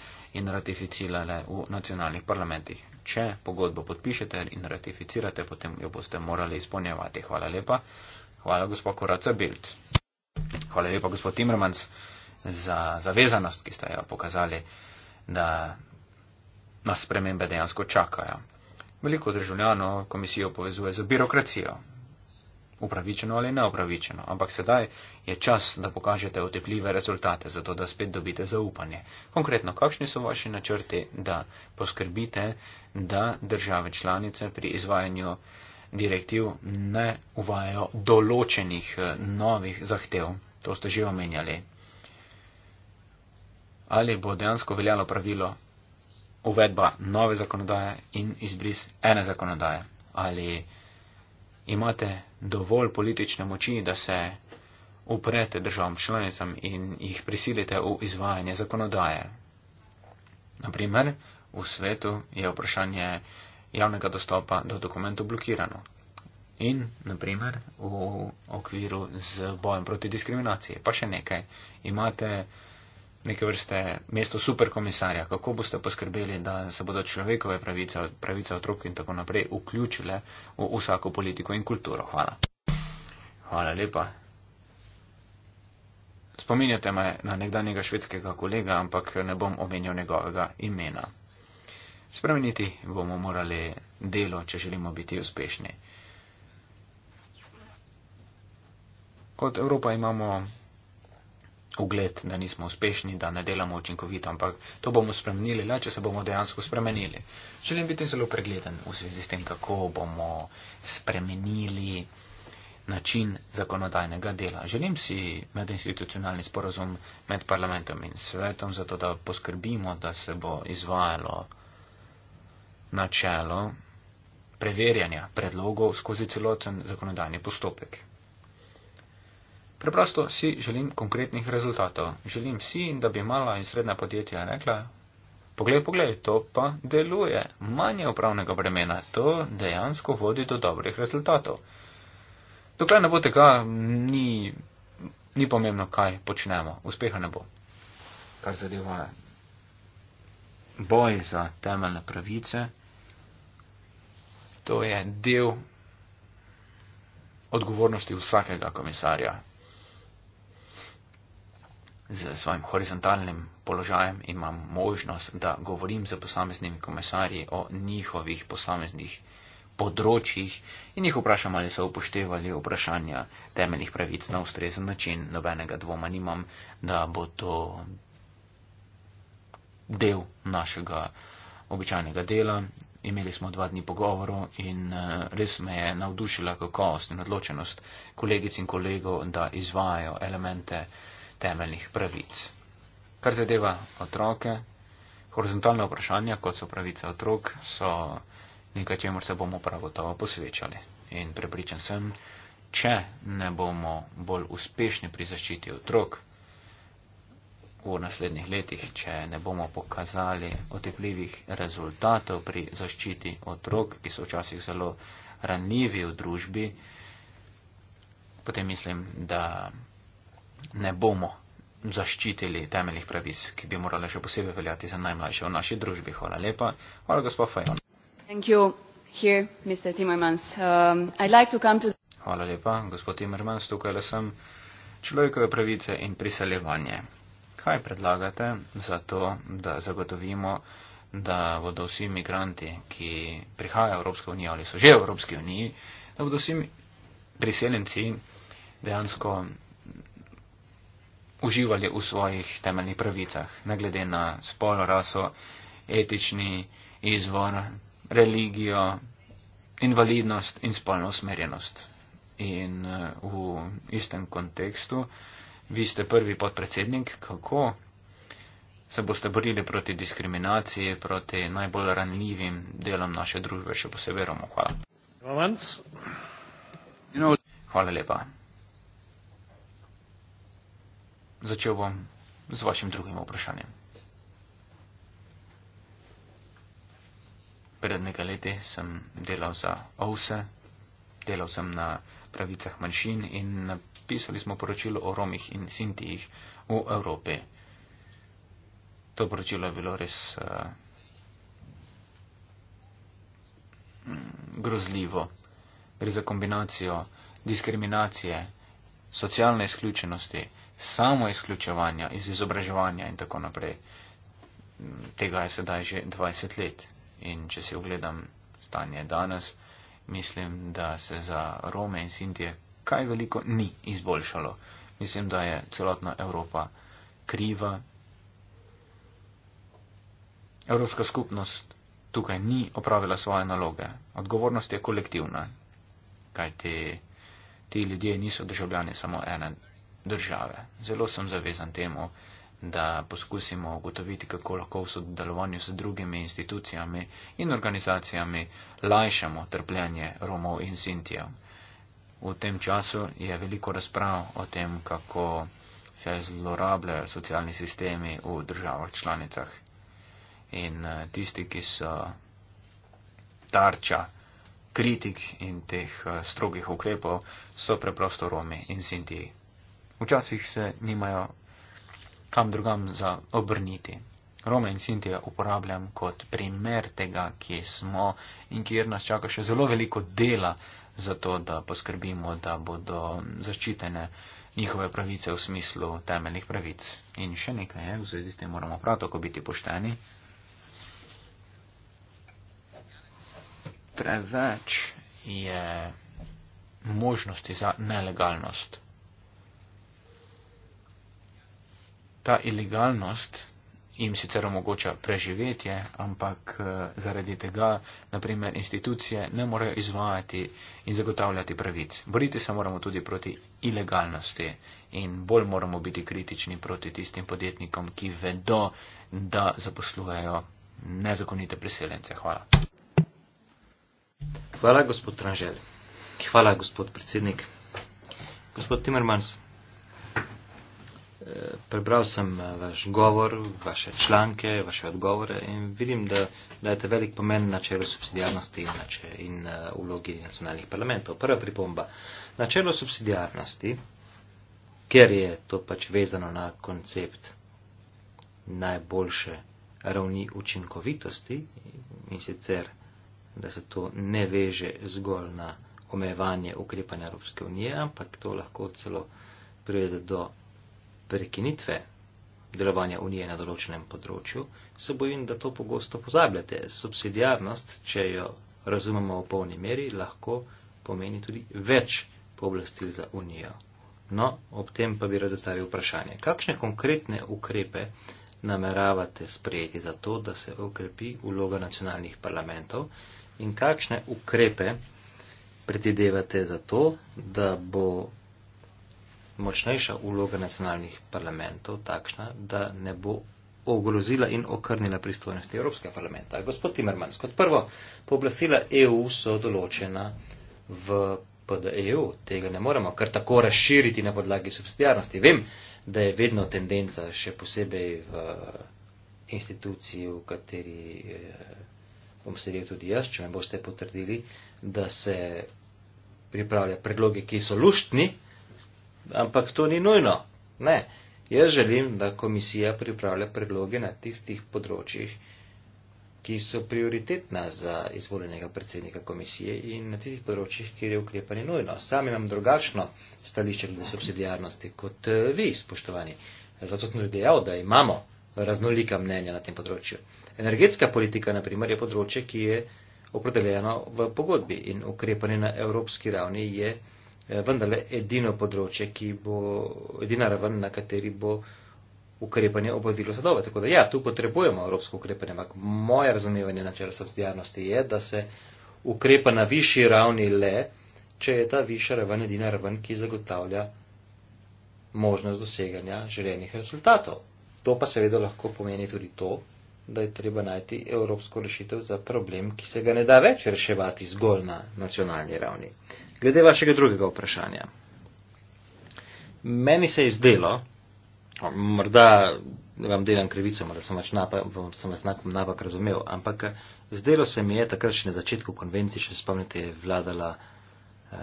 in ratificirale v nacionalnih parlamentih. Če pogodbo podpišete in ratificirate, potem jo boste morali izpolnjevati. Hvala lepa. Hvala, gospod Koraca Bild. Hvala lepa, gospod Timmermans, za zavezanost, ki ste jo pokazali da nas spremembe dejansko čakajo. Veliko državljanov komisijo povezuje z birokracijo. Upravičeno ali neupravičeno, ampak sedaj je čas, da pokažete otepljive rezultate, zato da spet dobite zaupanje. Konkretno, kakšni so vaši načrti, da poskrbite, da države članice pri izvajanju direktiv ne uvajajo določenih eh, novih zahtev? To ste že omenjali ali bo dejansko veljalo pravilo uvedba nove zakonodaje in izbris ene zakonodaje. Ali imate dovolj politične moči, da se uprete državam članicam in jih prisilite v izvajanje zakonodaje. Naprimer, v svetu je vprašanje javnega dostopa do dokumentov blokirano. In, naprimer, v okviru z bojem proti diskriminaciji. Pa še nekaj. Imate neke vrste mesto superkomisarja, kako boste poskrbeli, da se bodo človekove pravice, pravice otrok in tako naprej vključile v vsako politiko in kulturo. Hvala. Hvala lepa. Spominjate me na nekdanjega švedskega kolega, ampak ne bom omenjal njegovega imena. Spremeniti bomo morali delo, če želimo biti uspešni. Kot Evropa imamo ugled, da nismo uspešni, da ne delamo učinkovito, ampak to bomo spremenili le, če se bomo dejansko spremenili. Želim biti zelo pregleden v zvezi s tem, kako bomo spremenili način zakonodajnega dela. Želim si medinstitucionalni sporozum med parlamentom in svetom, zato da poskrbimo, da se bo izvajalo načelo preverjanja predlogov skozi celoten zakonodajni postopek. Preprosto si želim konkretnih rezultatov. Želim si, da bi mala in srednja podjetja rekla, poglej, poglej, to pa deluje. Manje upravnega bremena, to dejansko vodi do dobrih rezultatov. Dokler ne bo tega, ni, ni pomembno, kaj počnemo. Uspeha ne bo. Kar zadeva boj za temeljne pravice, to je del odgovornosti vsakega komisarja z svojim horizontalnim položajem imam možnost, da govorim za posameznimi komisarji o njihovih posameznih področjih in jih vprašam, ali so upoštevali vprašanja temeljnih pravic na ustrezen način. Nobenega dvoma nimam, da bo to del našega običajnega dela. Imeli smo dva dni pogovoru in eh, res me je navdušila kakovost in odločenost kolegic in kolegov, da izvajo elemente temeljnih pravic. Kar zadeva otroke, horizontalne vprašanja, kot so pravice otrok, so nekaj, čemur se bomo prav gotovo posvečali. In prepričan sem, če ne bomo bolj uspešni pri zaščiti otrok v naslednjih letih, če ne bomo pokazali otepljivih rezultatov pri zaščiti otrok, ki so včasih zelo ranljivi v družbi, potem mislim, da ne bomo zaščitili temeljnih pravic, ki bi morale še posebej veljati za najmlajše v naši družbi. Hvala lepa. Hvala, gospod Fajon. Um, Hvala lepa, gospod Timmermans, tukaj le sem. Človekove pravice in priseljevanje. Kaj predlagate za to, da zagotovimo, da bodo vsi imigranti, ki prihajajo v Evropsko unijo ali so že v Evropski uniji, da bodo vsi priseljenci dejansko uživali v svojih temeljnih pravicah, ne glede na spol, raso, etični izvor, religijo, invalidnost in spolno usmerjenost. In eh, v istem kontekstu, vi ste prvi podpredsednik, kako se boste borili proti diskriminaciji, proti najbolj ranljivim delom naše družbe, še posebej Romov. Hvala. Hvala lepa začel bom z vašim drugim vprašanjem. Pred nekaj leti sem delal za OVSE, delal sem na pravicah manjšin in napisali smo poročilo o Romih in Sintijih v Evropi. To poročilo je bilo res uh, grozljivo. Gre za kombinacijo diskriminacije, socialne izključenosti, uh, samo izključevanja, iz izobraževanja in tako naprej. Tega je sedaj že 20 let. In če si ogledam stanje danes, mislim, da se za Rome in Sintije kaj veliko ni izboljšalo. Mislim, da je celotna Evropa kriva. Evropska skupnost tukaj ni opravila svoje naloge. Odgovornost je kolektivna, kajti ti ljudje niso državljani samo ene države. Zelo sem zavezan temu, da poskusimo ugotoviti, kako lahko v sodelovanju s drugimi institucijami in organizacijami lajšamo trpljenje Romov in Sintijev. V tem času je veliko razprav o tem, kako se zlorabljajo socialni sistemi v državah članicah. In eh, tisti, ki so tarča kritik in teh eh, strogih ukrepov, so preprosto Romi in Sintiji. Včasih se nimajo kam drugam za obrniti. Roma in Sintija uporabljam kot primer tega, kje smo in kjer nas čaka še zelo veliko dela za to, da poskrbimo, da bodo zaščitene njihove pravice v smislu temeljnih pravic. In še nekaj je, v zvezi s tem moramo prav tako biti pošteni. Preveč je možnosti za nelegalnost ta ilegalnost jim sicer omogoča preživetje, ampak eh, zaradi tega, naprimer, institucije ne morejo izvajati in zagotavljati pravic. Boriti se moramo tudi proti ilegalnosti in bolj moramo biti kritični proti tistim podjetnikom, ki vedo, da zaposlujejo nezakonite priseljence. Hvala. Hvala, gospod Tranžel. Hvala, gospod predsednik. Gospod Timmermans, prebral sem eh, vaš govor, vaše članke, vaše odgovore in vidim, da dajete velik pomen načelu subsidijarnosti in, nače, in uh, vlogi nacionalnih parlamentov. Prva pripomba. Načelo subsidijarnosti, ker je to pač vezano na koncept najboljše ravni učinkovitosti in sicer, da se to ne veže zgolj na omejevanje ukrepanja Evropske unije, ampak to lahko celo pride do prekinitve delovanja Unije na določenem področju, se bojim, da to pogosto pozabljate. Subsidijarnost, če jo razumemo v polni meri, lahko pomeni tudi več pooblastil za Unijo. No, ob tem pa bi rad zastavil vprašanje. Kakšne konkretne ukrepe nameravate sprejeti za to, da se okrepi vloga nacionalnih parlamentov in kakšne ukrepe predvidevate za to, da bo močnejša uloga nacionalnih parlamentov takšna, da ne bo ogrozila in okrnila pristojnosti Evropskega parlamenta. Gospod Timmermans, kot prvo, pooblastila EU so določena v PDEU. Tega ne moremo kar tako razširiti na podlagi subsidijarnosti. Vem, da je vedno tendenca, še posebej v instituciji, v kateri eh, bom sedel tudi jaz, če me boste potrdili, da se pripravlja predloge, ki so luštni, Ampak to ni nujno. Ne. Jaz želim, da komisija pripravlja predloge na tistih področjih, ki so prioritetna za izvoljenega predsednika komisije in na tistih področjih, kjer je ukrepanje nujno. Sam imam drugačno stališče glede subsidijarnosti kot eh, vi, spoštovani. Zato sem tudi dejal, da imamo raznolika mnenja na tem področju. Energetska politika, na primer, je področje, ki je opredeljeno v pogodbi in ukrepanje na evropski ravni je. Eh, vendarle edino področje, ki bo edina raven, na kateri bo ukrepanje obodilo sadove. Tako da ja, tu potrebujemo evropsko ukrepanje, ampak moje razumevanje načela socialnosti je, da se ukrepa na višji ravni le, če je ta višja raven edina raven, ki zagotavlja možnost doseganja željenih rezultatov. To pa seveda lahko pomeni tudi to, da je treba najti evropsko rešitev za problem, ki se ga ne da več reševati zgolj na nacionalni ravni. Glede vašega drugega vprašanja. Meni se je zdelo, morda vam delam krivico, morda sem vas, napak, sem vas napak razumel, ampak eh, zdelo se mi je takrat še na začetku konvencije, če spomnite, je vladala uh,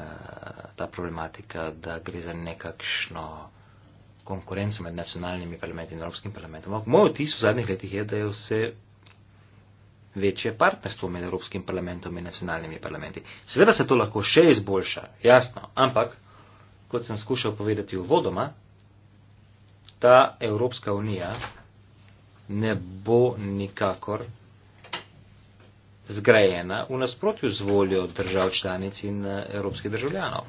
ta problematika, da gre za nekakšno uh, konkurenco med nacionalnimi parlamenti in Evropskim parlamentom. Ampak moj vtis v zadnjih letih je, da je vse večje partnerstvo med Evropskim parlamentom in nacionalnimi parlamenti. Seveda se to lahko še izboljša, jasno, ampak, kot sem skušal povedati v vodoma, ta Evropska unija ne bo nikakor zgrajena v nasprotju z voljo držav članic in eh, evropskih državljanov.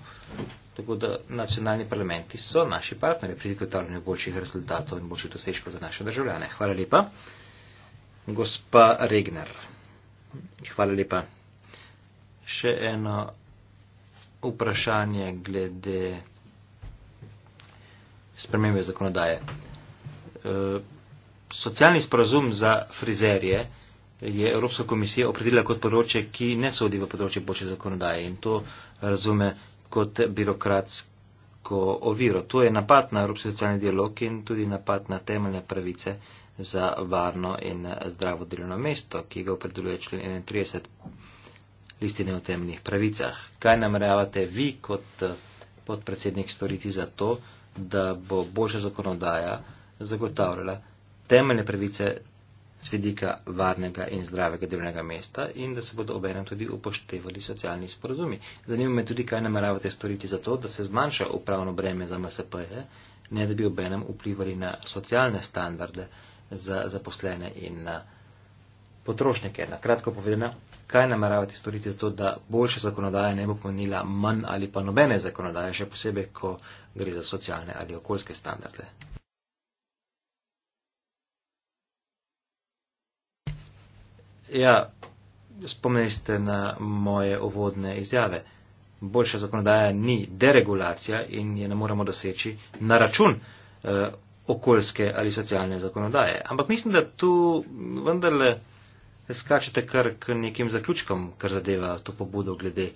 Tako da nacionalni parlamenti so naši partnerji pri zagotavljanju boljših rezultatov in boljših dosežkov za naše državljane. Hvala lepa. Gospa Regner. Hvala lepa. Še eno vprašanje glede spremembe zakonodaje. E, socialni sporazum za frizerje je Evropska komisija opredelila kot področje, ki ne sodi v področje boljše zakonodaje in to razume kot birokratsko oviro. To je napad na evropski socialni dialog in tudi napad na temeljne pravice za varno in zdravo delovno mesto, ki ga opredeluje člen 31 listine o temeljnih pravicah. Kaj namerjavate vi kot eh, podpredsednik storiti za to, da bo boljša zakonodaja zagotavljala temeljne pravice z vidika varnega in zdravega delovnega mesta in da se bodo obenem tudi upoštevali socialni sporozumi. Zanima me tudi, kaj nameravate storiti za to, da se zmanjša upravno breme za MSP-je, ne da bi obenem vplivali na socialne standarde za zaposlene in na potrošnike. Na kratko povedano, kaj nameravate storiti za to, da boljša zakonodaja ne bo pomenila manj ali pa nobene zakonodaje, še posebej, ko gre za socialne ali okoljske standarde. Ja, spomnili ste na moje uvodne izjave. Boljša zakonodaja ni deregulacija in je ne moramo doseči na račun eh, okoljske ali socialne zakonodaje. Ampak mislim, da tu vendarle skačete kar k nekim zaključkom, kar zadeva to pobudo glede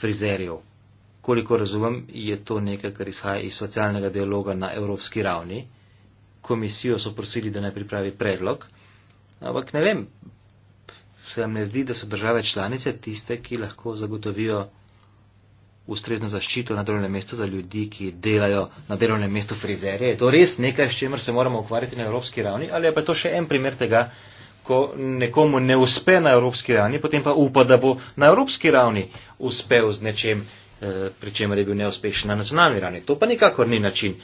frizerjev. Koliko razumem, je to nekaj, kar izhaja iz socialnega dialoga na evropski ravni. Komisijo so prosili, da naj pripravi predlog. Ampak ne vem, se mi zdi, da so države članice tiste, ki lahko zagotovijo ustrezno zaščito na delovnem mestu za ljudi, ki delajo na delovnem mestu frizerje. Je to res nekaj, s čemer se moramo ukvarjati na evropski ravni, ali je pa to še en primer tega, ko nekomu ne uspe na evropski ravni, potem pa upa, da bo na evropski ravni uspel z nečem, eh, pri čemer je bil neuspešen na nacionalni ravni. To pa nikakor ni način,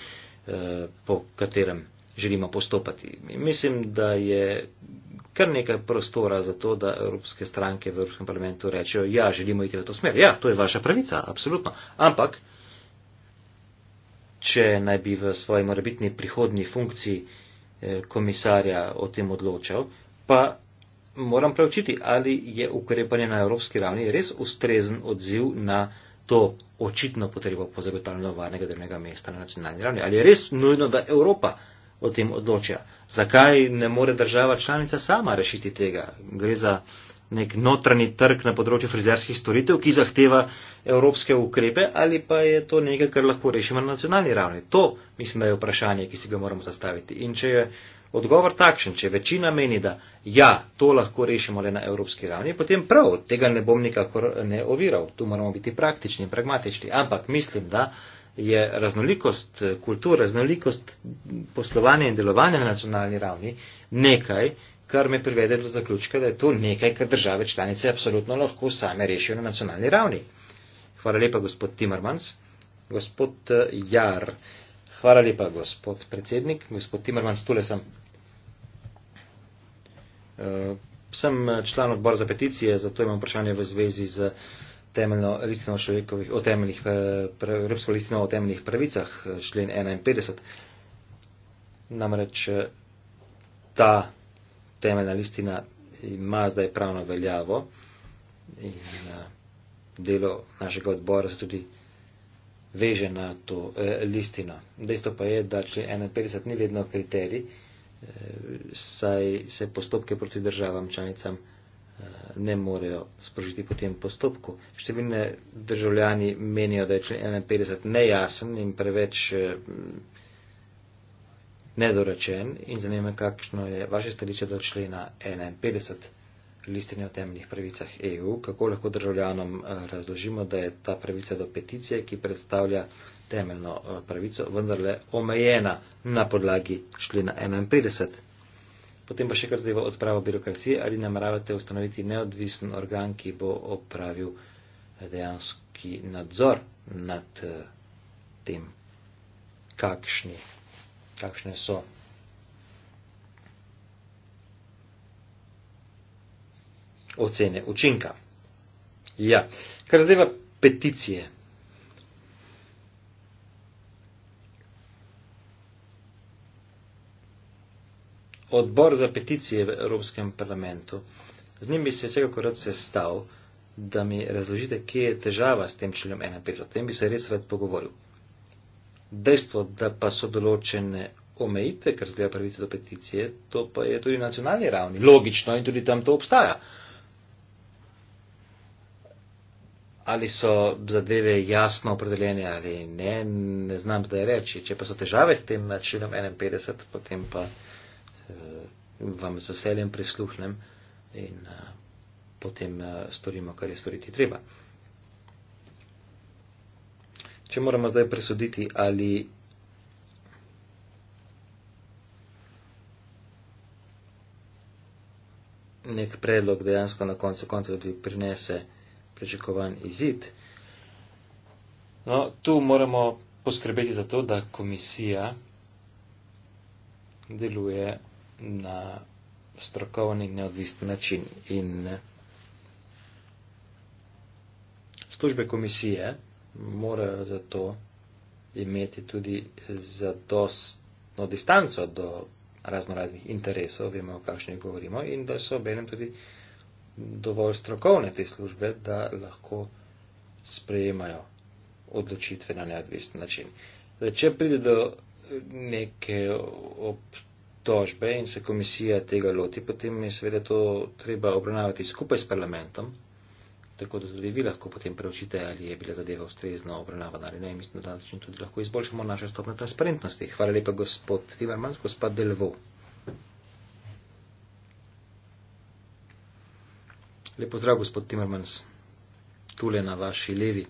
eh, po katerem želimo postopati. Mislim, da je kar nekaj prostora za to, da evropske stranke v Evropskem parlamentu rečejo, ja, želimo iti v to smer. Ja, to je vaša pravica, absolutno. Ampak, če naj bi v svoji morebitni prihodni funkciji eh, komisarja o tem odločal, pa moram preučiti, ali je ukrepanje na evropski ravni res ustrezen odziv na to očitno potrebo po zagotavljanju varnega delovnega mesta na nacionalni ravni. Ali je res nujno, da Evropa o tem odločja. Zakaj ne more država članica sama rešiti tega? Gre za nek notranji trg na področju frizerskih storitev, ki zahteva evropske ukrepe ali pa je to nekaj, kar lahko rešimo na nacionalni ravni. To mislim, da je vprašanje, ki si ga moramo zastaviti. In če je odgovor takšen, če večina meni, da ja, to lahko rešimo le na evropski ravni, potem prav, tega ne bom nikakor eh, ne oviral. Tu moramo biti praktični in pragmatični. Ampak mislim, da je raznolikost eh, kultur, raznolikost poslovanja in delovanja na nacionalni ravni nekaj, kar me privede do zaključka, da je to nekaj, kar države članice absolutno lahko same rešijo na nacionalni ravni. Hvala lepa, gospod Timmermans. Gospod eh, Jar. Hvala lepa, gospod predsednik. Gospod Timmermans, tule sem. Eh, sem član odbora za peticije, zato imam vprašanje v zvezi z. Za temeljno listino človekovih, o temeljnih, eh, Evropsko listino o temeljnih pravicah, eh, člen 51. Namreč eh, ta temeljna listina ima zdaj pravno veljavo in delo našega odbora se tudi veže na to listino. Dejstvo pa je, da člen 51 ni vedno kriterij, saj se postopke proti državam članicam. Eh, ne morejo sprožiti po tem postopku. Številne državljani menijo, da je člen 51 nejasen in preveč eh, nedorečen in zanima, kakšno je vaše stališče do člena 51 listine o temeljnih pravicah EU, kako lahko državljanom eh, razložimo, da je ta pravica do peticije, ki predstavlja temeljno pravico, vendarle omejena na podlagi člena 51. Potem pa še kar zadeva odpravo birokracije, ali nameravate ustanoviti neodvisen organ, ki bo opravil eh, dejanski nadzor nad eh, tem, kakšni, kakšne so. Ocene učinka. Ja, kar zadeva peticije. odbor za peticije v Evropskem parlamentu. Z njim bi se vsekakor rad sestal, da mi razložite, kje je težava s tem členom 1.5. O tem bi se res rad pogovoril. Dejstvo, da pa so določene omejitve, kar zgleda pravice do peticije, to pa je tudi na nacionalni ravni. Logično in tudi tam to obstaja. Ali so zadeve jasno opredeljene ali ne, ne znam zdaj reči. Če pa so težave s tem načinom 51, potem pa. Eh, vam z veseljem prisluhnem in eh, potem eh, storimo, kar je storiti treba. Če moramo zdaj presuditi, ali nek predlog dejansko na koncu konca tudi prinese pričakovan izid, no, tu moramo poskrbeti za to, da komisija deluje na strokovni neodvisni način. In eh, službe komisije morajo zato imeti tudi zadostno distanco do raznoraznih interesov, vemo, o kakšnih govorimo, in da so obenem tudi dovolj strokovne te službe, da lahko sprejemajo odločitve na neodvisni način. Zdaj, če pride do neke ob tožbe in se komisija tega loti, potem je seveda to treba obravnavati skupaj s parlamentom, tako da tudi vi lahko potem preučite, ali je bila zadeva ustrezno obravnavana ali ne. Mislim, da na način tudi lahko izboljšamo našo stopno transparentnosti. Hvala lepa, gospod Timermans, gospod Delvo. Lep pozdrav, gospod Timermans, tule na vaši levi.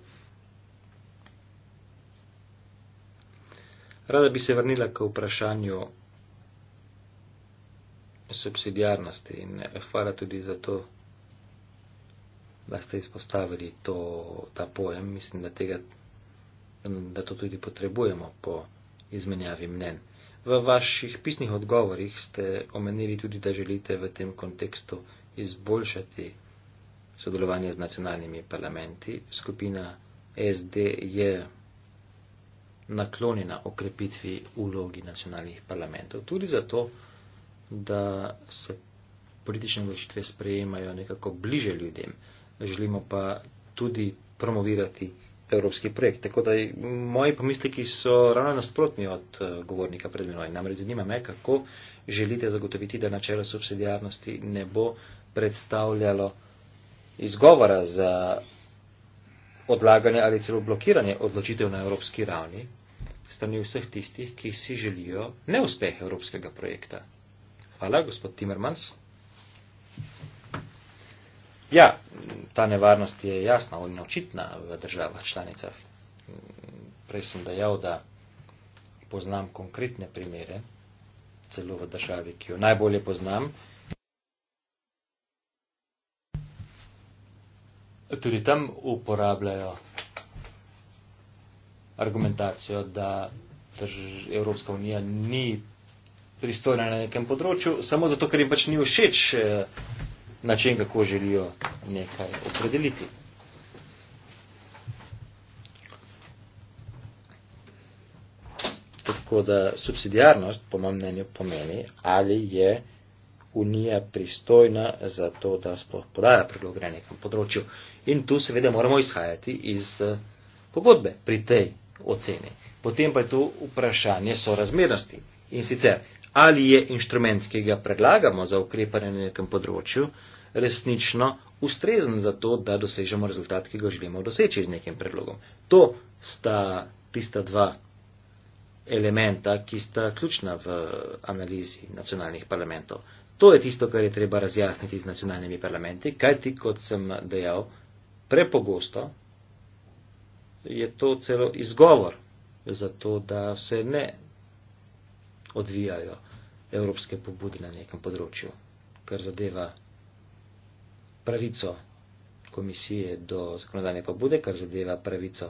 Rada bi se vrnila k vprašanju subsidiarnosti in hvala tudi za to, da ste izpostavili to, ta pojem. Mislim, da, tega, da to tudi potrebujemo po izmenjavi mnen. V vaših pisnih odgovorih ste omenili tudi, da želite v tem kontekstu izboljšati sodelovanje z nacionalnimi parlamenti. Skupina SD je naklonjena okrepitvi ulogi nacionalnih parlamentov. Tudi zato, da se politične odločitve sprejemajo nekako bliže ljudem. Želimo pa tudi promovirati evropski projekt. Tako da moji pomisliki so ravno nasprotni od eh, govornika pred menoj. Namreč zanima me, kako želite zagotoviti, da načelo subsidijarnosti ne bo predstavljalo izgovora za odlaganje ali celo blokiranje odločitev na evropski ravni strani vseh tistih, ki si želijo neuspeh evropskega projekta. Hvala, gospod Timmermans. Ja, ta nevarnost je jasna in očitna v državah članicah. Prej sem dejal, da poznam konkretne primere, celo v državi, ki jo najbolje poznam. Tudi tam uporabljajo argumentacijo, da drž, Evropska unija ni pristojna na nekem področju, samo zato, ker jim pač ni všeč eh, način, kako želijo nekaj opredeliti. Tako da subsidijarnost, po mojem mnenju, pomeni, ali je unija pristojna za to, da sploh podaja predlog na nekem področju. In tu seveda moramo izhajati iz eh, pogodbe pri tej oceni. Potem pa je tu vprašanje sorazmernosti. In sicer, ali je inštrument, ki ga predlagamo za ukrepanje na nekem področju, resnično ustrezen za to, da dosežemo rezultat, ki ga želimo doseči z nekim predlogom. To sta tista dva elementa, ki sta ključna v analizi nacionalnih parlamentov. To je tisto, kar je treba razjasniti z nacionalnimi parlamenti, kajti, kot sem dejal, prepogosto je to celo izgovor za to, da se ne odvijajo evropske pobude na nekem področju, kar zadeva pravico komisije do zakonodajne pobude, kar zadeva pravico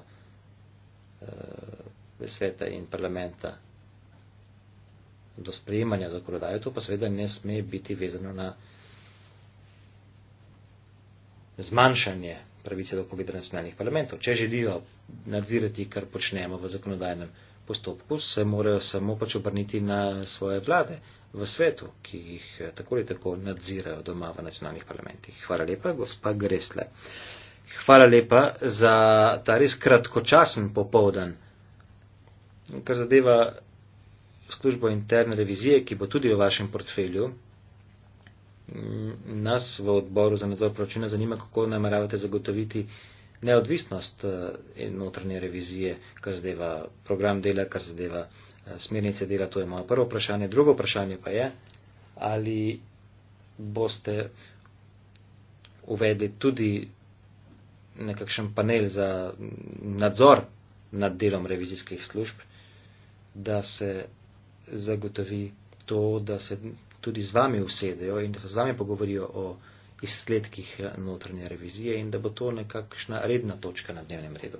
eh, sveta in parlamenta do sprejemanja zakonodaje, to pa seveda ne sme biti vezano na zmanjšanje pravice do pobude nacionalnih parlamentov. Če želijo nadzirati, kar počnemo v zakonodajnem postopku se morajo samo pač obrniti na svoje vlade v svetu, ki jih eh, tako ali tako nadzirajo doma v nacionalnih parlamentih. Hvala lepa, gospa Gresle. Hvala lepa za ta res kratkočasen popovdan, kar zadeva službo interne revizije, ki bo tudi v vašem portfelju. Mm, nas v odboru za nadzor proračuna zanima, kako nameravate zagotoviti neodvisnost eh, notranje revizije, kar zadeva program dela, kar zadeva eh, smernice dela. To je moje prvo vprašanje. Drugo vprašanje pa je, ali boste uvedli tudi nekakšen panel za nadzor nad delom revizijskih služb, da se zagotovi to, da se tudi z vami usedejo in da se z vami pogovorijo o izsledkih eh, notranje revizije in da bo to nekakšna redna točka na dnevnem redu.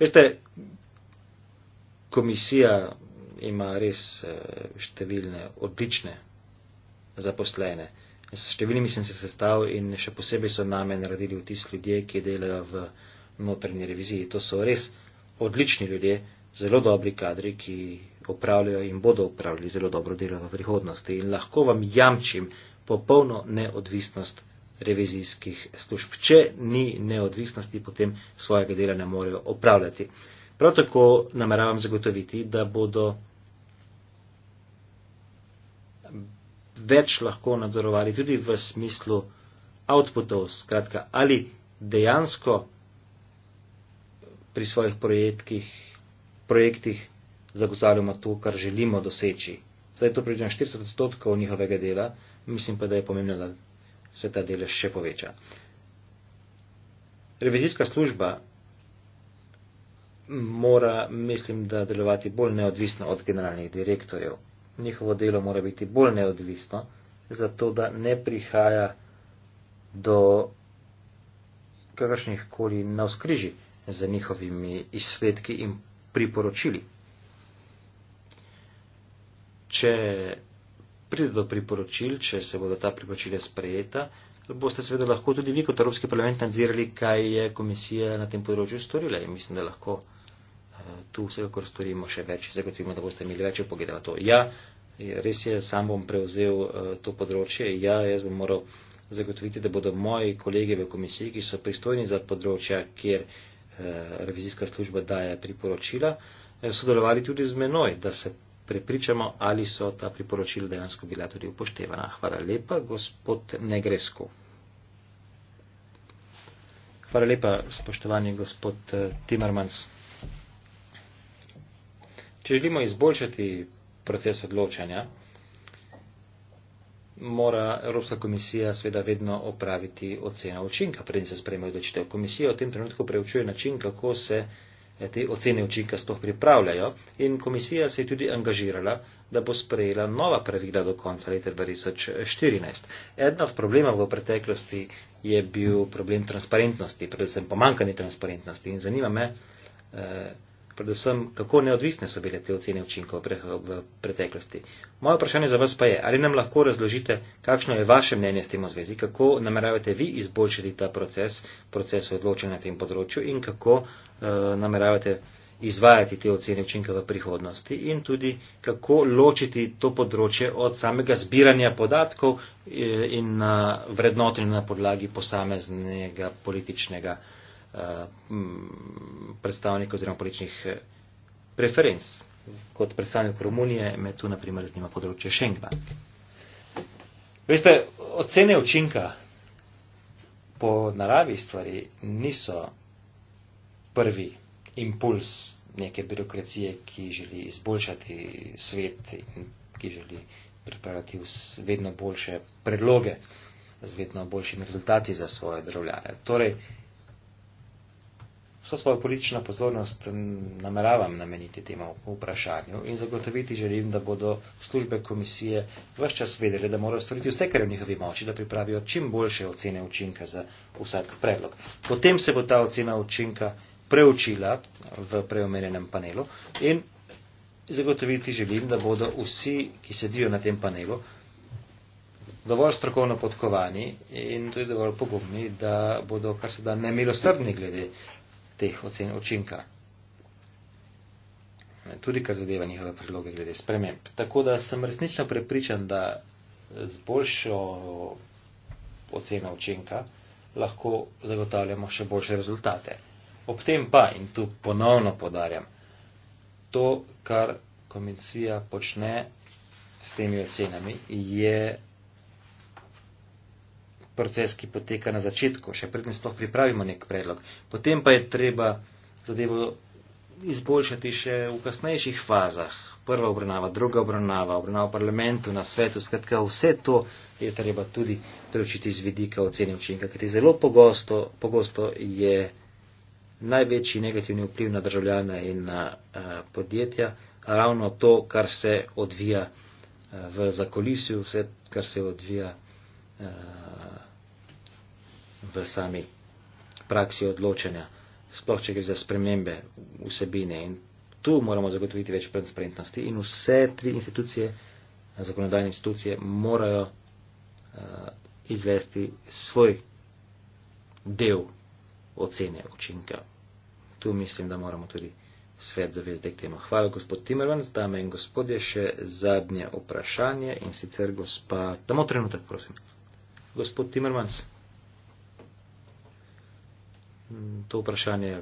Veste, komisija ima res eh, številne odlične zaposlene. S številnimi sem se sestavil in še posebej so name naredili v tist ljudje, ki delajo v notranji reviziji. To so res odlični ljudje, zelo dobri kadri, ki popravljajo in bodo upravljali zelo dobro delo v prihodnosti. In lahko vam jamčim popolno neodvisnost revizijskih služb. Če ni neodvisnosti, potem svojega dela ne morejo opravljati. Prav tako nameravam zagotoviti, da bodo več lahko nadzorovali tudi v smislu outputov, skratka, ali dejansko pri svojih projektih, projektih zagotavljamo to, kar želimo doseči. Zdaj to pridem 40 odstotkov njihovega dela, mislim pa, da je pomembno, da se ta delež še poveča. Revizijska služba mora, mislim, da delovati bolj neodvisno od generalnih direktorjev. Njihovo delo mora biti bolj neodvisno, zato da ne prihaja do kakršnih koli navskriži za njihovimi izsledki in priporočili. Če pride do priporočil, če se bodo ta priporočila sprejeta, boste seveda lahko tudi vi kot Evropski parlament nadzirali, kaj je komisija na tem področju storila. In mislim, da lahko eh, tu vsekakor storimo še več, zagotovimo, da boste imeli več upogeda na to. Ja, res je, sam bom prevzel eh, to področje. Ja, jaz bom moral zagotoviti, da bodo moji kolege v komisiji, ki so pristojni za področja, kjer eh, revizijska služba daje priporočila, sodelovali tudi z menoj, da se prepričamo, ali so ta priporočila dejansko bila tudi upoštevana. Hvala lepa, gospod Negresko. Hvala lepa, spoštovani gospod eh, Timmermans. Če želimo izboljšati proces odločanja, mora Evropska komisija sveda vedno opraviti oceno učinka, preden se sprejme odločitev. Komisija v tem trenutku preučuje način, kako se Eh, te ocene učinka sploh pripravljajo in komisija se je tudi angažirala, da bo sprejela nova pravila do konca leta 2014. Eden od problemov v preteklosti je bil problem transparentnosti, predvsem pomankanje transparentnosti in zanima me, eh, predvsem, kako neodvisne so bile te ocene učinkov v preteklosti. Moje vprašanje za vas pa je, ali nam lahko razložite, kakšno je vaše mnenje s tem v zvezi, kako nameravate vi izboljšati ta proces, proces odločanja na tem področju in kako uh, nameravate izvajati te ocene učinka v prihodnosti in tudi kako ločiti to področje od samega zbiranja podatkov eh, in eh, vrednotenja na podlagi posameznega političnega. Eh, predstavnikov oziroma političnih eh, preferenc. Kot predstavnik Romunije me tu naprimer zanima področje Schengen. Veste, ocene učinka po naravi stvari niso prvi impuls neke birokracije, ki želi izboljšati svet in ki želi pripravljati vedno boljše predloge z vedno boljšimi rezultati za svoje državljane. Torej, Vso svojo politično pozornost mm, nameravam nameniti temu vprašanju in zagotoviti želim, da bodo službe komisije vse čas vedele, da morajo storiti vse, kar je v njihovi moči, da pripravijo čim boljše ocene učinka za vsak predlog. Potem se bo ta ocena učinka preučila v preomenjenem panelu in zagotoviti želim, da bodo vsi, ki sedijo na tem panelu, dovolj strokovno podkovani in tudi dovolj pogumni, da bodo kar se da nemilosrdni glede teh ocen učinka. Tudi kar zadeva njihove predloge glede sprememb. Tako da sem resnično prepričan, da z boljšo oceno učinka lahko zagotavljamo še boljše rezultate. Ob tem pa, in tu ponovno podarjam, to, kar komisija počne s temi ocenami, je proces, ki poteka na začetku, še predtem sploh pripravimo nek predlog. Potem pa je treba zadevo izboljšati še v kasnejših fazah. Prva obravnava, druga obravnava, obravnava v parlamentu, na svetu, skratka vse to je treba tudi preučiti z vidika ocene učinka, kajti zelo pogosto, pogosto je največji negativni vpliv na državljane in na a, eh, podjetja ravno to, kar se odvija a, eh, v zakolisju, vse, kar se odvija a, eh, v sami praksi odločanja, sploh če gre za spremembe vsebine. In tu moramo zagotoviti več transparentnosti in vse tri institucije, zakonodajne institucije, morajo uh, izvesti svoj del ocene učinka. Tu mislim, da moramo tudi svet zavezati k temu. Hvala, gospod Timerman, dame in gospodje, še zadnje vprašanje in sicer gospa. Tamo trenutek, prosim. Gospod Timermans to vprašanje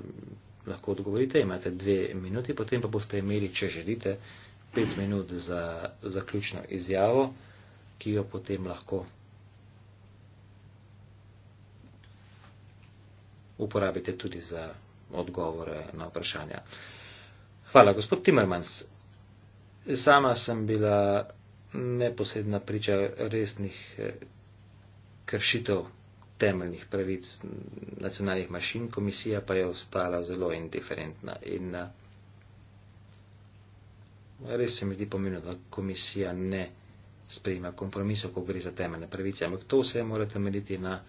lahko odgovorite, imate dve minuti, potem pa boste imeli, če želite, pet minut za zaključno izjavo, ki jo potem lahko uporabite tudi za odgovore na vprašanja. Hvala, gospod Timmermans. Sama sem bila neposredna priča resnih eh, kršitev temeljnih pravic nacionalnih mašin, komisija pa je ostala zelo indiferentna. In eh, res se mi zdi pomembno, da komisija ne sprejima kompromisov, ko gre za temeljne pravice. Ampak to vse mora temeljiti na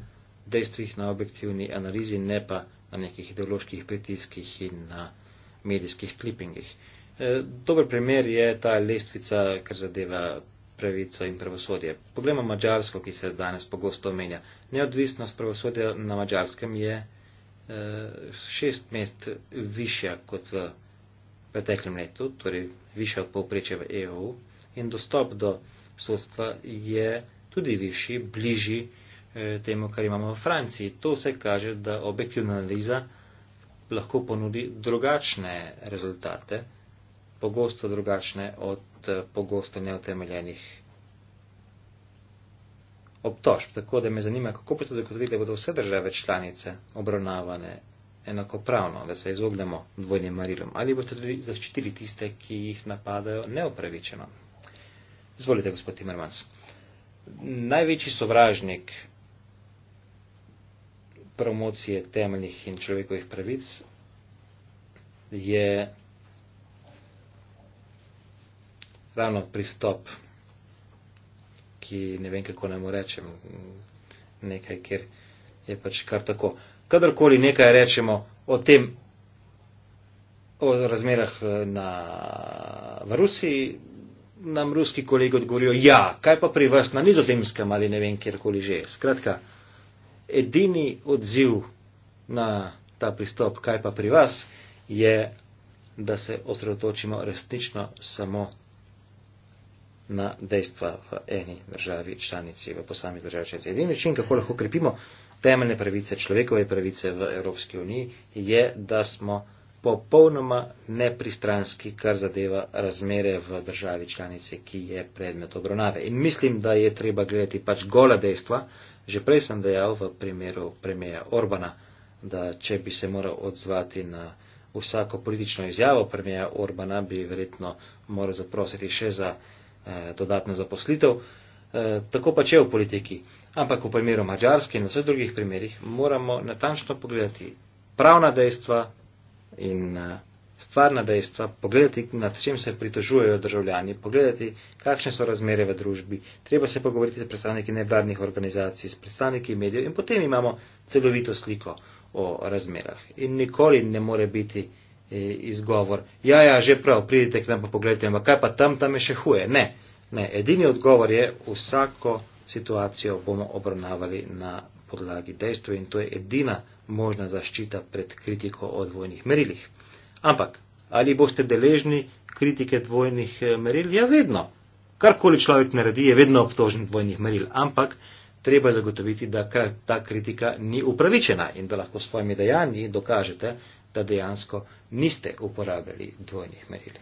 dejstvih, na objektivni analizi, ne pa na nekih ideoloških pritiskih in na medijskih klipingih. Eh, dober primer je ta lestvica, kar zadeva pravico in pravosodje. Poglejmo Mačarsko, ki se danes pogosto omenja. Neodvisnost pravosodja na Mačarskem je eh, šest mest višja kot v preteklem letu, torej višja od povprečja v EU in dostop do sodstva je tudi višji, bližji eh, temu, kar imamo v Franciji. To vse kaže, da objektivna analiza lahko ponudi drugačne rezultate, pogosto drugačne od eh, pogosto neotemeljenih obtožb. Tako da me zanima, kako boste zagotovili, da bodo vse države članice obravnavane enakopravno, da se izognemo dvojnim marilom. Ali boste tudi zaščitili tiste, ki jih napadajo neopravičeno? Izvolite, gospod Timmermans. Največji sovražnik promocije temeljnih in človekovih pravic je ravno pristop neki, ne vem kako naj mu rečem, nekaj, kjer je pač kar tako. Kadarkoli nekaj rečemo o tem, o razmerah eh, na, v Rusiji, nam ruski kolegi odgovorijo, ja, kaj pa pri vas na nizozemskem ali ne vem kjerkoli že. Skratka, edini odziv na ta pristop, kaj pa pri vas, je, da se osredotočimo resnično samo na dejstva v eni državi članici, v posamezni državi članici. Edini način, kako lahko krepimo temeljne pravice, človekove pravice v Evropski uniji, je, da smo popolnoma nepristranski, kar zadeva razmere v državi članice, ki je predmet obravnave. In mislim, da je treba gledati pač gola dejstva. Že prej sem dejal v primeru premijeja Orbana, da če bi se moral odzvati na vsako politično izjavo premijeja Orbana, bi verjetno moral zaprositi še za Eh, dodatno zaposlitev. Eh, tako pa če v politiki. Ampak v primeru Mačarske in v vseh drugih primerih moramo natančno pogledati pravna dejstva in eh, stvarna dejstva, pogledati, nad čem se pritožujejo državljani, pogledati, kakšne so razmere v družbi. Treba se pogovoriti s predstavniki nevladnih organizacij, s predstavniki medijev in potem imamo celovito sliko o razmerah. In nikoli ne more biti Eh, izgovor, ja, ja, že prav, pridite k nam pa pogledajte, ampak kaj pa tam, tam je še huje. Ne, ne, edini odgovor je, vsako situacijo bomo obravnavali na podlagi dejstva in to je edina možna zaščita pred kritiko o dvojnih merilih. Ampak, ali boste deležni kritike dvojnih eh, meril? Ja, vedno. Karkoli človek naredi, je vedno obtožen dvojnih meril, ampak treba je zagotoviti, da ta kritika ni upravičena in da lahko s svojimi dejanji dokažete, da dejansko niste uporabljali dvojnih meril.